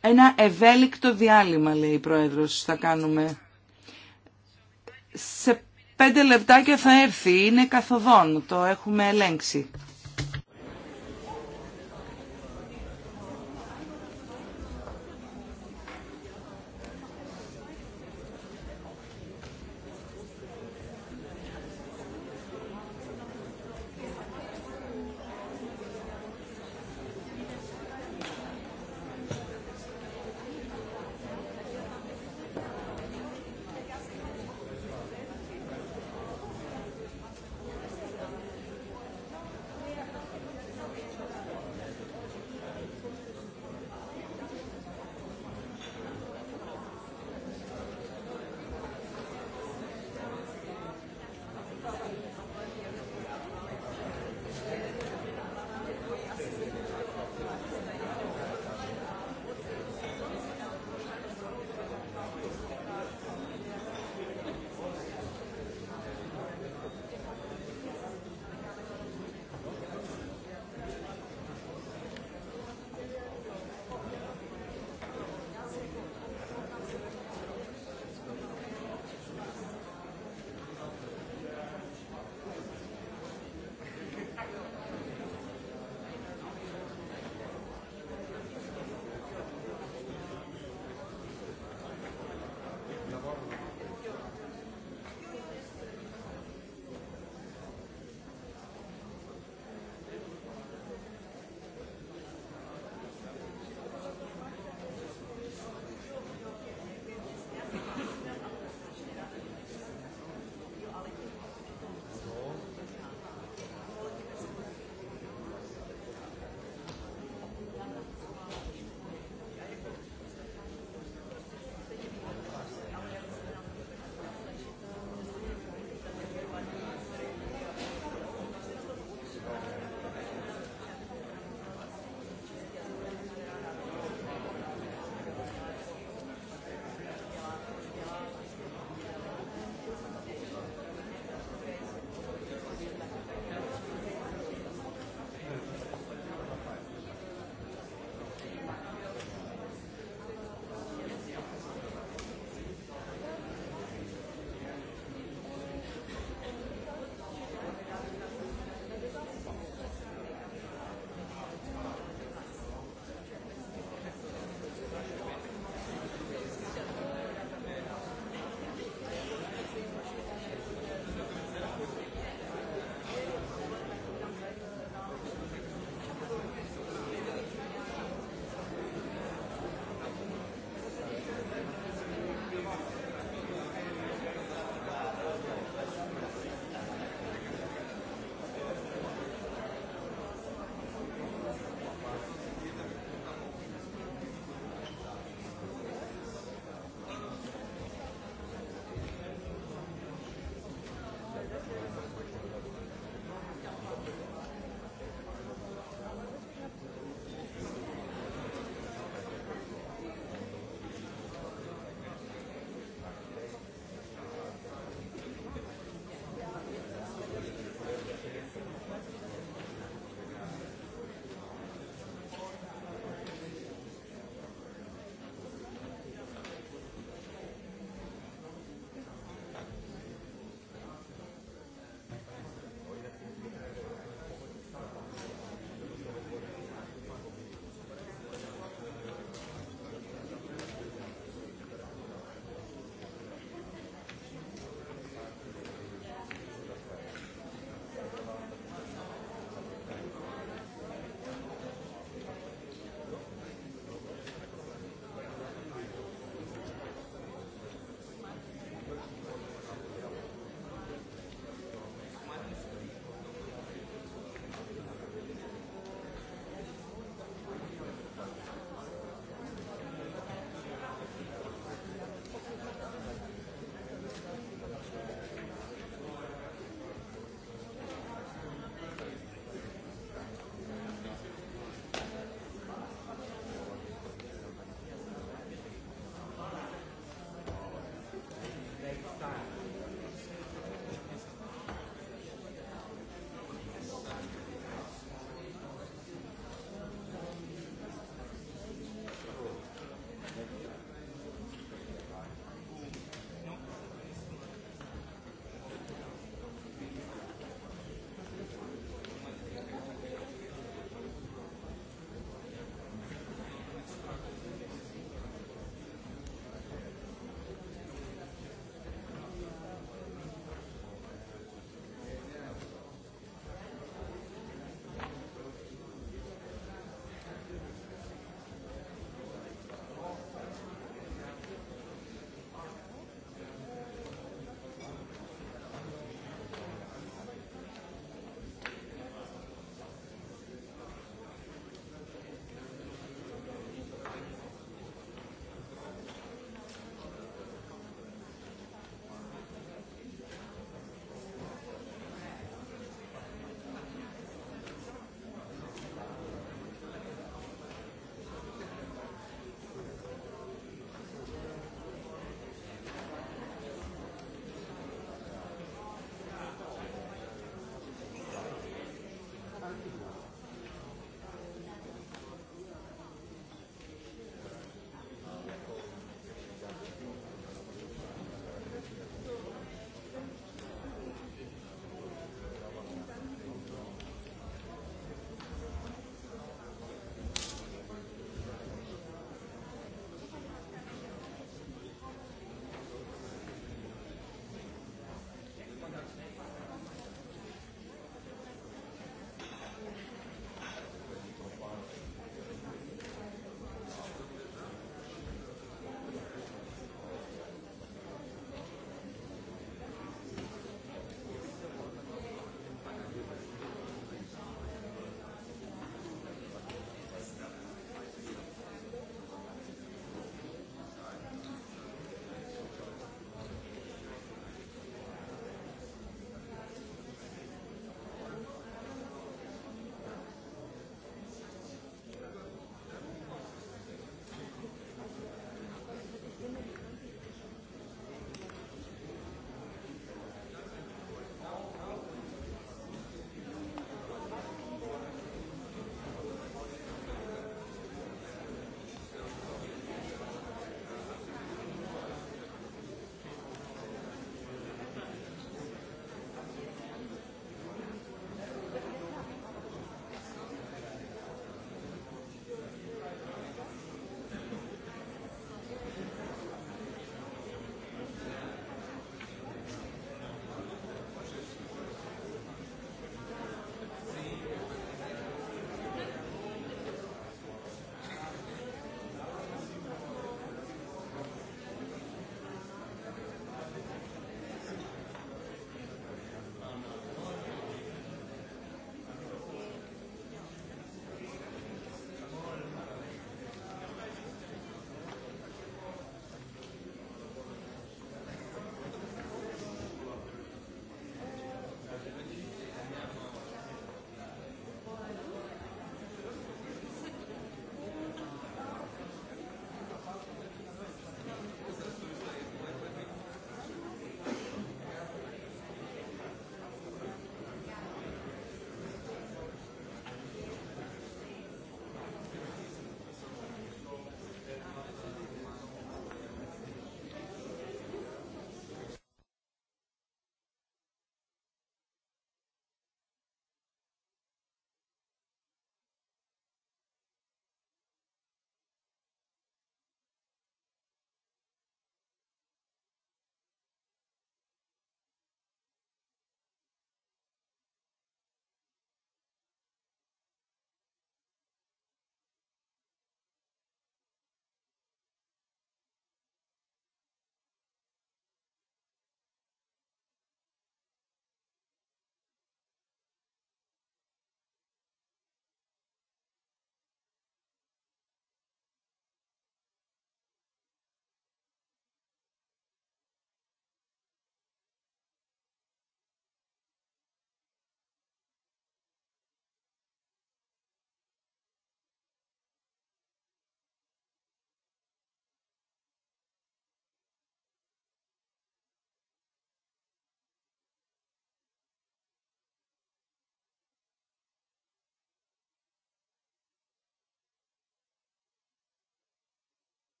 Ένα ευέλικτο διάλειμμα, λέει η Πρόεδρος, θα κάνουμε. Σε πέντε λεπτάκια θα έρθει, είναι καθοδόν, το έχουμε ελέγξει.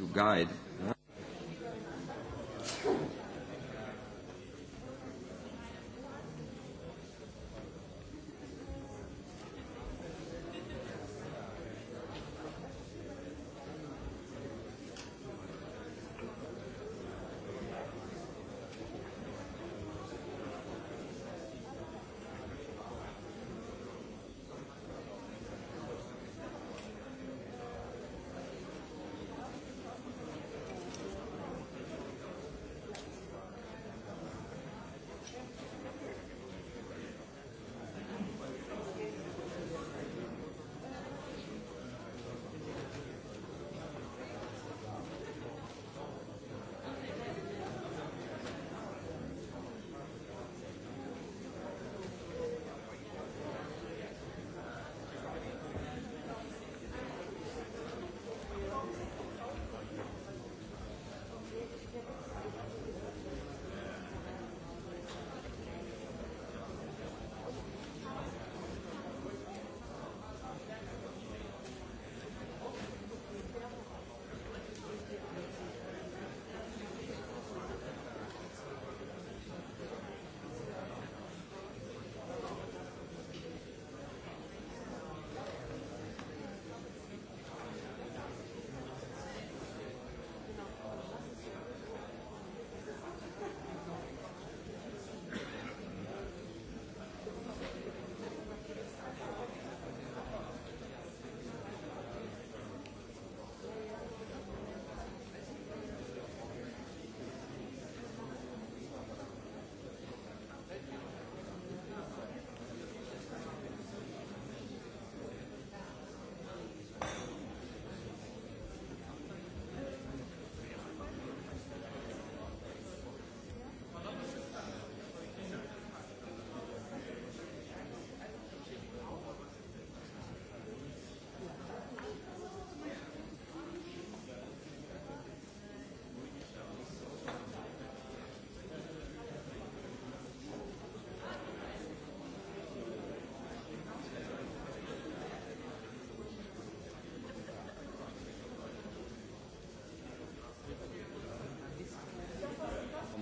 to guide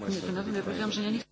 μην ξένα δεν βλέπω ότι ο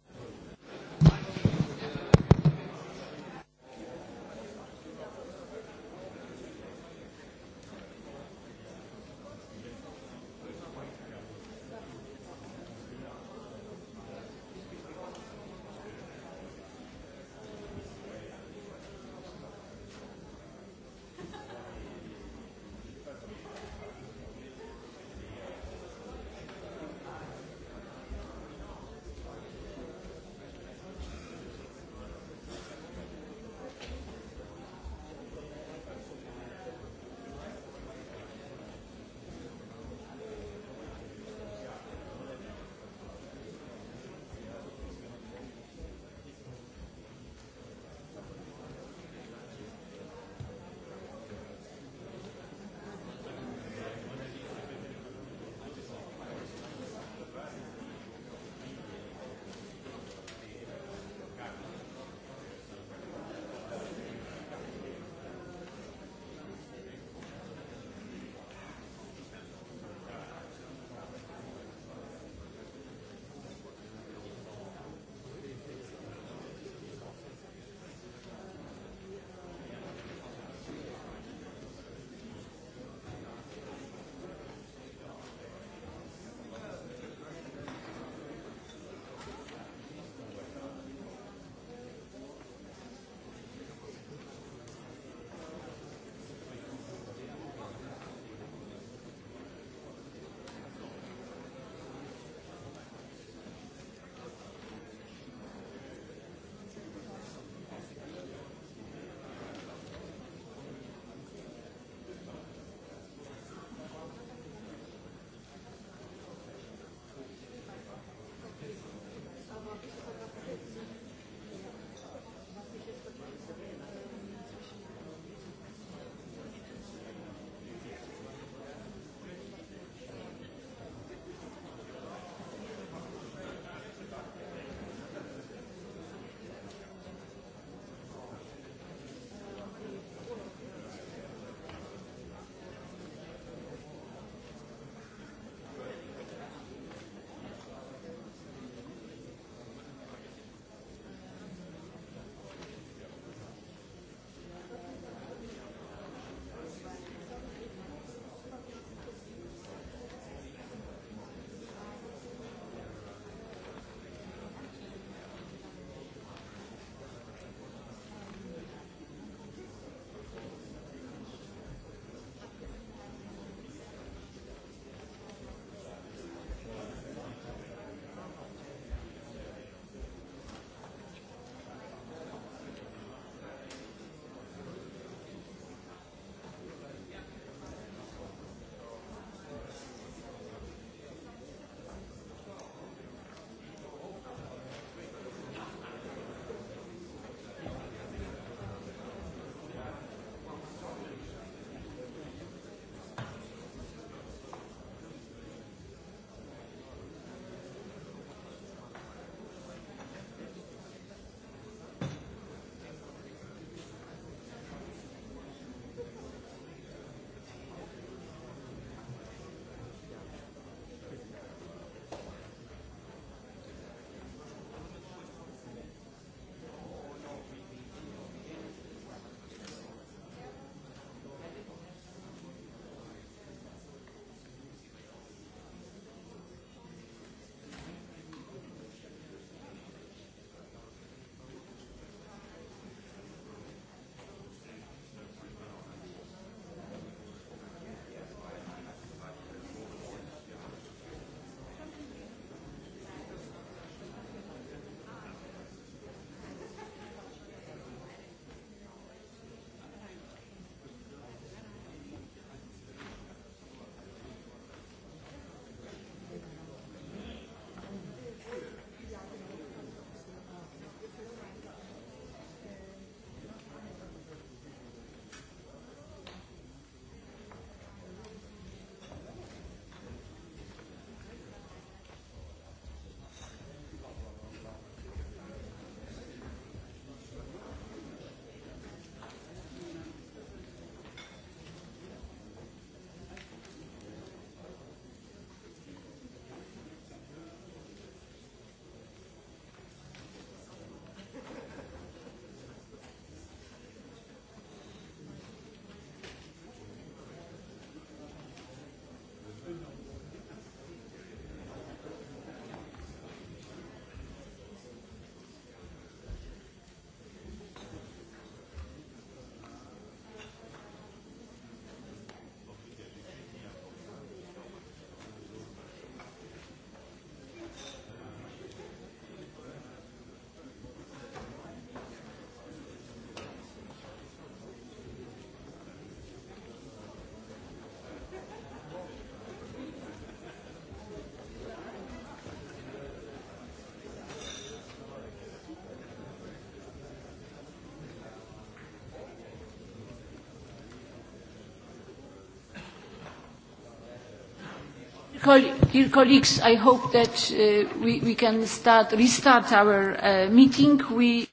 Dear colleagues, I hope that uh, we, we can start, restart our uh, meeting. We...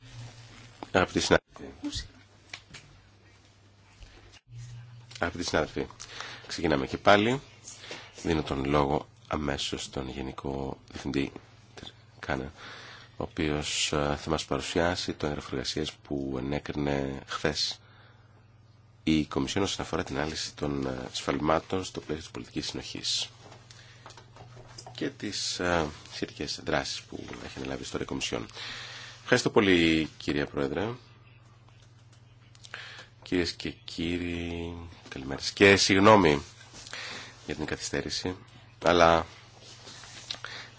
Αγαπητοί συνάδελφοι, ξεκινάμε και πάλι. Δίνω τον λόγο αμέσω στον Γενικό Διευθυντή Κάνα, ο οποίο ε, θα μα παρουσιάσει το έγγραφο εργασίας που ενέκρινε χθε η Κομισιόν όσον αφορά την άλυση των ε, σφαλμάτων στο πλαίσιο τη πολιτική συνοχή και τις ε, σχετικές δράσεις που έχει αναλάβει στο Ρεκομισιόν. Ευχαριστώ πολύ κυρία Πρόεδρε. Κυρίες και κύριοι, καλημέρα. Και συγγνώμη για την καθυστέρηση, αλλά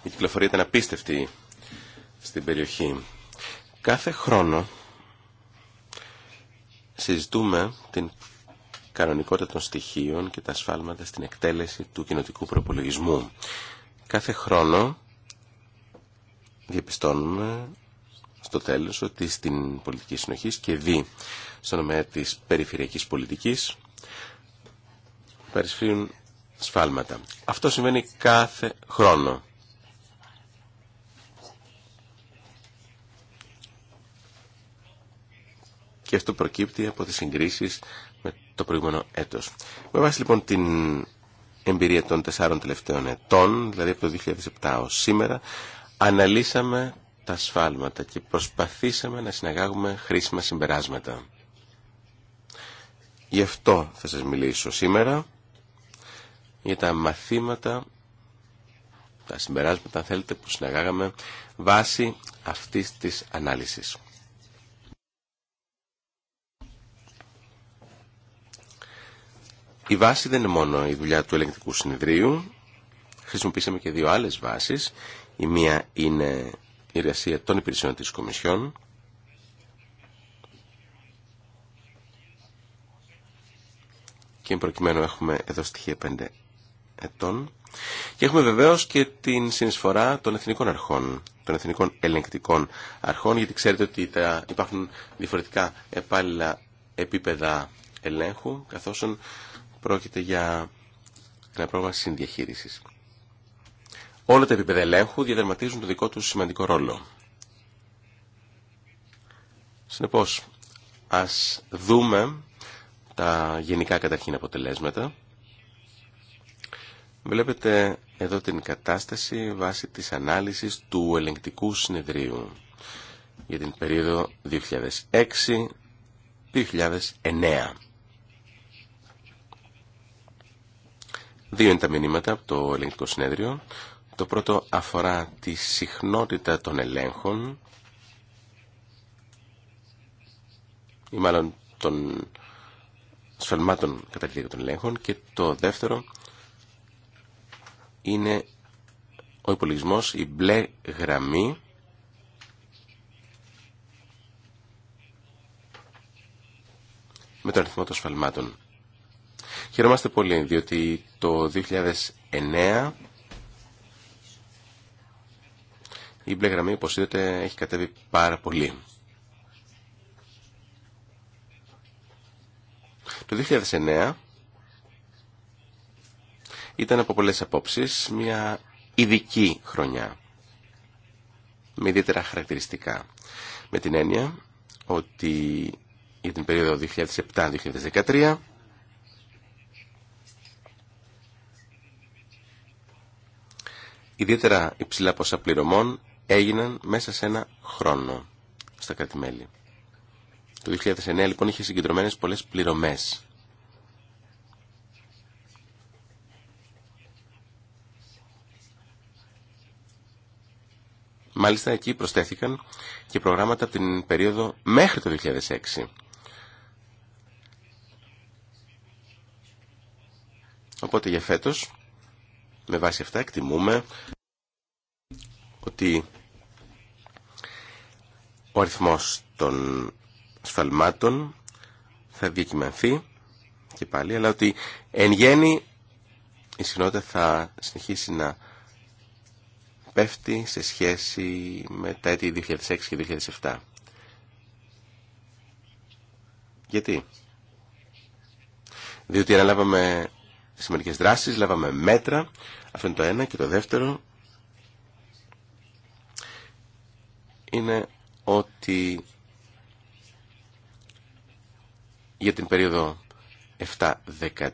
η κυκλοφορία ήταν απίστευτη στην περιοχή. Κάθε χρόνο συζητούμε την κανονικότητα των στοιχείων και τα ασφάλματα στην εκτέλεση του κοινοτικού προπολογισμού. Κάθε χρόνο διαπιστώνουμε στο τέλος ότι στην πολιτική συνοχή και δι στον ομέα της περιφερειακής πολιτικής παρισφύουν σφάλματα. Αυτό συμβαίνει κάθε χρόνο. Και αυτό προκύπτει από τις συγκρίσεις με το προηγούμενο έτος. Με βάση λοιπόν την εμπειρία των τεσσάρων τελευταίων ετών, δηλαδή από το 2007 ως σήμερα, αναλύσαμε τα σφάλματα και προσπαθήσαμε να συναγάγουμε χρήσιμα συμπεράσματα. Γι' αυτό θα σας μιλήσω σήμερα, για τα μαθήματα, τα συμπεράσματα, αν θέλετε, που συναγάγαμε βάσει αυτής της ανάλυσης. Η βάση δεν είναι μόνο η δουλειά του ελεγκτικού συνεδρίου. Χρησιμοποίησαμε και δύο άλλες βάσεις. Η μία είναι η εργασία των υπηρεσιών της Κομισιόν. Και προκειμένου έχουμε εδώ στοιχεία 5 ετών. Και έχουμε βεβαίως και την συνεισφορά των εθνικών αρχών, των εθνικών ελεγκτικών αρχών, γιατί ξέρετε ότι υπάρχουν διαφορετικά επάλληλα επίπεδα ελέγχου, καθώς πρόκειται για ένα πρόβλημα συνδιαχείρισης. Όλα τα επίπεδα ελέγχου διαδραματίζουν το δικό τους σημαντικό ρόλο. Συνεπώ, ας δούμε τα γενικά καταρχήν αποτελέσματα. Βλέπετε εδώ την κατάσταση βάσει της ανάλυσης του ελεγκτικού συνεδρίου για την περίοδο 2006-2009. Δύο είναι τα μηνύματα από το Ελληνικό Συνέδριο. Το πρώτο αφορά τη συχνότητα των ελέγχων ή μάλλον των σφαλμάτων κατά τη των ελέγχων και το δεύτερο είναι ο υπολογισμό, η μπλε γραμμή με τον αριθμό των σφαλμάτων. Χαιρόμαστε πολύ, διότι το 2009 η μπλε γραμμή, όπως είδατε, έχει κατέβει πάρα πολύ. Το 2009 ήταν από πολλές απόψεις μια ειδική χρονιά, με ιδιαίτερα χαρακτηριστικά. Με την έννοια ότι για την περίοδο 2007-2013 ιδιαίτερα υψηλά ποσά πληρωμών έγιναν μέσα σε ένα χρόνο στα κρατη Το 2009 λοιπόν είχε συγκεντρωμένες πολλές πληρωμές. Μάλιστα εκεί προσθέθηκαν και προγράμματα από την περίοδο μέχρι το 2006. Οπότε για φέτος με βάση αυτά εκτιμούμε ότι ο αριθμός των σφαλμάτων θα διακυμανθεί και πάλι, αλλά ότι εν γέννη η συνότητα θα συνεχίσει να πέφτει σε σχέση με τα έτη 2006 και 2007. Γιατί? Διότι αναλάβαμε σημαντικές δράσεις, λάβαμε μέτρα. Αυτό είναι το ένα. Και το δεύτερο είναι ότι για την περίοδο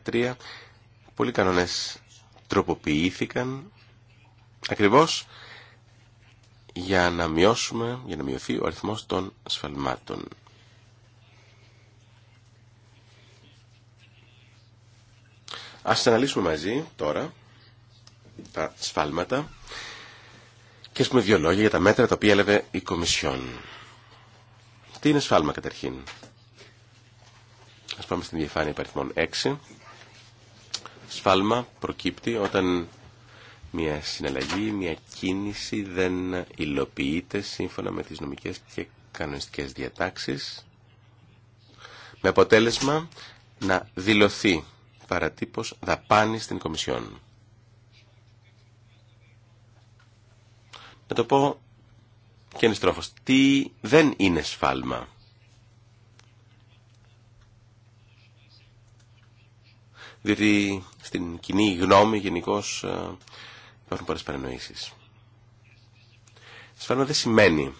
7-13 πολλοί κανόνες τροποποιήθηκαν ακριβώς για να μειώσουμε, για να μειωθεί ο αριθμός των σφαλμάτων. Ας αναλύσουμε μαζί τώρα τα σφάλματα και ας πούμε δύο λόγια για τα μέτρα τα οποία έλαβε η Κομισιόν. Τι είναι σφάλμα καταρχήν. Ας πάμε στην διαφάνεια υπαριθμών 6. Σφάλμα προκύπτει όταν μια συναλλαγή, μια κίνηση δεν υλοποιείται σύμφωνα με τις νομικές και κανονιστικές διατάξεις με αποτέλεσμα να δηλωθεί Παρατύπω δαπάνη στην Κομισιόν. Να το πω και είναι Τι δεν είναι σφάλμα. Διότι στην κοινή γνώμη γενικώ ε, υπάρχουν πολλές παρανοήσεις. Σφάλμα δεν σημαίνει.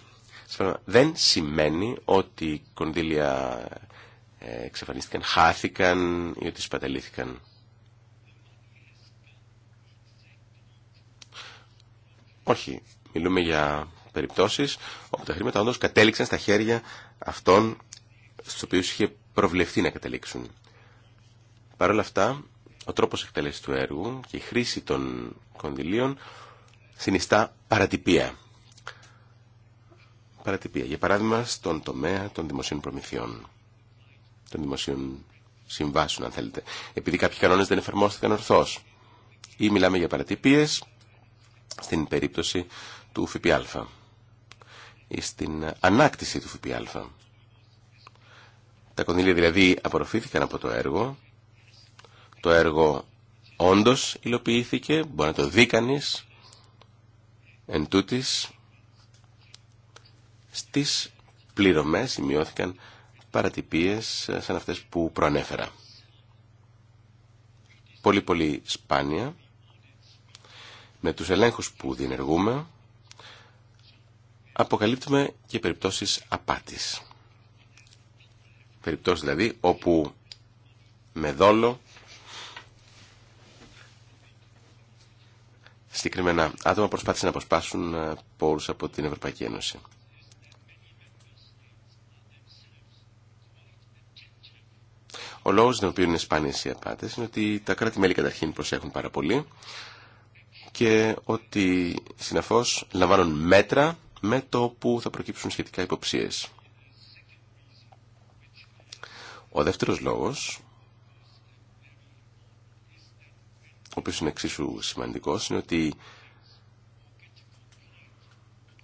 Σφάλμα δεν σημαίνει ότι κονδύλια εξαφανίστηκαν, χάθηκαν ή ότι σπαταλήθηκαν. Όχι, μιλούμε για περιπτώσεις όπου τα χρήματα όντως κατέληξαν στα χέρια αυτών στους οποίους είχε προβλεφθεί να καταλήξουν. Παρ' όλα αυτά, ο τρόπος εκτέλεσης του έργου και η χρήση των κονδυλίων συνιστά παρατυπία. Παρατυπία, για παράδειγμα, στον τομέα των δημοσίων προμηθειών των δημοσίων συμβάσεων, αν θέλετε. Επειδή κάποιοι κανόνες δεν εφαρμόστηκαν ορθώς. Ή μιλάμε για παρατυπίες στην περίπτωση του ΦΠΑ ή στην ανάκτηση του ΦΠΑ. Τα κονδύλια δηλαδή απορροφήθηκαν από το έργο. Το έργο όντω υλοποιήθηκε, μπορεί να το δει κανεί εν τούτης, στις πληρωμές σημειώθηκαν παρατυπίες ε, σαν αυτές που προανέφερα. Πολύ πολύ σπάνια με τους ελέγχους που διενεργούμε αποκαλύπτουμε και περιπτώσεις απάτης. Περιπτώσεις δηλαδή όπου με δόλο συγκεκριμένα άτομα προσπάθησαν να αποσπάσουν ε, πόρους από την Ευρωπαϊκή Ένωση. Ο λόγος τον οποίο είναι σπάνιες οι απάτες είναι ότι τα κράτη-μέλη καταρχήν προσέχουν πάρα πολύ και ότι συναφώς λαμβάνουν μέτρα με το που θα προκύψουν σχετικά υποψίες. Ο δεύτερος λόγος, ο οποίος είναι εξίσου σημαντικός, είναι ότι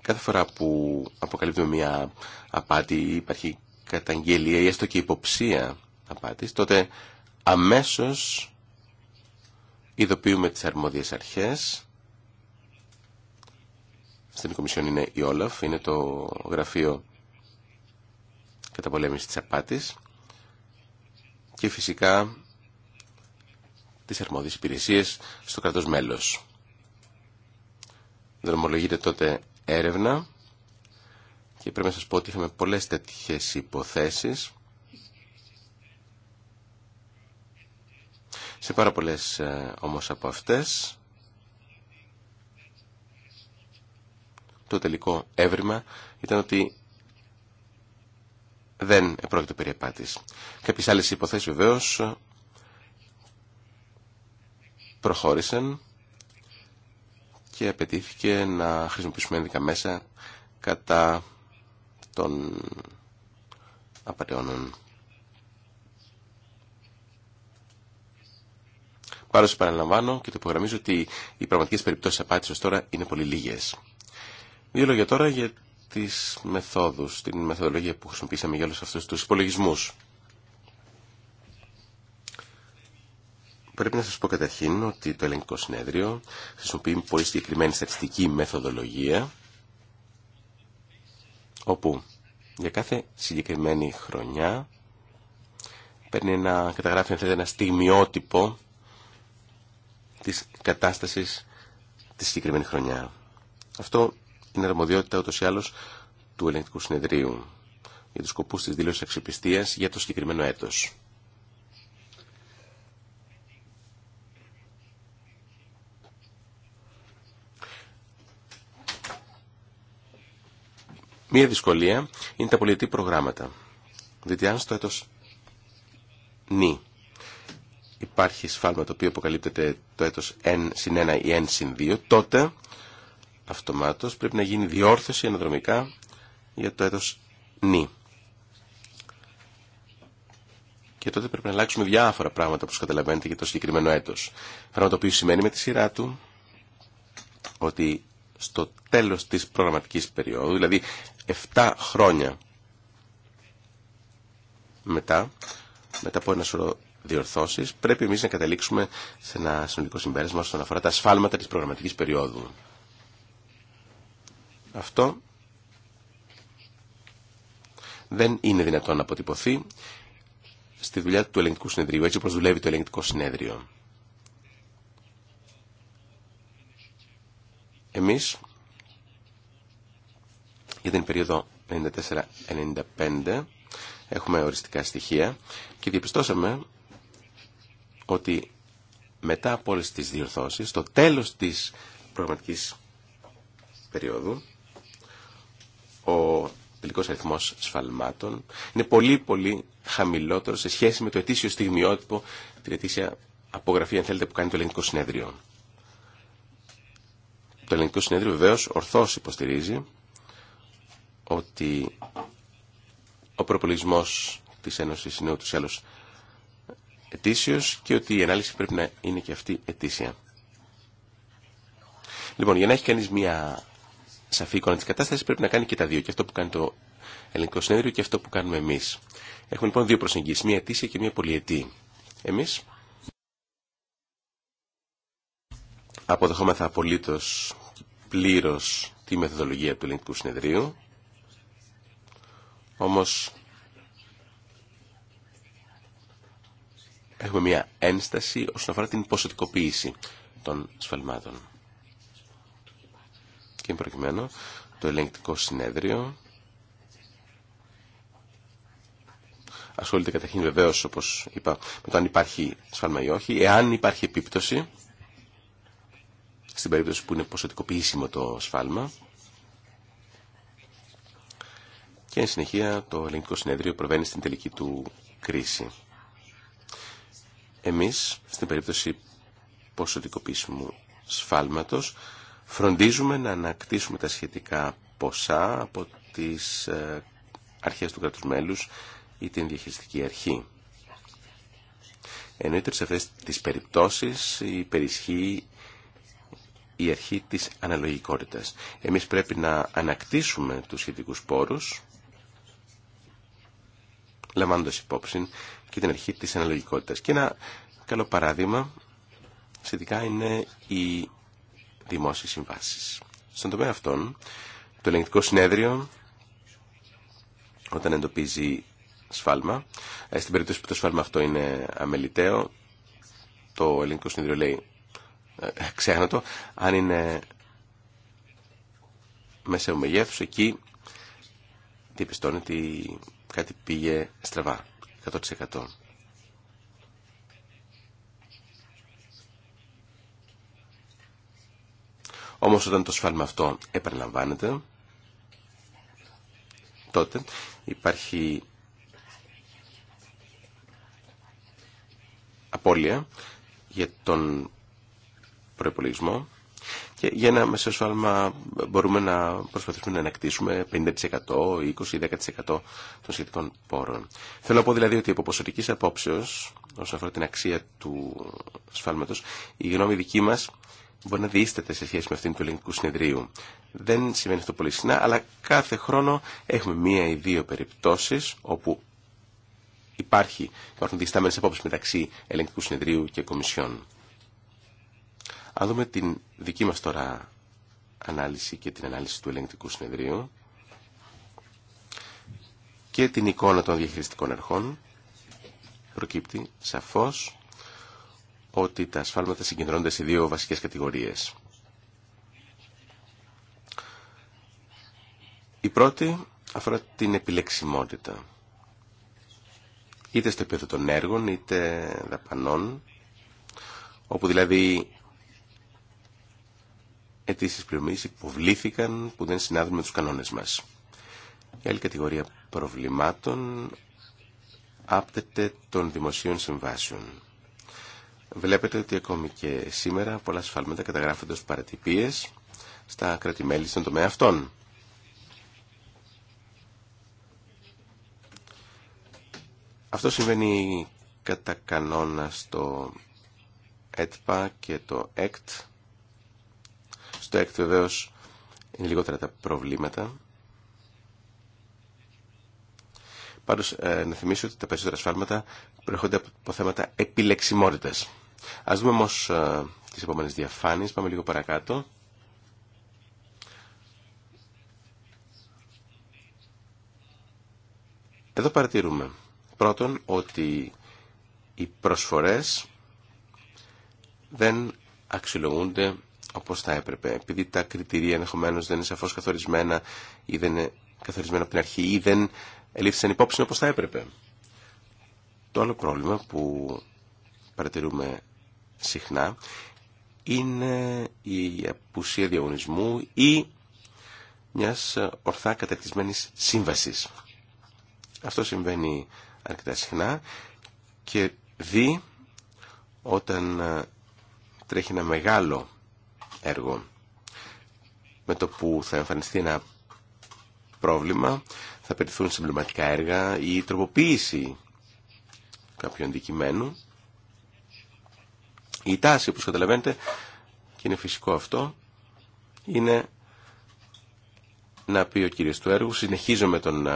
κάθε φορά που αποκαλύπτουμε μια απάτη υπάρχει καταγγελία ή έστω και υποψία απάτης, τότε αμέσως ειδοποιούμε τις αρμόδιες αρχές. Στην Κομισιόν είναι η Όλαφ, είναι το γραφείο καταπολέμησης της απάτης και φυσικά τις αρμόδιες υπηρεσίες στο κρατός μέλος. Δρομολογείται τότε έρευνα και πρέπει να σας πω ότι είχαμε πολλές τέτοιες υποθέσεις Σε πάρα πολλές ε, όμως από αυτές το τελικό έβριμα ήταν ότι δεν πρόκειται περί επάτης. Κάποιες άλλες υποθέσεις βεβαίως προχώρησαν και απαιτήθηκε να χρησιμοποιήσουμε ένδικα μέσα κατά των απαταιώνων. Πάντω παραλαμβάνω και το υπογραμμίζω ότι οι πραγματικέ περιπτώσει απάτη ω τώρα είναι πολύ λίγε. Δύο λόγια τώρα για τι μεθόδου, την μεθοδολογία που χρησιμοποιήσαμε για όλου αυτού του υπολογισμού. Πρέπει να σας πω καταρχήν ότι το ελεγκτικό συνέδριο χρησιμοποιεί πολύ συγκεκριμένη στατιστική μεθοδολογία όπου για κάθε συγκεκριμένη χρονιά παίρνει ένα, καταγράφει θέλετε, ένα στιγμιότυπο της κατάστασης τη συγκεκριμένη χρονιά. Αυτό είναι αρμοδιότητα ούτως ή άλλως του ελεγκτικού συνεδρίου για τους σκοπούς της δήλωσης αξιοπιστίας για το συγκεκριμένο έτος. Μία δυσκολία είναι τα πολιτική προγράμματα. Διότι αν στο έτος νη υπάρχει σφάλμα το οποίο αποκαλύπτεται το έτος N συν 1 ή N συν 2, τότε αυτομάτως πρέπει να γίνει διόρθωση αναδρομικά για το έτος n. Και τότε πρέπει να αλλάξουμε διάφορα πράγματα, όπως καταλαβαίνετε, για το συγκεκριμένο έτος. Πράγμα το οποίο σημαίνει με τη σειρά του ότι στο τέλος της προγραμματικής περίοδου, δηλαδή 7 χρόνια μετά, μετά από ένα σωρό διορθώσεις, πρέπει εμείς να καταλήξουμε σε ένα συνολικό συμπέρασμα όσον αφορά τα ασφάλματα της προγραμματικής περίοδου. Αυτό δεν είναι δυνατόν να αποτυπωθεί στη δουλειά του ελεγκτικού συνεδρίου, έτσι όπως δουλεύει το ελεγκτικό συνέδριο. Εμείς, για την περίοδο 94-95, έχουμε οριστικά στοιχεία και διαπιστώσαμε ότι μετά από όλες τις διορθώσεις, στο τέλος της προγραμματικής περίοδου, ο τελικός αριθμός σφαλμάτων είναι πολύ πολύ χαμηλότερο σε σχέση με το ετήσιο στιγμιότυπο, την ετήσια απογραφή, αν θέλετε, που κάνει το ελληνικό συνέδριο. Το ελληνικό συνέδριο βεβαίως ορθώς υποστηρίζει ότι ο προπολογισμός της Ένωσης είναι ούτως ή ετήσιος και ότι η ανάλυση πρέπει να είναι και αυτή ετήσια. Λοιπόν, για να έχει κανείς μια σαφή εικόνα της κατάστασης πρέπει να κάνει και τα δύο. Και αυτό που κάνει το ελληνικό συνέδριο και αυτό που κάνουμε εμείς. Έχουμε λοιπόν δύο προσεγγίσεις, μια ετήσια και μια πολυετή. Εμείς αποδεχόμεθα απολύτως πλήρω τη μεθοδολογία του ελληνικού συνεδρίου. Όμως έχουμε μια ένσταση όσον αφορά την ποσοτικοποίηση των σφαλμάτων. Και προκειμένου το ελεγκτικό συνέδριο ασχολείται καταρχήν βεβαίω, όπω είπα, με το αν υπάρχει σφάλμα ή όχι. Εάν υπάρχει επίπτωση, στην περίπτωση που είναι ποσοτικοποιήσιμο το σφάλμα. Και εν συνεχεία το ελεγκτικό συνέδριο προβαίνει στην τελική του κρίση. Εμείς, στην περίπτωση ποσοτικοποιήσιμου σφάλματος, φροντίζουμε να ανακτήσουμε τα σχετικά ποσά από τις ε, αρχές του κράτους μέλους ή την διαχειριστική αρχή. Εννοείται σε αυτές τις περιπτώσεις υπερισχύει η αρχή της αναλογικότητας. Εμείς πρέπει να ανακτήσουμε τους σχετικούς πόρους, λαμβάνοντας υπόψη και την αρχή της αναλογικότητας. Και ένα καλό παράδειγμα σχετικά είναι οι δημόσιες συμβάσεις. Στον τομέα αυτών, το ελεγκτικό συνέδριο, όταν εντοπίζει σφάλμα, ε, στην περίπτωση που το σφάλμα αυτό είναι αμεληταίο, το ελληνικό συνέδριο λέει ε, ξέχνα το, αν είναι μέσα μεγέθους εκεί διαπιστώνεται ότι κάτι πήγε στραβά. 100%. Όμως όταν το σφάλμα αυτό επαναλαμβάνεται, τότε υπάρχει απώλεια για τον προϋπολογισμό και για ένα μεσοσφάλμα μπορούμε να προσπαθήσουμε να ανακτήσουμε 50%, 20%, 10% των σχετικών πόρων. Θέλω να πω δηλαδή ότι από ποσοτική απόψεω, όσον αφορά την αξία του σφάλματο, η γνώμη δική μα μπορεί να διείσταται σε σχέση με αυτήν του ελληνικού συνεδρίου. Δεν σημαίνει αυτό πολύ συχνά, αλλά κάθε χρόνο έχουμε μία ή δύο περιπτώσει όπου υπάρχει, υπάρχουν διστάμενε απόψει μεταξύ ελληνικού συνεδρίου και κομισιών. Α δούμε την δική μας τώρα ανάλυση και την ανάλυση του ελεγκτικού συνεδρίου και την εικόνα των διαχειριστικών ερχών. προκύπτει σαφώς ότι τα ασφάλματα συγκεντρώνονται σε δύο βασικές κατηγορίες. Η πρώτη αφορά την επιλεξιμότητα. Είτε στο επίπεδο των έργων, είτε δαπανών, όπου δηλαδή αιτήσει πληρωμής υποβλήθηκαν που δεν συνάδουν με τους κανόνες μας. Η άλλη κατηγορία προβλημάτων άπτεται των δημοσίων συμβάσεων. Βλέπετε ότι ακόμη και σήμερα πολλά σφάλματα καταγράφονται ως παρατυπίες στα κρατημέλη στον τομέα αυτών. Αυτό συμβαίνει κατά κανόνα στο ΕΤΠΑ και το ΕΚΤ στο έκτο, βεβαίω είναι λιγότερα τα προβλήματα. Πάντω ε, να θυμίσω ότι τα περισσότερα σφάλματα προέρχονται από θέματα επιλεξιμότητα. Α δούμε όμω ε, τι επόμενε διαφάνειε. Πάμε λίγο παρακάτω. Εδώ παρατηρούμε πρώτον ότι οι προσφορές δεν αξιολογούνται όπως θα έπρεπε. Επειδή τα κριτηρία ενδεχομένω δεν είναι σαφώς καθορισμένα ή δεν είναι καθορισμένα από την αρχή ή δεν ελήφθησαν υπόψη όπως θα έπρεπε. Το άλλο πρόβλημα που παρατηρούμε συχνά είναι η απουσία εληφθησαν υποψη οπω θα επρεπε το αλλο προβλημα ή μιας ορθά κατακτισμένη σύμβασης. Αυτό συμβαίνει αρκετά συχνά και δει όταν τρέχει ένα μεγάλο έργο. Με το που θα εμφανιστεί ένα πρόβλημα, θα περιθουν έργα ή τροποποίηση κάποιου αντικειμένου. Η τάση, όπως καταλαβαίνετε, και είναι φυσικό αυτό, είναι να πει ο κύριος του έργου, συνεχίζω με τον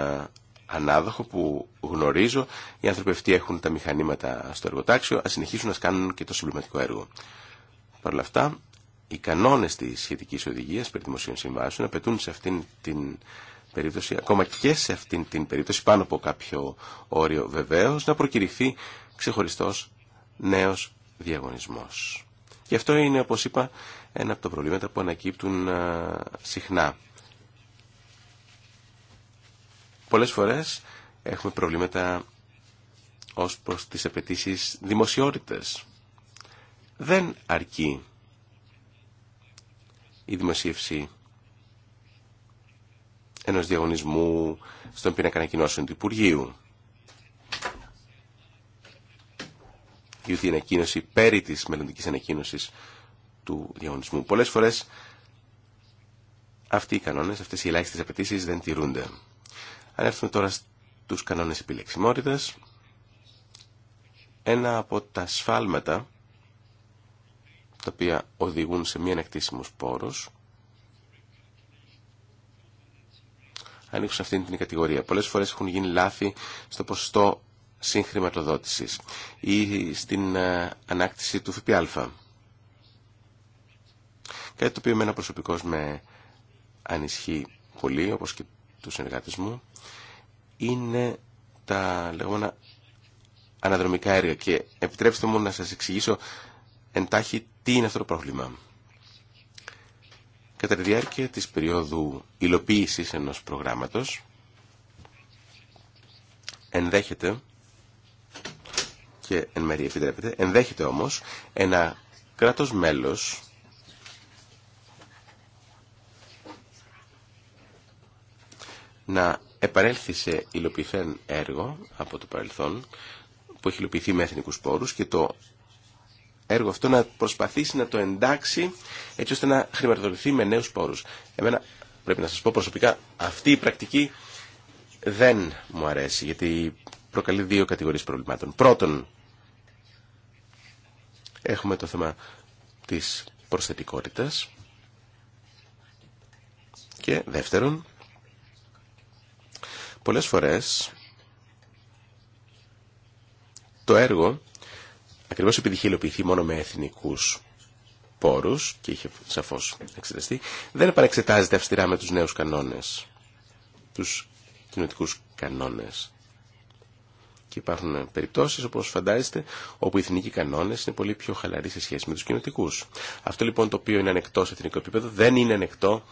ανάδοχο που γνωρίζω, οι άνθρωποι αυτοί έχουν τα μηχανήματα στο εργοτάξιο, ας συνεχίσουν να κάνουν και το συμπληρωματικό έργο. Παρ' όλα αυτά, οι κανόνες της σχετική οδηγίας περί δημοσίων συμβάσεων απαιτούν σε αυτήν την περίπτωση, ακόμα και σε αυτήν την περίπτωση πάνω από κάποιο όριο βεβαίως, να προκηρυχθεί ξεχωριστός νέος διαγωνισμός. Και αυτό είναι, όπως είπα, ένα από τα προβλήματα που ανακύπτουν συχνά. Πολλέ φορές έχουμε προβλήματα ως προς τις απαιτήσει δημοσιότητες. Δεν αρκεί η δημοσίευση ενός διαγωνισμού στον πίνακα ανακοινώσεων του Υπουργείου. Η ανακοίνωση ανακοίνωση πέρι της μελλοντικής ανακοίνωσης του διαγωνισμού. Πολλές φορές αυτοί οι κανόνες, αυτές οι ελάχιστες απαιτήσει δεν τηρούνται. Αν έρθουμε τώρα στους κανόνες επιλεξιμότητας, ένα από τα σφάλματα τα οποία οδηγούν σε μη ανακτήσιμους πόρους, Ανοίξω σε αυτήν την κατηγορία. Πολλές φορές έχουν γίνει λάθη στο ποσοστό συγχρηματοδότησης ή στην ε, ανάκτηση του ΦΠΑ. Κάτι το οποίο εμένα προσωπικώς με ανισχύει πολύ, όπως και του συνεργάτες μου, είναι τα λεγόμενα αναδρομικά έργα. Και επιτρέψτε μου να σας εξηγήσω εντάχει τι είναι αυτό το πρόβλημα. Κατά τη διάρκεια της περίοδου υλοποίησης ενός προγράμματος, ενδέχεται, και εν μέρει επιτρέπεται, ενδέχεται όμως ένα κράτος μέλος να επαρέλθει σε υλοποιηθέν έργο από το παρελθόν που έχει υλοποιηθεί με εθνικούς πόρους και το έργο αυτό να προσπαθήσει να το εντάξει έτσι ώστε να χρηματοδοτηθεί με νέους πόρους. Εμένα πρέπει να σας πω προσωπικά αυτή η πρακτική δεν μου αρέσει γιατί προκαλεί δύο κατηγορίες προβλημάτων. Πρώτον, έχουμε το θέμα της προσθετικότητας και δεύτερον, πολλές φορές το έργο ακριβώς επειδή είχε υλοποιηθεί μόνο με εθνικούς πόρους και είχε σαφώς εξεταστεί, δεν επανεξετάζεται αυστηρά με τους νέους κανόνες, τους κοινωτικούς κανόνες. Και υπάρχουν περιπτώσεις, όπως φαντάζεστε, όπου οι εθνικοί κανόνες είναι πολύ πιο χαλαροί σε σχέση με τους κοινωτικούς. Αυτό λοιπόν το οποίο είναι ανεκτό σε εθνικό επίπεδο δεν είναι ανεκτό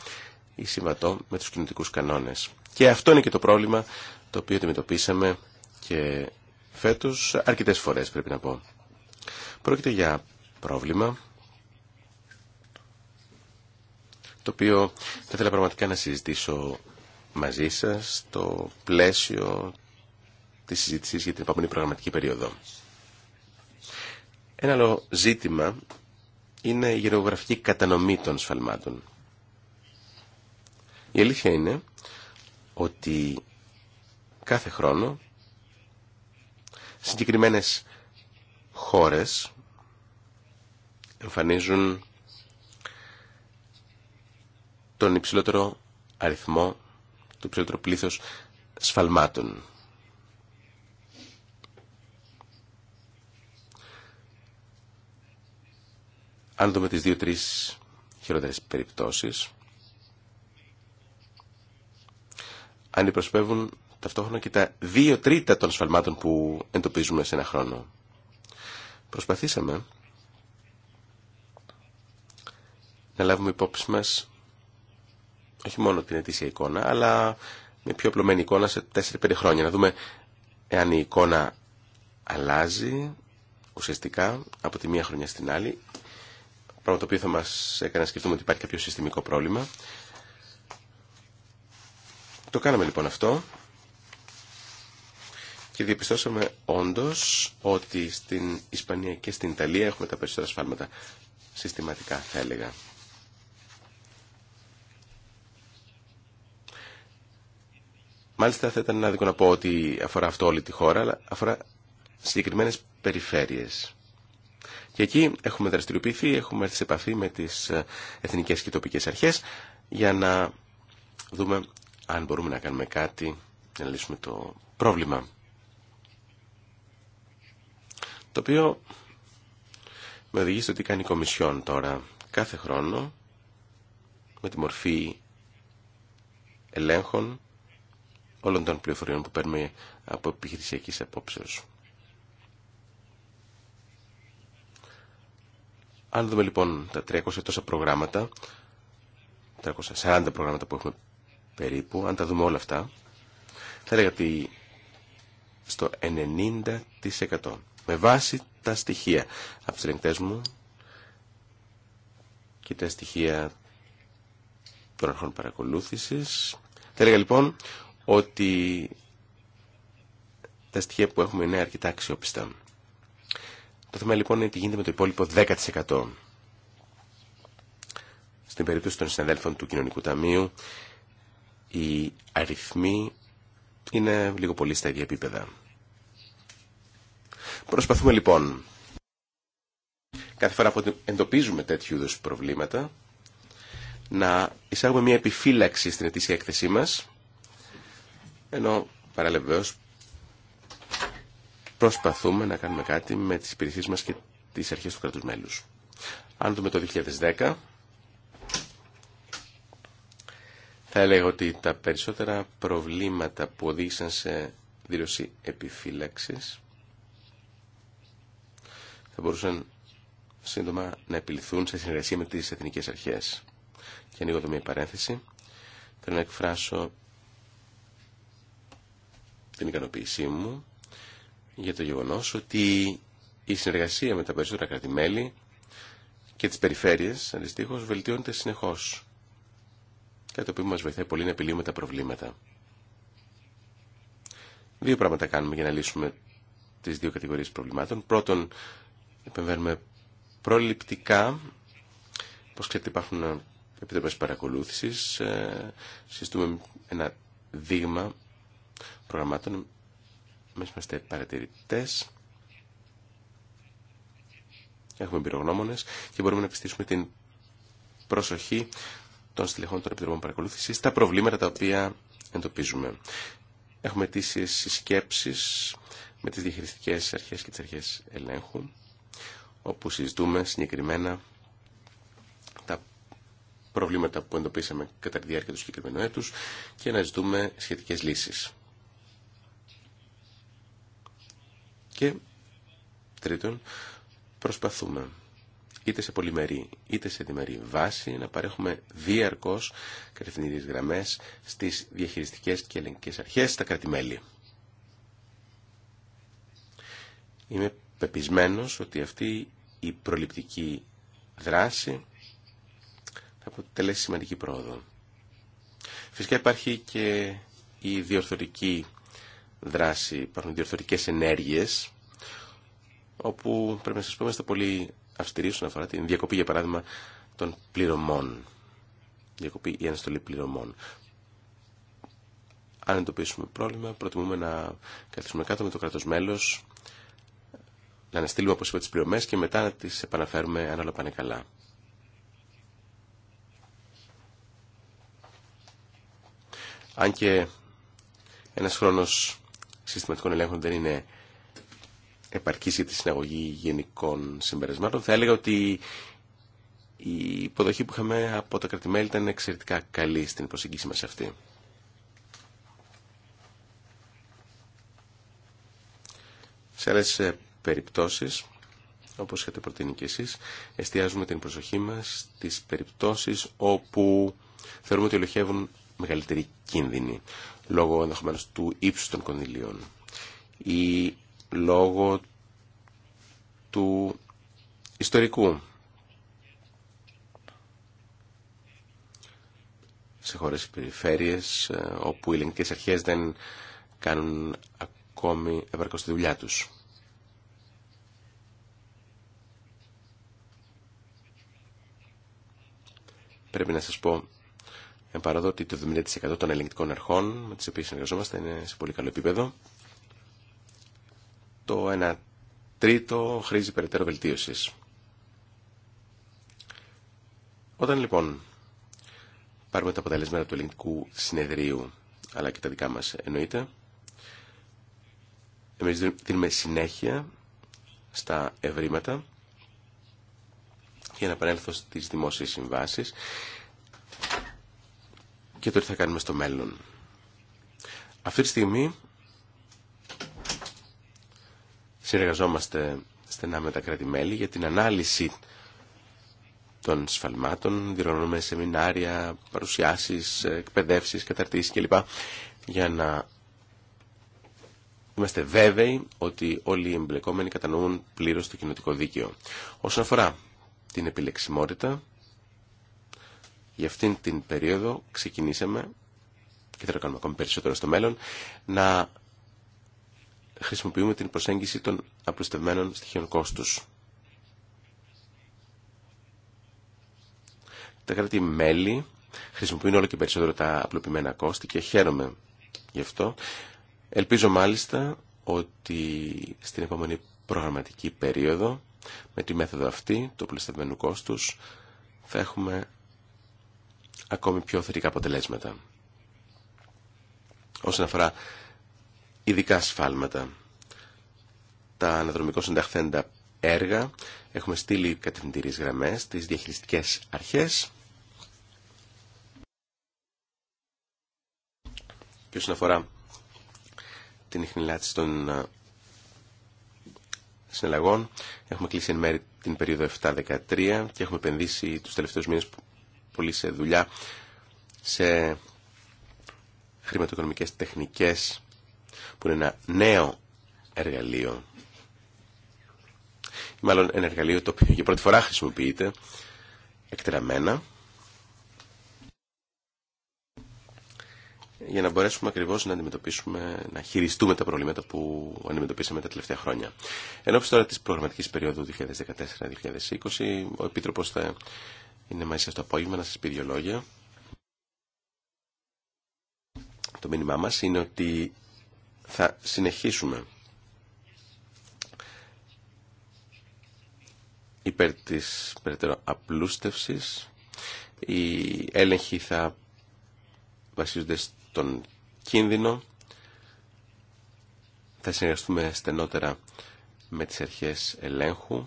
ή συμβατό με τους κοινωτικούς κανόνες. Και αυτό είναι και το πρόβλημα το οποίο αντιμετωπίσαμε και φέτος αρκετές φορές πρέπει να πω. Πρόκειται για πρόβλημα το οποίο θα ήθελα πραγματικά να συζητήσω μαζί σας στο πλαίσιο της συζήτησης για την επόμενη προγραμματική περίοδο. Ένα άλλο ζήτημα είναι η γεωγραφική κατανομή των σφαλμάτων. Η αλήθεια είναι ότι κάθε χρόνο συγκεκριμένες χώρες εμφανίζουν τον υψηλότερο αριθμό, του υψηλότερο πλήθος σφαλμάτων. Αν δούμε τις δύο-τρεις χειρότερες περιπτώσεις, αντιπροσωπεύουν ταυτόχρονα και τα δύο τρίτα των σφαλμάτων που εντοπίζουμε σε ένα χρόνο. Προσπαθήσαμε να λάβουμε υπόψη μας όχι μόνο την ετήσια εικόνα, αλλά μια πιο απλωμένη εικόνα σε 4-5 χρόνια. Να δούμε εάν η εικόνα αλλάζει ουσιαστικά από τη μία χρονιά στην άλλη, πράγμα το οποίο θα μας έκανε να σκεφτούμε ότι υπάρχει κάποιο συστημικό πρόβλημα. Το κάναμε λοιπόν αυτό και διαπιστώσαμε όντως ότι στην Ισπανία και στην Ιταλία έχουμε τα περισσότερα σφάλματα συστηματικά θα έλεγα. Μάλιστα θα ήταν δικό να πω ότι αφορά αυτό όλη τη χώρα, αλλά αφορά συγκεκριμένες περιφέρειες. Και εκεί έχουμε δραστηριοποιηθεί, έχουμε έρθει σε επαφή με τις ε, εθνικές και τοπικές αρχές για να δούμε αν μπορούμε να κάνουμε κάτι να λύσουμε το πρόβλημα. Το οποίο με οδηγεί στο τι κάνει η Κομισιόν τώρα κάθε χρόνο με τη μορφή ελέγχων όλων των πληροφοριών που παίρνουμε από επιχειρησιακή απόψεω. Αν δούμε λοιπόν τα 300 τόσα προγράμματα, 340 προγράμματα που έχουμε περίπου, αν τα δούμε όλα αυτά, θα έλεγα ότι στο 90% με βάση τα στοιχεία από τους μου και τα στοιχεία των αρχών παρακολούθησης. Θα έλεγα λοιπόν ότι τα στοιχεία που έχουμε είναι αρκετά αξιόπιστα. Το θέμα λοιπόν είναι τι γίνεται με το υπόλοιπο 10%. Στην περίπτωση των συναδέλφων του Κοινωνικού Ταμείου, οι αριθμοί είναι λίγο πολύ στα ίδια επίπεδα. Προσπαθούμε λοιπόν, κάθε φορά που εντοπίζουμε τέτοιου είδου προβλήματα, να εισάγουμε μια επιφύλαξη στην ετήσια έκθεσή μας, ενώ παραλαβαίως προσπαθούμε να κάνουμε κάτι με τις υπηρεσίε μας και τις αρχές του κρατούς μέλους. Αν δούμε το 2010, θα έλεγα ότι τα περισσότερα προβλήματα που οδήγησαν σε δήλωση επιφύλαξης θα μπορούσαν σύντομα να επιληθούν σε συνεργασία με τις εθνικές αρχές. Και ανοίγω εδώ μια παρένθεση. Θέλω να εκφράσω την ικανοποίησή μου για το γεγονός ότι η συνεργασία με τα περισσότερα κράτη-μέλη και τις περιφέρειες αντιστοίχως βελτιώνεται συνεχώς. Κάτι το οποίο μας βοηθάει πολύ να επιλύουμε τα προβλήματα. Δύο πράγματα κάνουμε για να λύσουμε τις δύο κατηγορίες προβλημάτων. Πρώτον, επεμβαίνουμε προληπτικά. πως ξέρετε υπάρχουν επιτροπές παρακολούθησης. Ε, συστούμε ένα δείγμα προγραμμάτων. Εμείς είμαστε παρατηρητές, έχουμε εμπειρογνώμονες και μπορούμε να πιστήσουμε την προσοχή των στελεχών των επιτροπών παρακολούθηση στα προβλήματα τα οποία εντοπίζουμε. Έχουμε αιτήσεις συσκέψεις με τις διαχειριστικέ αρχές και τις αρχές ελέγχου, όπου συζητούμε συγκεκριμένα τα προβλήματα που εντοπίσαμε κατά τη διάρκεια του συγκεκριμένου έτου και ζητούμε σχετικέ λύσει. Και τρίτον, προσπαθούμε είτε σε πολυμερή είτε σε διμερή βάση να παρέχουμε διαρκώς κατευθυντήριε γραμμές στις διαχειριστικές και ελληνικέ αρχές στα κρατημέλη. Είμαι πεπισμένος ότι αυτή η προληπτική δράση θα αποτελέσει σημαντική πρόοδο. Φυσικά υπάρχει και η διορθωτική δράση, υπάρχουν διορθωτικές ενέργειες, όπου πρέπει να σας πω είμαστε πολύ αυστηροί όσον αφορά την διακοπή, για παράδειγμα, των πληρωμών. Διακοπή ή αναστολή πληρωμών. Αν εντοπίσουμε πρόβλημα, προτιμούμε να καθίσουμε κάτω με το κράτος μέλος, να αναστείλουμε, από είπα, τις πληρωμές και μετά να τις επαναφέρουμε αν όλα πάνε καλά. Αν και ένας χρόνος συστηματικών ελέγχων δεν είναι επαρκής για τη συναγωγή γενικών συμπερασμάτων. Θα έλεγα ότι η υποδοχή που είχαμε από τα κρατημέλη ήταν εξαιρετικά καλή στην προσεγγίση μας αυτή. Σε άλλες ε, περιπτώσεις, όπως είχατε προτείνει και εσείς, εστιάζουμε την προσοχή μας στις περιπτώσεις όπου θεωρούμε ότι ολοχεύουν μεγαλύτερη κίνδυνη λόγω ενδεχομένω του ύψου των κονδυλίων ή λόγω του ιστορικού. Σε χώρες περιφέρειες ε, όπου οι ελληνικές αρχές δεν κάνουν ακόμη επαρκώς τη δουλειά τους. Πρέπει να σας πω παραδότη το 70% των ελεγκτικών αρχών με τις οποίες συνεργαζόμαστε είναι σε πολύ καλό επίπεδο. Το 1 τρίτο χρήζει περαιτέρω βελτίωσης. Όταν λοιπόν πάρουμε τα αποτελέσματα του ελεγκτικού συνεδρίου αλλά και τα δικά μας εννοείται, εμείς δίνουμε συνέχεια στα ευρήματα για να επανέλθω στις δημόσιες συμβάσεις και το τι θα κάνουμε στο μέλλον. Αυτή τη στιγμή συνεργαζόμαστε στενά με τα κράτη-μέλη για την ανάλυση των σφαλμάτων, διοργανώνουμε σεμινάρια, παρουσιάσεις, εκπαιδεύσεις, καταρτήσεις κλπ. για να είμαστε βέβαιοι ότι όλοι οι εμπλεκόμενοι κατανοούν πλήρως το κοινοτικό δίκαιο. Όσον αφορά την επιλεξιμότητα, για αυτήν την περίοδο ξεκινήσαμε και θα το κάνουμε ακόμη περισσότερο στο μέλλον να χρησιμοποιούμε την προσέγγιση των απλουστευμένων στοιχείων κόστους. Τα κράτη-μέλη χρησιμοποιούν όλο και περισσότερο τα απλοποιημένα κόστη και χαίρομαι γι' αυτό. Ελπίζω μάλιστα ότι στην επόμενη προγραμματική περίοδο με τη μέθοδο αυτή του απλουστευμένου κόστου, θα έχουμε ακόμη πιο θετικά αποτελέσματα. Όσον αφορά ειδικά σφάλματα, τα αναδρομικό συνταχθέντα έργα, έχουμε στείλει κατευθυντήριες γραμμές στις διαχειριστικές αρχές και όσον αφορά την ειχνηλάτηση των ε, συναλλαγών. Έχουμε κλείσει εν μέρη την περίοδο 7-13 και έχουμε επενδύσει τους τελευταίους μήνες πολύ σε δουλειά, σε χρηματοοικονομικές τεχνικές που είναι ένα νέο εργαλείο μάλλον ένα εργαλείο το οποίο για πρώτη φορά χρησιμοποιείται εκτεραμένα, για να μπορέσουμε ακριβώς να αντιμετωπίσουμε, να χειριστούμε τα προβλήματα που αντιμετωπίσαμε τα τελευταία χρόνια. Ενώ τώρα της προγραμματικής περίοδου 2014-2020 ο Επίτροπος θα είναι μαζί σας το απόγευμα να σας πει δύο λόγια. Το μήνυμά μας είναι ότι θα συνεχίσουμε υπέρ της περαιτέρω απλούστευσης. Οι έλεγχοι θα βασίζονται στον κίνδυνο. Θα συνεργαστούμε στενότερα με τις αρχές ελέγχου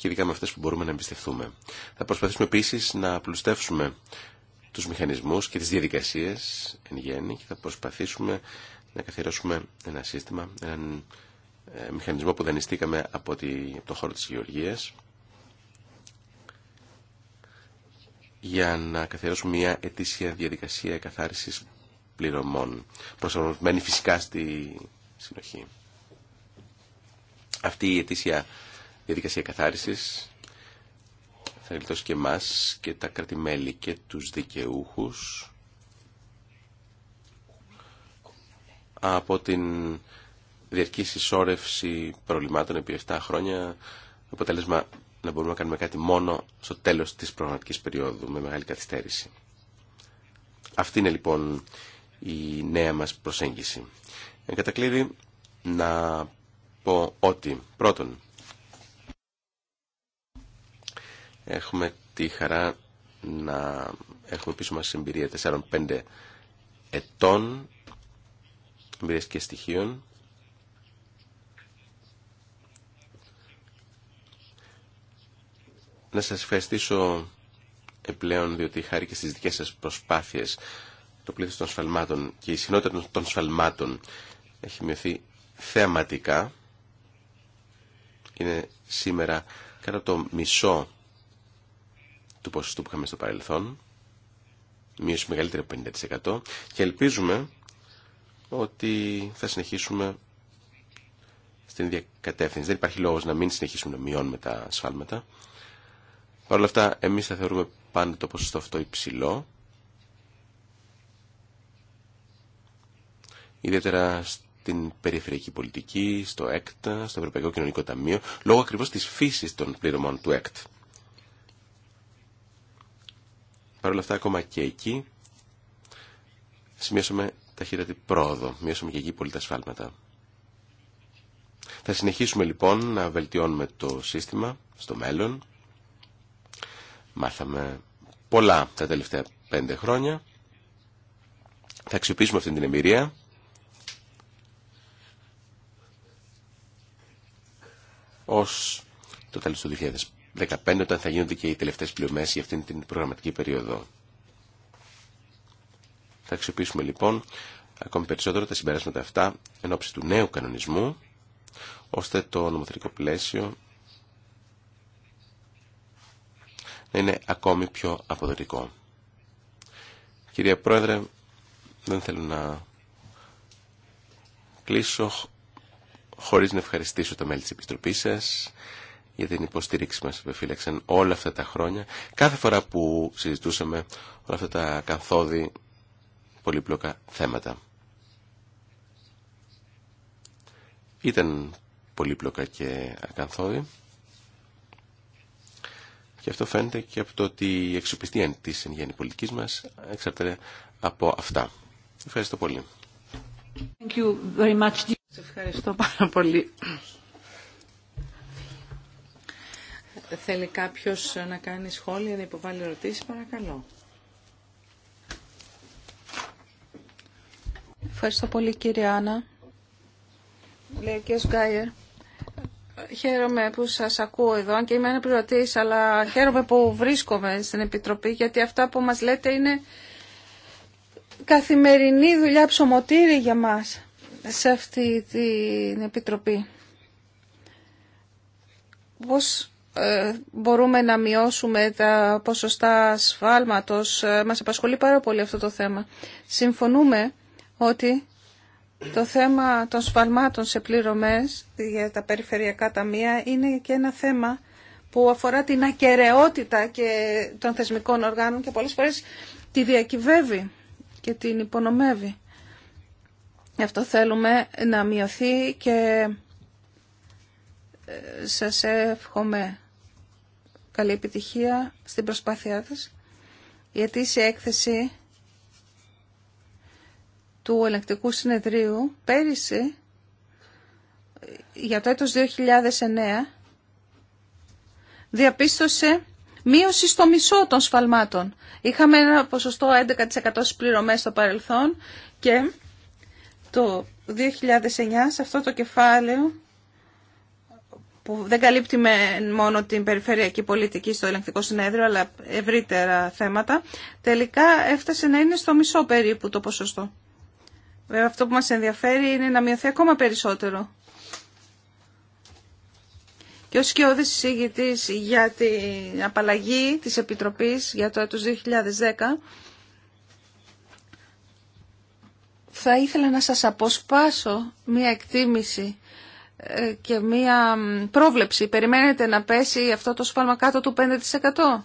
και ειδικά με αυτές που μπορούμε να εμπιστευτούμε. Θα προσπαθήσουμε επίση να πλουστεύσουμε τους μηχανισμούς και τις διαδικασίες εν γέννη και θα προσπαθήσουμε να καθιερώσουμε ένα σύστημα, έναν ε, μηχανισμό που δανειστήκαμε από, τη, από το χώρο της γεωργίας για να καθιερώσουμε μια ετήσια διαδικασία καθάρισης πληρωμών προσαρμοσμένη φυσικά στη συνοχή. Αυτή η ετήσια διαδικασία καθάριση θα γλιτώσει και εμάς και τα κρατημέλη και τους δικαιούχους από την διαρκή συσσόρευση προβλημάτων επί 7 χρόνια αποτέλεσμα να μπορούμε να κάνουμε κάτι μόνο στο τέλος της προγραμματικής περίοδου με μεγάλη καθυστέρηση. Αυτή είναι λοιπόν η νέα μας προσέγγιση. Εν κατακλείδη να πω ότι πρώτον Έχουμε τη χαρά να έχουμε πίσω μας εμπειρία 4-5 ετών, εμπειρίες και στοιχείων. Να σας ευχαριστήσω επιπλέον διότι χάρη και στις δικές σας προσπάθειες το πλήθος των σφαλμάτων και η συνότητα των σφαλμάτων έχει μειωθεί θεαματικά. Είναι σήμερα κατά το μισό του ποσοστού που είχαμε στο παρελθόν, μείωση μεγαλύτερη από 50% και ελπίζουμε ότι θα συνεχίσουμε στην ίδια κατεύθυνση. Δεν υπάρχει λόγος να μην συνεχίσουμε να μειώνουμε τα σφάλματα. Παρ' όλα αυτά, εμείς θα θεωρούμε πάντα το ποσοστό αυτό υψηλό. Ιδιαίτερα στην περιφερειακή πολιτική, στο ΕΚΤ, στο Ευρωπαϊκό Κοινωνικό Ταμείο, λόγω ακριβώς της φύσης των πληρωμών του ΕΚΤ. Παρ' όλα αυτά, ακόμα και εκεί σημειώσαμε ταχύτατη πρόοδο. Μειώσαμε και εκεί πολύ τα σφάλματα. Θα συνεχίσουμε λοιπόν να βελτιώνουμε το σύστημα στο μέλλον. Μάθαμε πολλά τα τελευταία πέντε χρόνια. Θα αξιοποιήσουμε αυτή την εμπειρία. ως το τέλος του 2005 15 όταν θα γίνονται και οι τελευταίες πληρωμές για αυτήν την προγραμματική περίοδο. Θα αξιοποιήσουμε λοιπόν ακόμη περισσότερο τα συμπεράσματα αυτά εν ώψη του νέου κανονισμού ώστε το νομοθετικό πλαίσιο να είναι ακόμη πιο αποδοτικό. Κυρία Πρόεδρε, δεν θέλω να κλείσω χωρίς να ευχαριστήσω τα μέλη της Επιστροπής σας για την υποστήριξη μας που όλα αυτά τα χρόνια. Κάθε φορά που συζητούσαμε όλα αυτά τα καθόδη πολύπλοκα θέματα. Ήταν πολύπλοκα και ακαθόδη. Και αυτό φαίνεται και από το ότι η εξοπιστία τη εν γέννη πολιτικής μας εξαρτάται από αυτά. Ευχαριστώ πολύ. ευχαριστώ πάρα πολύ. Θέλει κάποιος να κάνει σχόλια, να υποβάλει ερωτήσεις, παρακαλώ. Ευχαριστώ πολύ κύριε Άννα. Λέει ο κύριος Γκάιερ. Χαίρομαι που σας ακούω εδώ, αν και είμαι ένα αλλά χαίρομαι που βρίσκομαι στην Επιτροπή, γιατί αυτά που μας λέτε είναι καθημερινή δουλειά ψωμοτήρη για μας σε αυτή την Επιτροπή. Πώς ε, μπορούμε να μειώσουμε τα ποσοστά σφάλματος. Ε, μας απασχολεί πάρα πολύ αυτό το θέμα. Συμφωνούμε ότι το θέμα των σφαλμάτων σε πληρωμές για τα περιφερειακά ταμεία είναι και ένα θέμα που αφορά την ακαιρεότητα και των θεσμικών οργάνων και πολλές φορές τη διακυβεύει και την υπονομεύει. αυτό θέλουμε να μειωθεί και σας εύχομαι καλή επιτυχία στην προσπάθειά σας. Η σε έκθεση του Ελεκτικού συνεδρίου πέρυσι για το έτος 2009 διαπίστωσε μείωση στο μισό των σφαλμάτων. Είχαμε ένα ποσοστό 11% στις πληρωμές στο παρελθόν και το 2009 σε αυτό το κεφάλαιο που δεν καλύπτει με μόνο την περιφερειακή πολιτική στο ελεγκτικό συνέδριο, αλλά ευρύτερα θέματα, τελικά έφτασε να είναι στο μισό περίπου το ποσοστό. Βέβαια αυτό που μας ενδιαφέρει είναι να μειωθεί ακόμα περισσότερο. Και ως σκιώδης εισηγητής για την απαλλαγή της Επιτροπής για το έτος 2010, θα ήθελα να σας αποσπάσω μία εκτίμηση ε, και μία πρόβλεψη. Περιμένετε να πέσει αυτό το σφάλμα κάτω του 5%.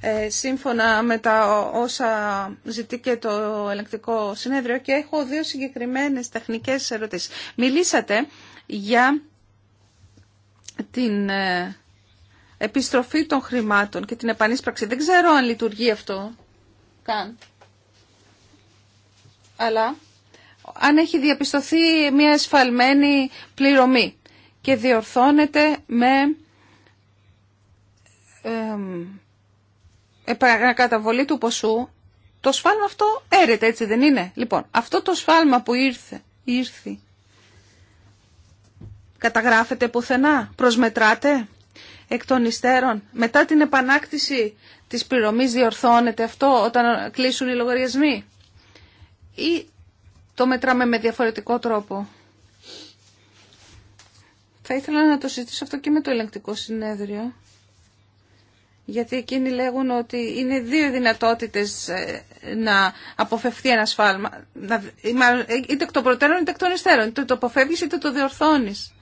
Ε, σύμφωνα με τα όσα ζητεί και το ελεκτικό συνέδριο και έχω δύο συγκεκριμένες τεχνικές ερωτήσεις. Μιλήσατε για την ε, επιστροφή των χρημάτων και την επανίσπραξη. Δεν ξέρω αν λειτουργεί αυτό καν αλλά αν έχει διαπιστωθεί μια εσφαλμένη πληρωμή και διορθώνεται με επανακαταβολή του ποσού, το σφάλμα αυτό έρεται, έτσι δεν είναι. Λοιπόν, αυτό το σφάλμα που ήρθε, ήρθε, καταγράφεται πουθενά, προσμετράτε εκ των υστέρων. Μετά την επανάκτηση της πληρωμής διορθώνεται αυτό όταν κλείσουν οι λογαριασμοί ή το μετράμε με διαφορετικό τρόπο. Θα ήθελα να το συζητήσω αυτό και με το ελεγκτικό συνέδριο. Γιατί εκείνοι λέγουν ότι είναι δύο δυνατότητες ε, να αποφευθεί ένα σφάλμα. Ε, είτε εκ των προτέρων είτε εκ των υστέρων. Είτε το αποφεύγεις είτε το διορθώνεις.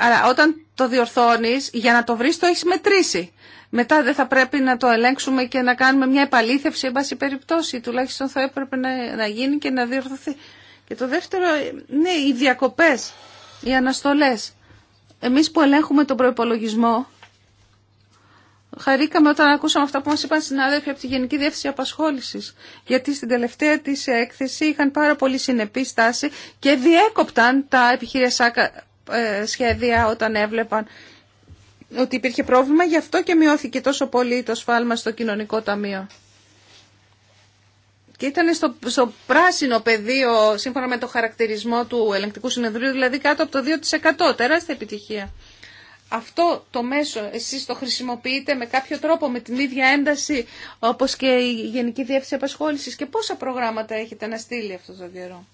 Άρα όταν το διορθώνεις, για να το βρεις το έχεις μετρήσει. Μετά δεν θα πρέπει να το ελέγξουμε και να κάνουμε μια επαλήθευση, εν πάση περιπτώσει, τουλάχιστον θα έπρεπε να, γίνει και να διορθωθεί. Και το δεύτερο, ναι, οι διακοπές, οι αναστολές. Εμείς που ελέγχουμε τον προϋπολογισμό, χαρήκαμε όταν ακούσαμε αυτά που μας είπαν συνάδελφοι από τη Γενική Διεύθυνση Απασχόλησης. Γιατί στην τελευταία της έκθεση είχαν πάρα πολύ συνεπή στάση και διέκοπταν τα επιχειρησιακά ε, σχέδια όταν έβλεπαν ότι υπήρχε πρόβλημα, γι' αυτό και μειώθηκε τόσο πολύ το σφάλμα στο κοινωνικό ταμείο. Και ήταν στο, στο πράσινο πεδίο, σύμφωνα με το χαρακτηρισμό του ελεγκτικού συνεδρίου, δηλαδή κάτω από το 2%. Τεράστια επιτυχία. Αυτό το μέσο εσείς το χρησιμοποιείτε με κάποιο τρόπο, με την ίδια ένταση όπως και η Γενική Διεύθυνση Απασχόλησης και πόσα προγράμματα έχετε να στείλει αυτό το καιρό.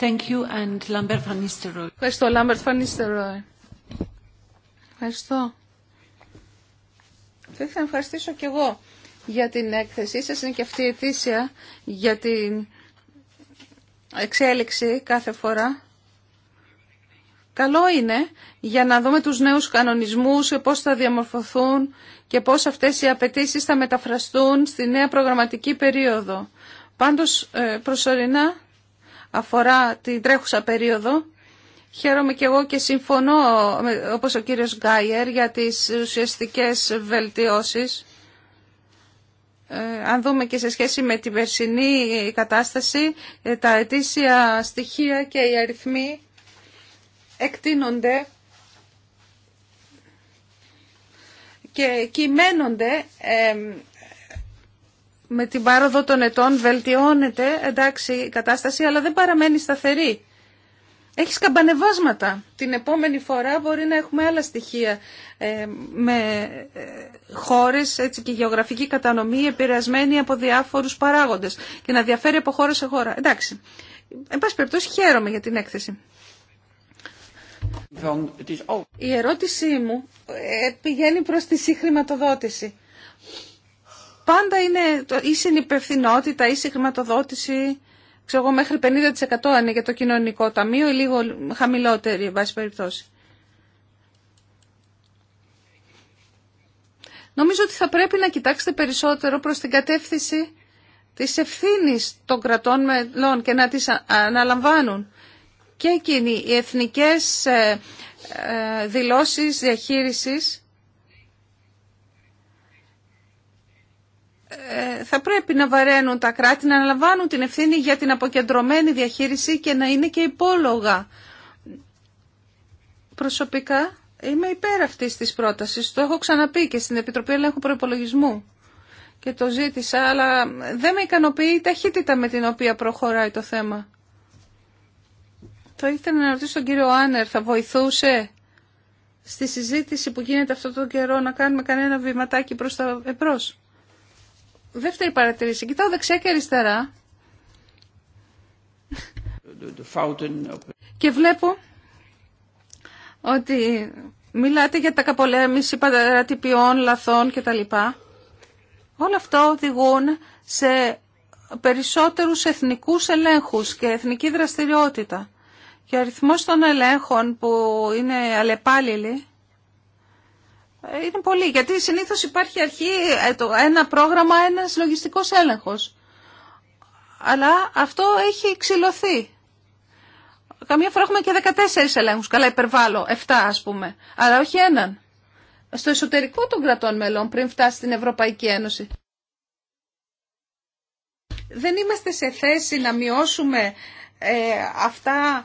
Thank you and Lambert Van Ευχαριστώ, Lambert Van Ευχαριστώ. Θα ήθελα να ευχαριστήσω και εγώ για την έκθεσή σα Είναι και αυτή η αιτήσια για την εξέλιξη κάθε φορά. Καλό είναι για να δούμε τους νέους κανονισμούς, πώς θα διαμορφωθούν και πώς αυτές οι απαιτήσει θα μεταφραστούν στη νέα προγραμματική περίοδο. Πάντως ε, προσωρινά αφορά την τρέχουσα περίοδο. Χαίρομαι και εγώ και συμφωνώ, όπως ο κύριος Γκάιερ, για τις ουσιαστικές βελτιώσεις. Ε, αν δούμε και σε σχέση με την περσινή κατάσταση, ε, τα αιτήσια στοιχεία και οι αριθμοί εκτείνονται και κυμαίνονται ε, με την πάροδο των ετών βελτιώνεται εντάξει η κατάσταση αλλά δεν παραμένει σταθερή. Έχει καμπανεβάσματα. Την επόμενη φορά μπορεί να έχουμε άλλα στοιχεία ε, με ε, χώρες έτσι, και γεωγραφική κατανομή επηρεασμένη από διάφορους παράγοντες και να διαφέρει από χώρα σε χώρα. Εντάξει. Εν πάση περιπτώσει χαίρομαι για την έκθεση. Η ερώτησή μου ε, πηγαίνει προς τη συγχρηματοδότηση πάντα είναι ή συνυπευθυνότητα ή συγχρηματοδότηση, ξέρω εγώ μέχρι 50% αν είναι για το κοινωνικό ταμείο ή λίγο χαμηλότερη, εν πάση περιπτώσει. Νομίζω ότι θα πρέπει να κοιτάξετε περισσότερο προς την κατεύθυνση της ευθύνης των κρατών μελών και να τις αναλαμβάνουν και εκείνοι οι εθνικές ε, ε, δηλώσεις διαχείρισης Ε, θα πρέπει να βαραίνουν τα κράτη, να αναλαμβάνουν την ευθύνη για την αποκεντρωμένη διαχείριση και να είναι και υπόλογα. Προσωπικά είμαι υπέρ αυτής της πρότασης. Το έχω ξαναπεί και στην Επιτροπή Ελέγχου Προπολογισμού και το ζήτησα, αλλά δεν με ικανοποιεί η ταχύτητα με την οποία προχωράει το θέμα. Το ήθελα να ρωτήσω τον κύριο Άνερ, θα βοηθούσε στη συζήτηση που γίνεται αυτό τον καιρό να κάνουμε κανένα βηματάκι προς τα εμπρός. Δεύτερη παρατηρήση. Κοιτάω δεξιά και αριστερά. Και βλέπω ότι μιλάτε για τα καπολέμηση παρατυπιών, λαθών κτλ. Όλα αυτά οδηγούν σε περισσότερους εθνικούς ελέγχους και εθνική δραστηριότητα. Και ο αριθμός των ελέγχων που είναι αλλεπάλληλοι ε, είναι πολύ, γιατί συνήθως υπάρχει αρχή ε, το ένα πρόγραμμα, ένας λογιστικός έλεγχος. Αλλά αυτό έχει ξυλωθεί. Καμία φορά έχουμε και 14 ελέγχους, καλά υπερβάλλω, 7 ας πούμε, αλλά όχι έναν. Στο εσωτερικό των κρατών μελών πριν φτάσει στην Ευρωπαϊκή Ένωση. Δεν είμαστε σε θέση να μειώσουμε ε, αυτά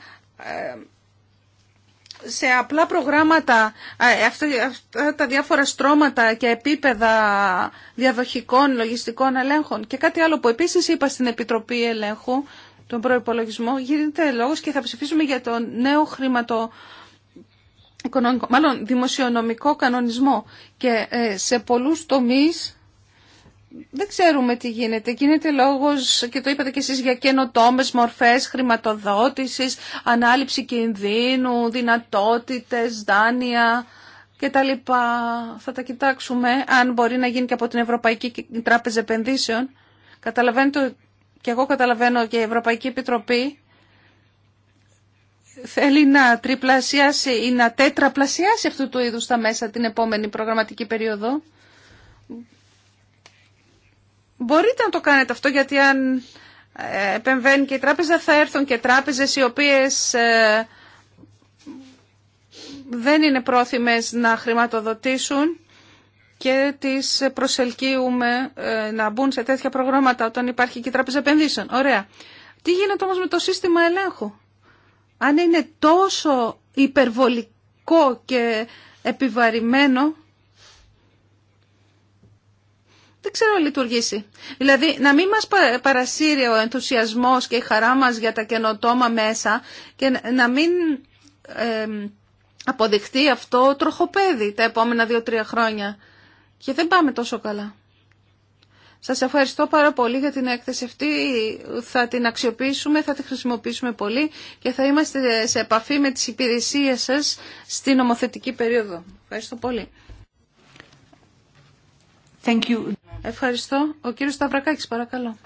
σε απλά προγράμματα, ε, αυτά, τα διάφορα στρώματα και επίπεδα διαδοχικών λογιστικών ελέγχων και κάτι άλλο που επίσης είπα στην Επιτροπή Ελέγχου, τον προϋπολογισμό, γίνεται λόγος και θα ψηφίσουμε για τον νέο χρηματο... Μάλλον δημοσιονομικό κανονισμό και ε, σε πολλούς τομείς δεν ξέρουμε τι γίνεται. Γίνεται λόγο και το είπατε και εσείς, για καινοτόμε μορφές χρηματοδότησης, ανάληψη κινδύνου, δυνατότητες, δάνεια κτλ. Θα τα κοιτάξουμε αν μπορεί να γίνει και από την Ευρωπαϊκή Τράπεζα Επενδύσεων. Καταλαβαίνετε, και εγώ καταλαβαίνω και η Ευρωπαϊκή Επιτροπή θέλει να τριπλασιάσει ή να τέτραπλασιάσει αυτού του είδους τα μέσα την επόμενη προγραμματική περίοδο. Μπορείτε να το κάνετε αυτό γιατί αν ε, επεμβαίνει και η τράπεζα θα έρθουν και τράπεζες οι οποίες ε, δεν είναι πρόθυμες να χρηματοδοτήσουν και τις προσελκύουμε ε, να μπουν σε τέτοια προγράμματα όταν υπάρχει και η τράπεζα επενδύσεων. Ωραία. Τι γίνεται όμως με το σύστημα ελέγχου. Αν είναι τόσο υπερβολικό και επιβαρημένο δεν ξέρω λειτουργήσει. Δηλαδή να μην μας παρασύρει ο ενθουσιασμός και η χαρά μας για τα καινοτόμα μέσα και να μην ε, αποδειχτεί αυτό τροχοπέδι τα επόμενα δύο-τρία χρόνια. Και δεν πάμε τόσο καλά. Σας ευχαριστώ πάρα πολύ για την έκθεση αυτή. Θα την αξιοποιήσουμε, θα τη χρησιμοποιήσουμε πολύ και θα είμαστε σε επαφή με τις υπηρεσίες σας στην νομοθετική περίοδο. Ευχαριστώ πολύ. Thank you. Ευχαριστώ. Ο κύριος Σταυρακάκης, παρακαλώ.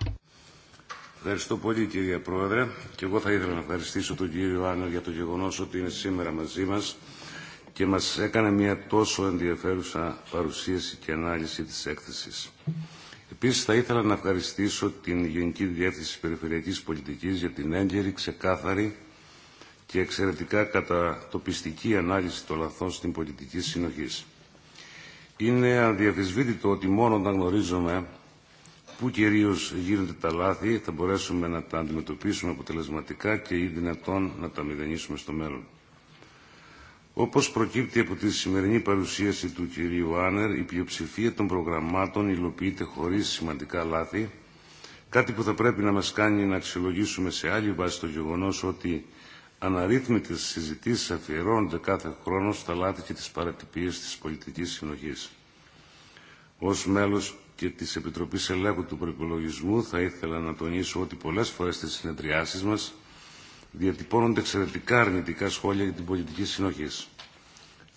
Ευχαριστώ πολύ κύριε Πρόεδρε και εγώ θα ήθελα να ευχαριστήσω τον κύριο Άννα για το γεγονός ότι είναι σήμερα μαζί μας και μας έκανε μια τόσο ενδιαφέρουσα παρουσίαση και ανάλυση της έκθεσης. Επίσης θα ήθελα να ευχαριστήσω την Γενική Διεύθυνση Περιφερειακής Πολιτικής για την έγκαιρη, ξεκάθαρη και εξαιρετικά κατατοπιστική ανάλυση των λαθών στην πολιτική συνοχής. Είναι αδιαφεσβήτητο ότι μόνο όταν γνωρίζουμε πού κυρίω γίνονται τα λάθη θα μπορέσουμε να τα αντιμετωπίσουμε αποτελεσματικά και ή δυνατόν να τα μηδενίσουμε στο μέλλον. Όπως προκύπτει από τη σημερινή παρουσίαση του κυρίου Άνερ, η πλειοψηφία των προγραμμάτων υλοποιείται χωρίς σημαντικά λάθη, κάτι που θα πρέπει να μας κάνει να αξιολογήσουμε σε άλλη βάση το γεγονός ότι αναρρύθμιτες συζητήσεις αφιερώνονται κάθε χρόνο στα λάθη και τις παρατυπίες της πολιτικής συνοχής. Ως μέλος και της Επιτροπής Ελέγχου του Προπολογισμού θα ήθελα να τονίσω ότι πολλές φορές στις συνεδριάσεις μας διατυπώνονται εξαιρετικά αρνητικά σχόλια για την πολιτική συνοχή.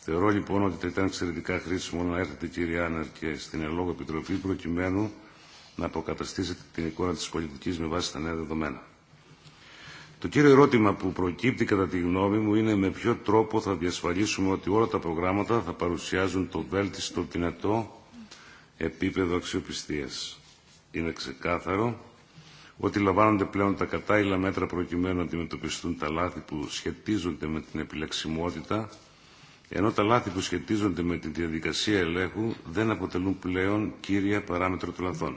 Θεωρώ λοιπόν ότι θα ήταν εξαιρετικά χρήσιμο να έρθετε κύριε Άνερ και στην Ελόγω Επιτροπή προκειμένου να αποκαταστήσετε την εικόνα της πολιτικής με βάση τα νέα δεδομένα. Το κύριο ερώτημα που προκύπτει κατά τη γνώμη μου είναι με ποιο τρόπο θα διασφαλίσουμε ότι όλα τα προγράμματα θα παρουσιάζουν το βέλτιστο δυνατό επίπεδο αξιοπιστίας. Είναι ξεκάθαρο ότι λαμβάνονται πλέον τα κατάλληλα μέτρα προκειμένου να αντιμετωπιστούν τα λάθη που σχετίζονται με την επιλεξιμότητα, ενώ τα λάθη που σχετίζονται με τη διαδικασία ελέγχου δεν αποτελούν πλέον κύρια παράμετρο του λαθών.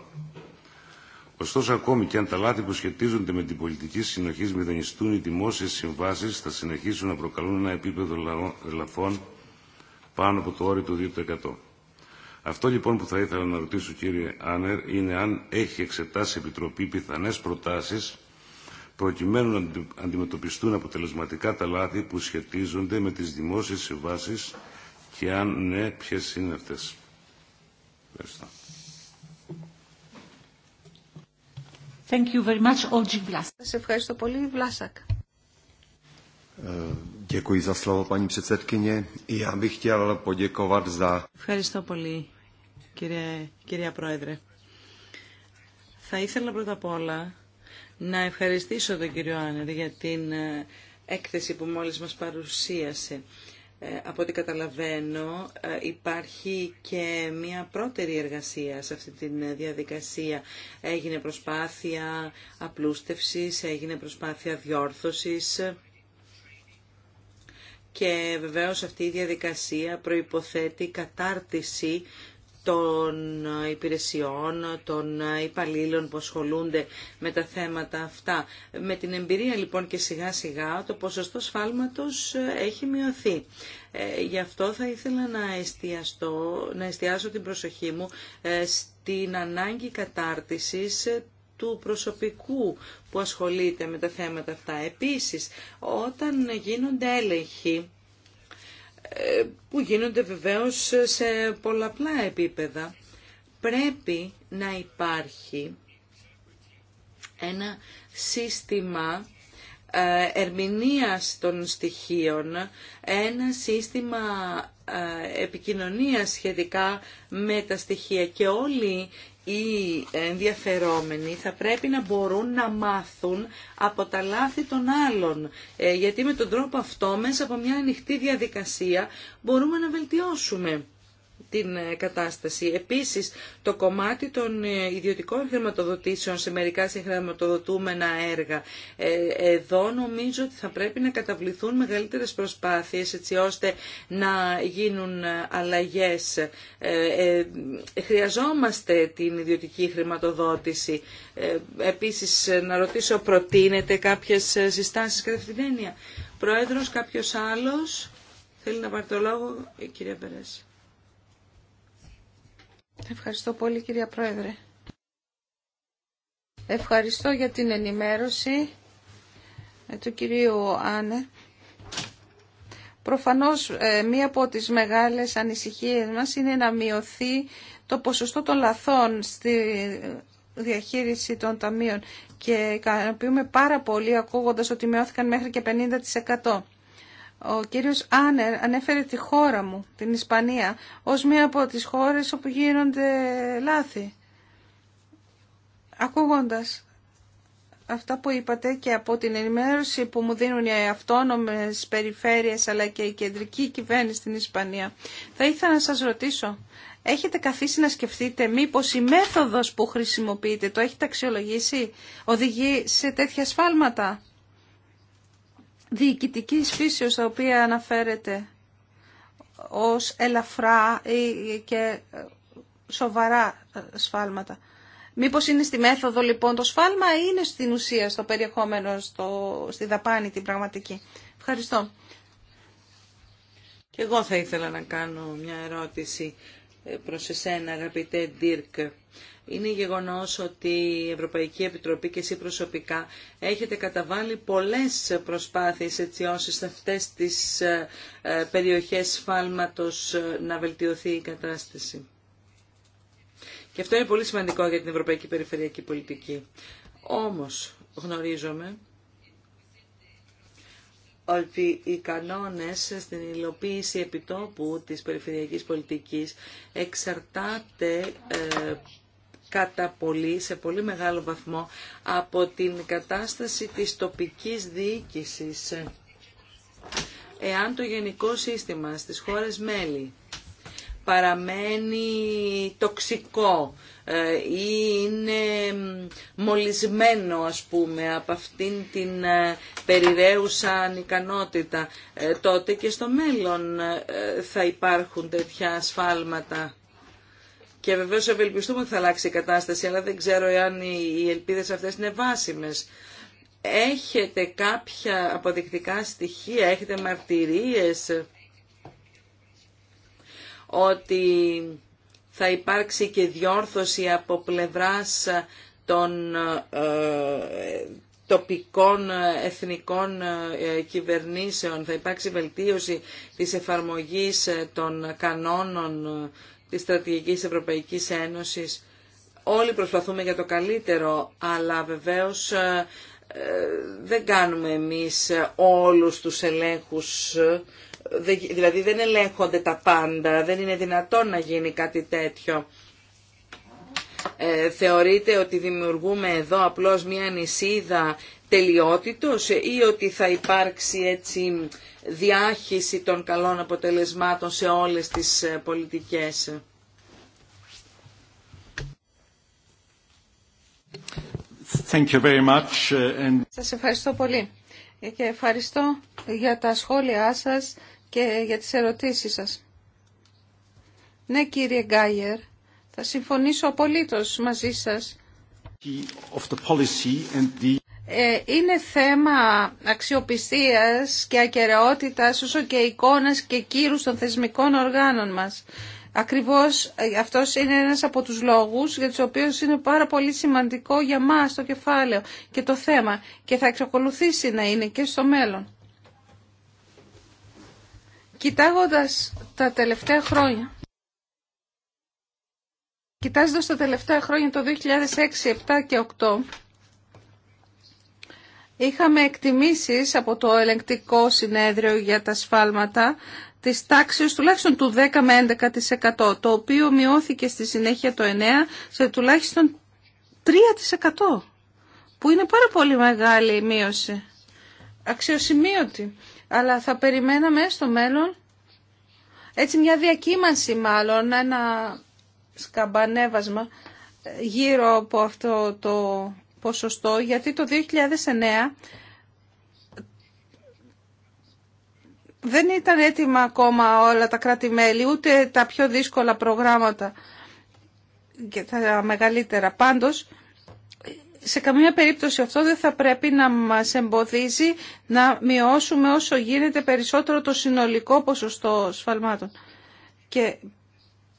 Ωστόσο, ακόμη και αν τα λάθη που σχετίζονται με την πολιτική συνοχή μηδενιστούν, οι δημόσιε συμβάσει θα συνεχίσουν να προκαλούν ένα επίπεδο λαθών πάνω από το όριο του 2%. Αυτό λοιπόν που θα ήθελα να ρωτήσω κύριε Άνερ είναι αν έχει εξετάσει η Επιτροπή πιθανές προτάσεις προκειμένου να αντιμετωπιστούν αποτελεσματικά τα λάθη που σχετίζονται με τις δημόσιες συμβάσεις και αν ναι, ποιες είναι αυτές. Ευχαριστώ. ευχαριστώ πολύ, Βλάσακ. Ε, ευχαριστώ πολύ, κύριε, κυρία Πρόεδρε. Θα ήθελα πρώτα απ' όλα να ευχαριστήσω τον κύριο Άνερ για την ε, έκθεση που μόλις μας παρουσίασε. Ε, από ό,τι καταλαβαίνω ε, υπάρχει και μια πρώτερη εργασία σε αυτή τη διαδικασία. Έγινε προσπάθεια απλούστευσης, έγινε προσπάθεια διόρθωσης και βεβαίως αυτή η διαδικασία προϋποθέτει κατάρτιση των υπηρεσιών, των υπαλλήλων που ασχολούνται με τα θέματα αυτά. Με την εμπειρία λοιπόν και σιγά σιγά το ποσοστό σφάλματος έχει μειωθεί. Ε, γι' αυτό θα ήθελα να, εστιαστώ, να εστιάσω την προσοχή μου ε, στην ανάγκη κατάρτισης του προσωπικού που ασχολείται με τα θέματα αυτά. Επίσης, όταν γίνονται έλεγχοι που γίνονται βεβαίως σε πολλαπλά επίπεδα. Πρέπει να υπάρχει ένα σύστημα ε, ερμηνείας των στοιχείων, ένα σύστημα ε, επικοινωνίας σχετικά με τα στοιχεία και όλοι οι ενδιαφερόμενοι θα πρέπει να μπορούν να μάθουν από τα λάθη των άλλων. Ε, γιατί με τον τρόπο αυτό, μέσα από μια ανοιχτή διαδικασία, μπορούμε να βελτιώσουμε την ε, κατάσταση. Επίσης, το κομμάτι των ε, ιδιωτικών χρηματοδοτήσεων σε μερικά συγχρηματοδοτούμενα έργα. Ε, εδώ νομίζω ότι θα πρέπει να καταβληθούν μεγαλύτερες προσπάθειες έτσι ώστε να γίνουν αλλαγές. Χρειαζόμαστε την ιδιωτική χρηματοδότηση. Επίσης, να ρωτήσω, προτείνετε κάποιες συστάσεις κατά αυτήν την έννοια. Πρόεδρος, κάποιος άλλος θέλει να πάρει το λόγο, η κυρία Περέση. Ευχαριστώ πολύ κυρία Πρόεδρε. Ευχαριστώ για την ενημέρωση ε, του κυρίου Άνε. Προφανώς ε, μία από τις μεγάλες ανησυχίες μας είναι να μειωθεί το ποσοστό των λαθών στη διαχείριση των ταμείων και ικανοποιούμε πάρα πολύ ακούγοντας ότι μειώθηκαν μέχρι και 50%. Ο κύριος Άνερ ανέφερε τη χώρα μου, την Ισπανία, ως μία από τις χώρες όπου γίνονται λάθη. Ακούγοντας αυτά που είπατε και από την ενημέρωση που μου δίνουν οι αυτόνομες περιφέρειες αλλά και η κεντρική κυβέρνηση στην Ισπανία, θα ήθελα να σας ρωτήσω, έχετε καθίσει να σκεφτείτε μήπως η μέθοδος που χρησιμοποιείτε, το έχετε αξιολογήσει, οδηγεί σε τέτοια σφάλματα διοικητικής φύσεως τα οποία αναφέρεται ως ελαφρά και ε, σοβαρά ε, σφάλματα. Μήπως είναι στη μέθοδο λοιπόν το σφάλμα ή είναι στην ουσία, στο περιεχόμενο, στο, στη δαπάνη την πραγματική. Ευχαριστώ. Και εγώ θα ήθελα να κάνω μια ερώτηση προς εσένα αγαπητέ Ντύρκ Είναι γεγονός ότι η Ευρωπαϊκή Επιτροπή και εσύ προσωπικά έχετε καταβάλει πολλές προσπάθειες έτσι ώστε σε αυτές τις ε, ε, περιοχές σφάλματος ε, να βελτιωθεί η κατάσταση. Και αυτό είναι πολύ σημαντικό για την Ευρωπαϊκή Περιφερειακή Πολιτική. Όμως γνωρίζομαι ότι οι κανόνες στην υλοποίηση επιτόπου της περιφερειακής πολιτικής εξαρτάται ε, κατά πολύ, σε πολύ μεγάλο βαθμό, από την κατάσταση της τοπικής διοίκησης. Εάν το γενικό σύστημα στις χώρες μέλη παραμένει τοξικό ε, ή είναι μολυσμένο ας πούμε από αυτήν την ε, περιραίουσα ικανότητα, ε, τότε και στο μέλλον θα υπάρχουν τέτοια ασφάλματα. Και βεβαίω ευελπιστούμε ότι θα αλλάξει η κατάσταση, αλλά δεν ξέρω εάν οι ελπίδες αυτές είναι βάσιμε. Έχετε κάποια αποδεικτικά στοιχεία, έχετε μαρτυρίες ότι θα υπάρξει και διόρθωση από πλευράς των ε, τοπικών εθνικών ε, κυβερνήσεων. Θα υπάρξει βελτίωση της εφαρμογής ε, των κανόνων της Στρατηγικής Ευρωπαϊκής Ένωσης. Όλοι προσπαθούμε για το καλύτερο, αλλά βεβαίως δεν κάνουμε εμείς όλους τους ελέγχους δηλαδή δεν ελέγχονται τα πάντα, δεν είναι δυνατόν να γίνει κάτι τέτοιο. Ε, θεωρείτε ότι δημιουργούμε εδώ απλώς μια νησίδα τελειότητος ή ότι θα υπάρξει έτσι διάχυση των καλών αποτελεσμάτων σε όλες τις ε, πολιτικές. Thank you very much. Uh, σας ευχαριστώ πολύ και ευχαριστώ για τα σχόλιά σας και για τις ερωτήσεις σας. Ναι κύριε Γκάιερ, θα συμφωνήσω απολύτως μαζί σας. Ε, είναι θέμα αξιοπιστίας και ακεραιότητας όσο και εικόνας και κύρους των θεσμικών οργάνων μας. Ακριβώς ε, αυτός είναι ένας από τους λόγους για τους οποίους είναι πάρα πολύ σημαντικό για μας το κεφάλαιο και το θέμα και θα εξακολουθήσει να είναι και στο μέλλον. Κοιτάγοντας τα τελευταία χρόνια, κοιτάζοντας τα τελευταία χρόνια το 2006, 7 και 8, είχαμε εκτιμήσεις από το ελεγκτικό συνέδριο για τα σφάλματα της τάξης τουλάχιστον του 10 με 11%, το οποίο μειώθηκε στη συνέχεια το 9 σε τουλάχιστον 3%, που είναι πάρα πολύ μεγάλη η μείωση. Αξιοσημείωτη αλλά θα περιμέναμε στο μέλλον έτσι μια διακύμανση μάλλον, ένα σκαμπανέβασμα γύρω από αυτό το ποσοστό, γιατί το 2009 δεν ήταν έτοιμα ακόμα όλα τα κράτη-μέλη, ούτε τα πιο δύσκολα προγράμματα και τα μεγαλύτερα. Πάντως, σε καμία περίπτωση αυτό δεν θα πρέπει να μας εμποδίζει να μειώσουμε όσο γίνεται περισσότερο το συνολικό ποσοστό σφαλμάτων. Και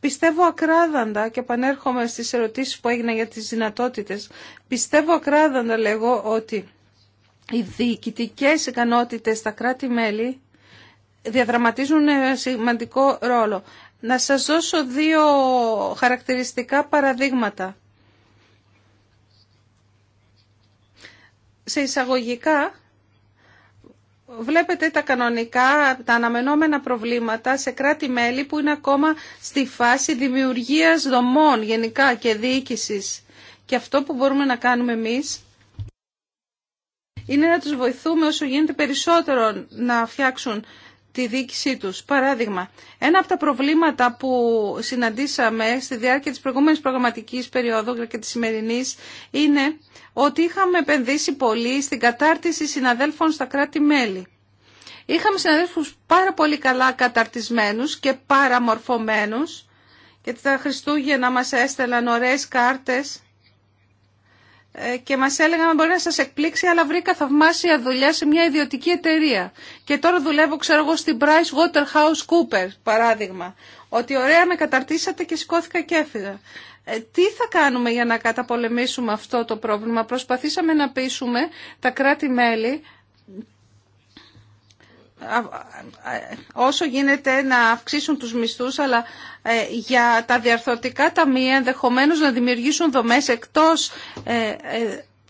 πιστεύω ακράδαντα, και επανέρχομαι στις ερωτήσεις που έγιναν για τις δυνατότητες, πιστεύω ακράδαντα λέγω ότι οι διοικητικέ ικανότητες στα κράτη-μέλη διαδραματίζουν ένα σημαντικό ρόλο. Να σας δώσω δύο χαρακτηριστικά παραδείγματα σε εισαγωγικά βλέπετε τα κανονικά, τα αναμενόμενα προβλήματα σε κράτη-μέλη που είναι ακόμα στη φάση δημιουργίας δομών γενικά και διοίκησης. Και αυτό που μπορούμε να κάνουμε εμείς είναι να τους βοηθούμε όσο γίνεται περισσότερο να φτιάξουν τη διοίκησή Παράδειγμα, ένα από τα προβλήματα που συναντήσαμε στη διάρκεια της προηγούμενης προγραμματικής περίοδου και της σημερινής είναι ότι είχαμε επενδύσει πολύ στην κατάρτιση συναδέλφων στα κράτη-μέλη. Είχαμε συναδέλφους πάρα πολύ καλά καταρτισμένους και παραμορφωμένους και τα Χριστούγεννα μας έστελαν ωραίες κάρτες ε, και μας έλεγαν μπορεί να σας εκπλήξει αλλά βρήκα θαυμάσια δουλειά σε μια ιδιωτική εταιρεία και τώρα δουλεύω ξέρω εγώ στην Price Waterhouse Cooper παράδειγμα ότι ωραία με καταρτήσατε και σηκώθηκα και έφυγα. Ε, τι θα κάνουμε για να καταπολεμήσουμε αυτό το πρόβλημα. Προσπαθήσαμε να πείσουμε τα κράτη-μέλη όσο γίνεται να αυξήσουν τους μισθούς αλλά ε, για τα διαρθρωτικά ταμεία ενδεχομένως να δημιουργήσουν δομές εκτός ε, ε,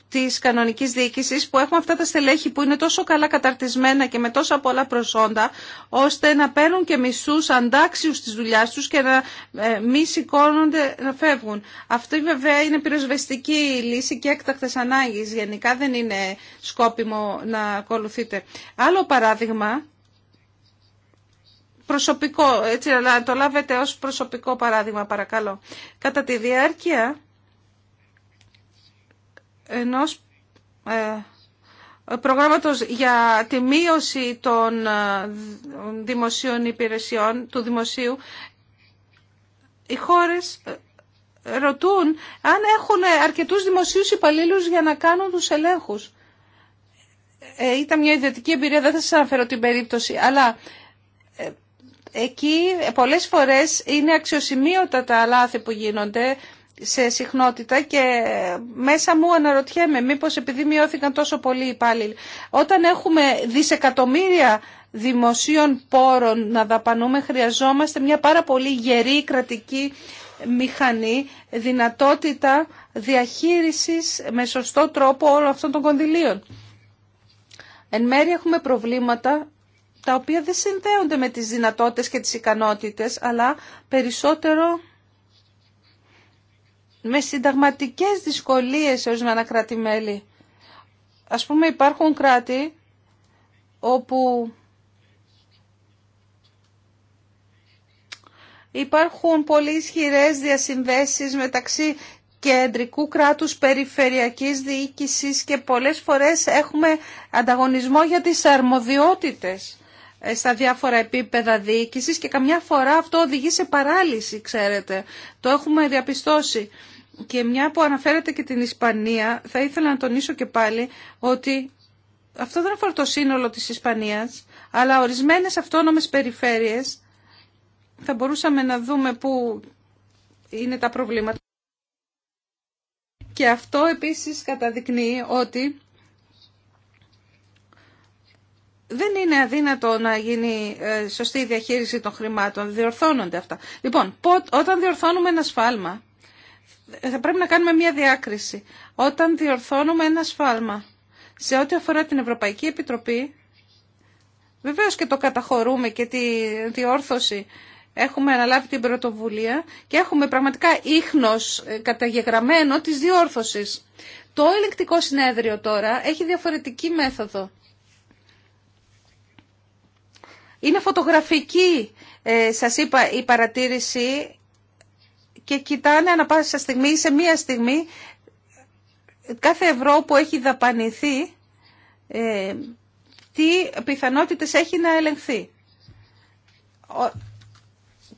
της κανονικής διοίκησης που έχουν αυτά τα στελέχη που είναι τόσο καλά καταρτισμένα και με τόσα πολλά προσόντα ώστε να παίρνουν και μισούς αντάξιους της δουλειά τους και να μη σηκώνονται να φεύγουν. Αυτή βέβαια είναι πυροσβεστική λύση και έκτακτες ανάγκη Γενικά δεν είναι σκόπιμο να ακολουθείτε. Άλλο παράδειγμα προσωπικό, έτσι, αλλά το λάβετε ως προσωπικό παράδειγμα, παρακαλώ. Κατά τη διάρκεια ενός ε, προγράμματος για τη μείωση των ε, δημοσίων υπηρεσιών του δημοσίου, οι χώρες ε, ρωτούν αν έχουν αρκετούς δημοσίους υπαλλήλους για να κάνουν τους ελέγχους. Ε, ήταν μια ιδιωτική εμπειρία, δεν θα σας αναφέρω την περίπτωση, αλλά Εκεί πολλές φορές είναι αξιοσημείωτα τα λάθη που γίνονται σε συχνότητα και μέσα μου αναρωτιέμαι μήπως επειδή μειώθηκαν τόσο πολύ υπάλληλοι. Όταν έχουμε δισεκατομμύρια δημοσίων πόρων να δαπανούμε χρειαζόμαστε μια πάρα πολύ γερή κρατική μηχανή, δυνατότητα διαχείρισης με σωστό τρόπο όλων αυτών των κονδυλίων. Εν μέρει έχουμε προβλήματα τα οποία δεν συνδέονται με τις δυνατότητες και τις ικανότητες, αλλά περισσότερο με συνταγματικές δυσκολίες σε ορισμένα κράτη-μέλη. Ας πούμε υπάρχουν κράτη όπου υπάρχουν πολύ ισχυρές διασυνδέσεις μεταξύ κεντρικού κράτους, περιφερειακής διοίκησης και πολλές φορές έχουμε ανταγωνισμό για τις αρμοδιότητες. Ε, στα διάφορα επίπεδα διοίκησης και καμιά φορά αυτό οδηγεί σε παράλυση, ξέρετε. Το έχουμε διαπιστώσει. Και μια που αναφέρεται και την Ισπανία, θα ήθελα να τονίσω και πάλι ότι αυτό δεν αφορά το σύνολο της Ισπανίας, αλλά ορισμένες αυτόνομες περιφέρειες θα μπορούσαμε να δούμε πού είναι τα προβλήματα. Και αυτό επίσης καταδεικνύει ότι δεν είναι αδύνατο να γίνει ε, σωστή διαχείριση των χρημάτων. Διορθώνονται αυτά. Λοιπόν, όταν διορθώνουμε ένα σφάλμα, θα πρέπει να κάνουμε μια διάκριση. Όταν διορθώνουμε ένα σφάλμα σε ό,τι αφορά την Ευρωπαϊκή Επιτροπή, βεβαίως και το καταχωρούμε και τη διόρθωση έχουμε αναλάβει την πρωτοβουλία και έχουμε πραγματικά ίχνος ε, καταγεγραμμένο της διόρθωσης. Το ελεκτικό συνέδριο τώρα έχει διαφορετική μέθοδο. Είναι φωτογραφική, ε, σας είπα, η παρατήρηση και κοιτάνε ανα πάσα στιγμή, σε μία στιγμή, κάθε ευρώ που έχει δαπανηθεί, ε, τι πιθανότητες έχει να ελεγχθεί.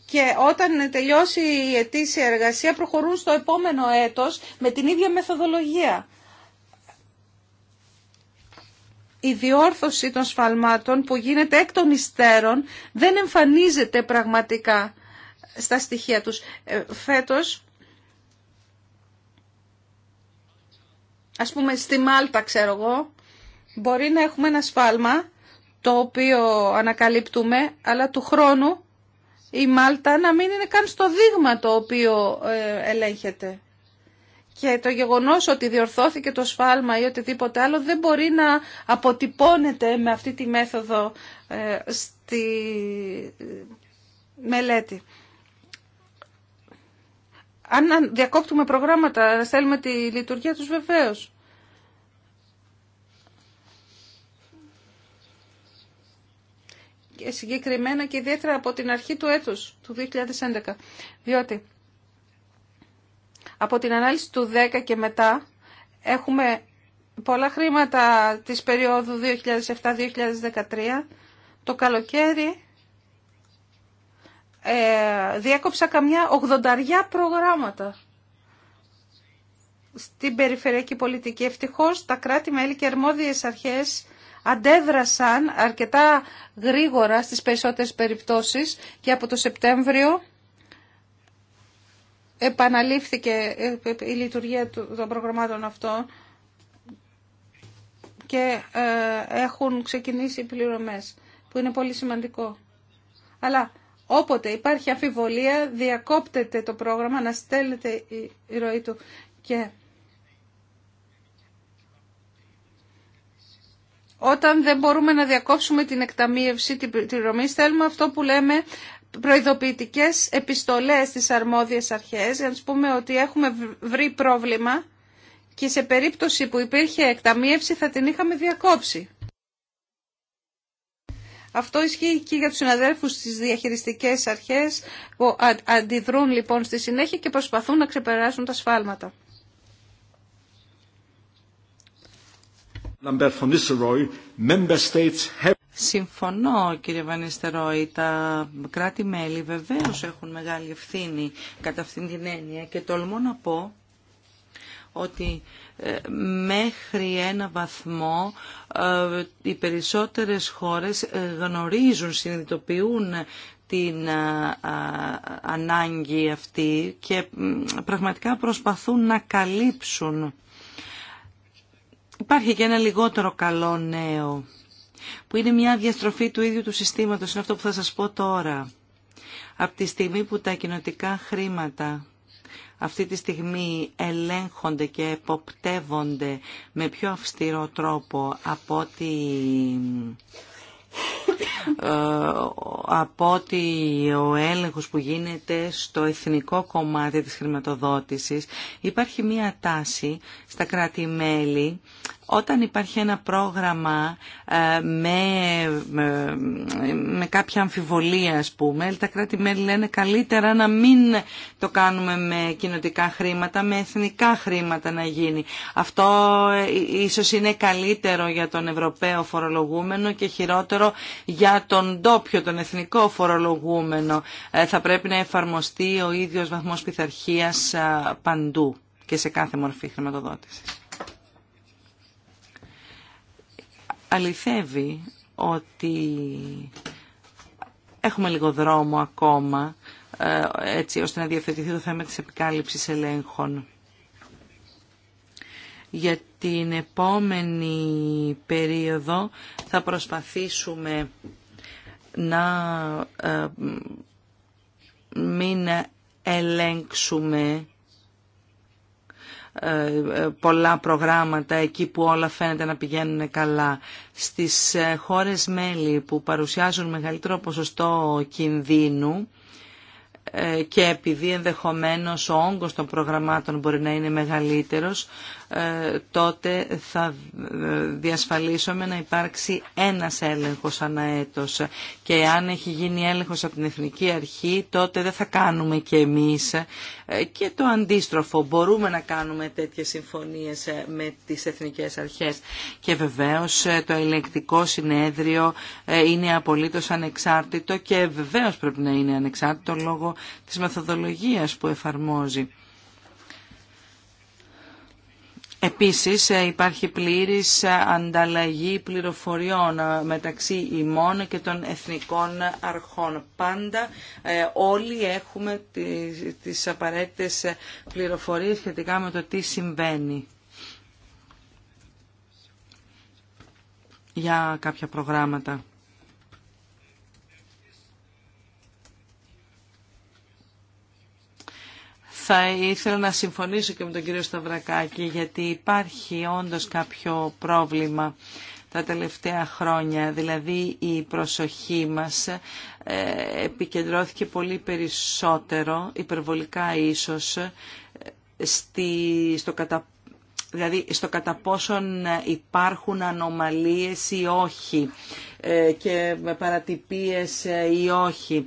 Και όταν τελειώσει η ετήσια εργασία προχωρούν στο επόμενο έτος με την ίδια μεθοδολογία η διόρθωση των σφαλμάτων που γίνεται εκ των υστέρων δεν εμφανίζεται πραγματικά στα στοιχεία τους. Ε, φέτος, ας πούμε στη Μάλτα ξέρω εγώ, μπορεί να έχουμε ένα σφάλμα το οποίο ανακαλύπτουμε, αλλά του χρόνου η Μάλτα να μην είναι καν στο δείγμα το οποίο ε, ελέγχεται και το γεγονός ότι διορθώθηκε το σφάλμα ή οτιδήποτε άλλο δεν μπορεί να αποτυπώνεται με αυτή τη μέθοδο ε, στη μελέτη. Αν διακόπτουμε προγράμματα, στέλνουμε τη λειτουργία τους βεβαίως. Και συγκεκριμένα και ιδιαίτερα από την αρχή του έτους, του 2011. Διότι από την ανάλυση του 10 και μετά έχουμε πολλά χρήματα της περίοδου 2007-2013. Το καλοκαίρι ε, διέκοψα καμιά ογδονταριά προγράμματα στην περιφερειακή πολιτική. Ευτυχώς τα κράτη-μέλη και αρμόδιες αρχές αντέδρασαν αρκετά γρήγορα στις περισσότερες περιπτώσεις και από το Σεπτέμβριο επαναλήφθηκε η λειτουργία των προγραμμάτων αυτών και ε, έχουν ξεκινήσει οι πληρωμές, που είναι πολύ σημαντικό. Αλλά όποτε υπάρχει αφιβολία, διακόπτεται το πρόγραμμα, να στέλνεται η ροή του και... Όταν δεν μπορούμε να διακόψουμε την εκταμείευση, την πληρωμή, θέλουμε αυτό που λέμε προειδοποιητικές επιστολές στις αρμόδιες αρχές για να πούμε ότι έχουμε βρει πρόβλημα και σε περίπτωση που υπήρχε εκταμίευση θα την είχαμε διακόψει. Αυτό ισχύει και για τους συναδέλφους στις διαχειριστικές αρχές που αντιδρούν λοιπόν στη συνέχεια και προσπαθούν να ξεπεράσουν τα σφάλματα. Συμφωνώ κύριε Βανιστερόι, τα κράτη-μέλη βεβαίως έχουν μεγάλη ευθύνη κατά αυτήν την έννοια και τολμώ να πω ότι ε, μέχρι ένα βαθμό ε, οι περισσότερες χώρες ε, γνωρίζουν, συνειδητοποιούν την ανάγκη αυτή και πραγματικά προσπαθούν να καλύψουν. Υπάρχει και ένα λιγότερο καλό νέο που είναι μια διαστροφή του ίδιου του συστήματος. Είναι αυτό που θα σας πω τώρα. Από τη στιγμή που τα κοινοτικά χρήματα αυτή τη στιγμή ελέγχονται και εποπτεύονται με πιο αυστηρό τρόπο από ότι ε, από ο έλεγχος που γίνεται στο εθνικό κομμάτι της χρηματοδότησης υπάρχει μία τάση στα κράτη-μέλη όταν υπάρχει ένα πρόγραμμα ε, με, με, κάποια αμφιβολία, ας πούμε, τα κράτη-μέλη λένε καλύτερα να μην το κάνουμε με κοινοτικά χρήματα, με εθνικά χρήματα να γίνει. Αυτό ε, ίσως είναι καλύτερο για τον Ευρωπαίο φορολογούμενο και χειρότερο για τον τόπιο, τον εθνικό φορολογούμενο. Ε, θα πρέπει να εφαρμοστεί ο ίδιος βαθμός πειθαρχίας παντού και σε κάθε μορφή χρηματοδότησης. αληθεύει ότι έχουμε λίγο δρόμο ακόμα ε, έτσι ώστε να διευθετηθεί το θέμα της επικάλυψης ελέγχων. Για την επόμενη περίοδο θα προσπαθήσουμε να ε, μην ελέγξουμε ε, ε, πολλά προγράμματα εκεί που όλα φαίνεται να πηγαίνουν καλά. Στις ε, χώρες μέλη που παρουσιάζουν μεγαλύτερο ποσοστό κινδύνου, και επειδή ενδεχομένως ο όγκος των προγραμμάτων μπορεί να είναι μεγαλύτερος, ε, τότε θα ε, διασφαλίσουμε να υπάρξει ένας έλεγχος ανά έτος. Και αν έχει γίνει έλεγχος από την Εθνική Αρχή, τότε δεν θα κάνουμε και εμείς. Ε, και το αντίστροφο, μπορούμε να κάνουμε τέτοιες συμφωνίες με τις Εθνικές Αρχές. Και βεβαίως το ελεγκτικό συνέδριο είναι απολύτως ανεξάρτητο και βεβαίως πρέπει να είναι ανεξάρτητο λόγω της μεθοδολογίας που εφαρμόζει. Επίσης ε, υπάρχει πλήρης ε, ανταλλαγή πληροφοριών ε, μεταξύ ημών και των εθνικών αρχών. Πάντα όλοι έχουμε τις απαραίτητες πληροφορίες σχετικά με το τι συμβαίνει. για κάποια προγράμματα. θα ήθελα να συμφωνήσω και με τον κύριο Σταυρακάκη γιατί υπάρχει όντως κάποιο πρόβλημα τα τελευταία χρόνια. Δηλαδή η προσοχή μας ε, επικεντρώθηκε πολύ περισσότερο, υπερβολικά ίσως, ε, στη, στο κατά δηλαδή στο κατά πόσον υπάρχουν ανομαλίες ή όχι ε, και παρατυπίες ή όχι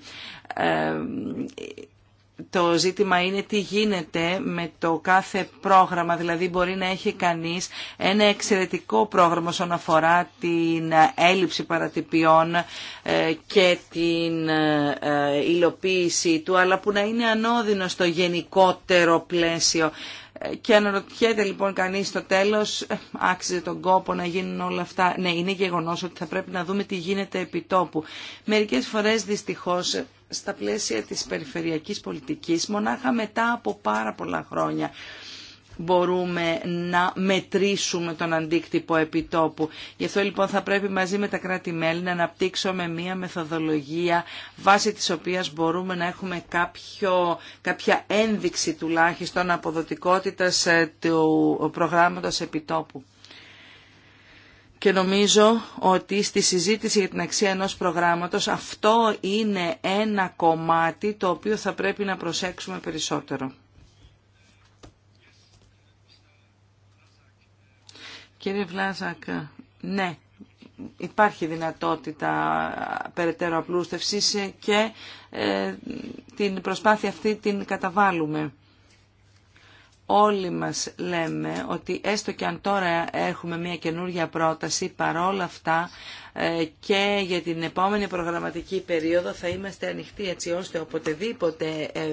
το ζήτημα είναι τι γίνεται με το κάθε πρόγραμμα, δηλαδή μπορεί να έχει κανείς ένα εξαιρετικό πρόγραμμα όσον αφορά την έλλειψη παρατυπιών ε, και την ε, ε, υλοποίησή του, αλλά που να είναι ανώδυνο στο γενικότερο πλαίσιο. Και αναρωτιέται λοιπόν κανείς στο τέλος, ε, άξιζε τον κόπο να γίνουν όλα αυτά. Ναι, είναι γεγονός ότι θα πρέπει να δούμε τι γίνεται επί τόπου. Μερικές φορές δυστυχώς ε, στα πλαίσια της περιφερειακής πολιτικής, μονάχα μετά από πάρα πολλά χρόνια μπορούμε να μετρήσουμε τον αντίκτυπο επιτόπου. Γι' αυτό λοιπόν θα πρέπει μαζί με τα κράτη-μέλη να αναπτύξουμε μία μεθοδολογία βάσει της οποίας μπορούμε να έχουμε κάποιο, κάποια ένδειξη τουλάχιστον αποδοτικότητας ε, του προγράμματος επιτόπου. Και νομίζω ότι στη συζήτηση για την αξία ενός προγράμματος αυτό είναι ένα κομμάτι το οποίο θα πρέπει να προσέξουμε περισσότερο. Κύριε Βλάζακ, ναι, υπάρχει δυνατότητα περαιτέρω απλούστευσης και ε, την προσπάθεια αυτή την καταβάλουμε. Όλοι μας λέμε ότι έστω και αν τώρα έχουμε μια καινούργια πρόταση, παρόλα αυτά ε, και για την επόμενη προγραμματική περίοδο θα είμαστε ανοιχτοί έτσι ώστε οποτεδήποτε ε,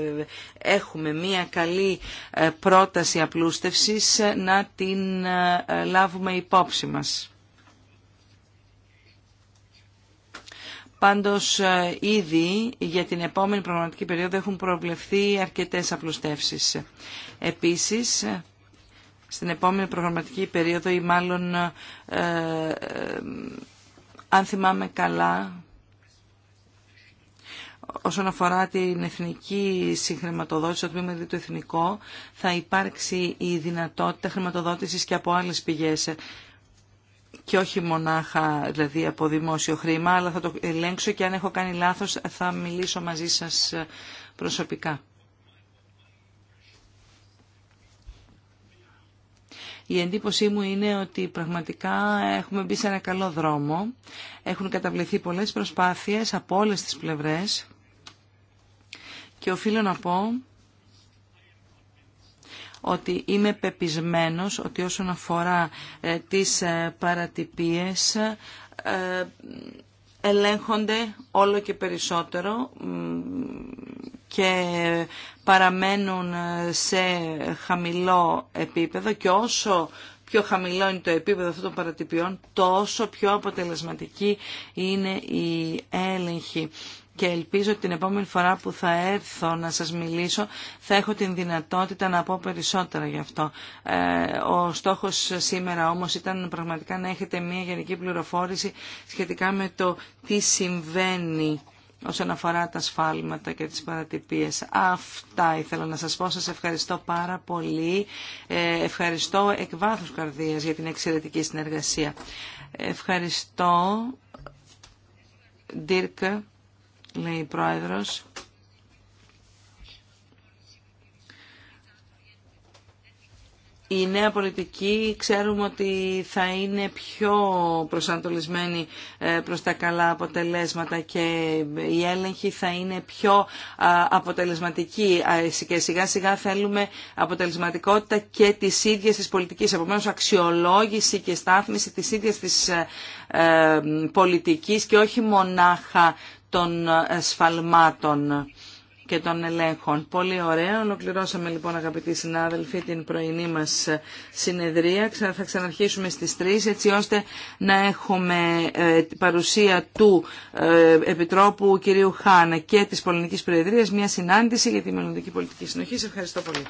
έχουμε μία καλή ε, πρόταση απλούστευσης να την λάβουμε υπόψη μας. Πάντως ήδη για την επόμενη προγραμματική περίοδο έχουν προβλεφθεί αρκετές απλουστεύσεις. Επίσης, στην επόμενη προγραμματική περίοδο ή μάλλον αν θυμάμαι καλά, όσον αφορά την εθνική συγχρηματοδότηση, το τμήμα δηλαδή του εθνικό, θα υπάρξει η δυνατότητα χρηματοδότησης και από άλλες πηγές και όχι μονάχα δηλαδή από δημόσιο χρήμα, αλλά θα το ελέγξω και αν έχω κάνει λάθος θα μιλήσω μαζί σας προσωπικά. Η εντύπωσή μου είναι ότι πραγματικά έχουμε μπει σε ένα καλό δρόμο. Έχουν καταβληθεί πολλές προσπάθειες από όλες τις πλευρές και οφείλω να πω ότι είμαι πεπισμένος ότι όσον αφορά ε, τις ε, παρατυπίες ε, ελέγχονται όλο και περισσότερο και παραμένουν σε χαμηλό επίπεδο και όσο πιο χαμηλό είναι το επίπεδο αυτών των παρατυπιών, τόσο πιο αποτελεσματική είναι η έλεγχη και ελπίζω ότι την επόμενη φορά που θα έρθω να σας μιλήσω θα έχω την δυνατότητα να πω περισσότερα γι' αυτό. Ε, ο στόχος σήμερα όμως ήταν πραγματικά να έχετε μια γενική πληροφόρηση σχετικά με το τι συμβαίνει όσον αφορά τα σφάλματα και τις παρατυπίες. Αυτά ήθελα να σας πω. Σας ευχαριστώ πάρα πολύ. Ε, ευχαριστώ εκ βάθους καρδίας για την εξαιρετική συνεργασία. Ευχαριστώ, Dirk λέει η Πρόεδρος. Η νέα πολιτική ξέρουμε ότι θα είναι πιο προσανατολισμένη ε, προς τα καλά αποτελέσματα και η έλεγχη θα είναι πιο αποτελεσματική και σιγά σιγά θέλουμε αποτελεσματικότητα και της ίδιας της πολιτικής. Επομένως αξιολόγηση και στάθμιση της ίδιας της ε, ε, πολιτικής και όχι μονάχα των ε, σφαλμάτων και των ελέγχων. Πολύ ωραία. Ολοκληρώσαμε λοιπόν αγαπητοί συνάδελφοι την πρωινή μας συνεδρία. Θα ξαναρχίσουμε στις 3 έτσι ώστε να έχουμε ε, παρουσία του ε, Επιτρόπου κυρίου Χάνα και της Πολωνικής Προεδρίας μια συνάντηση για τη μελλοντική πολιτική συνοχή. Σε ευχαριστώ πολύ.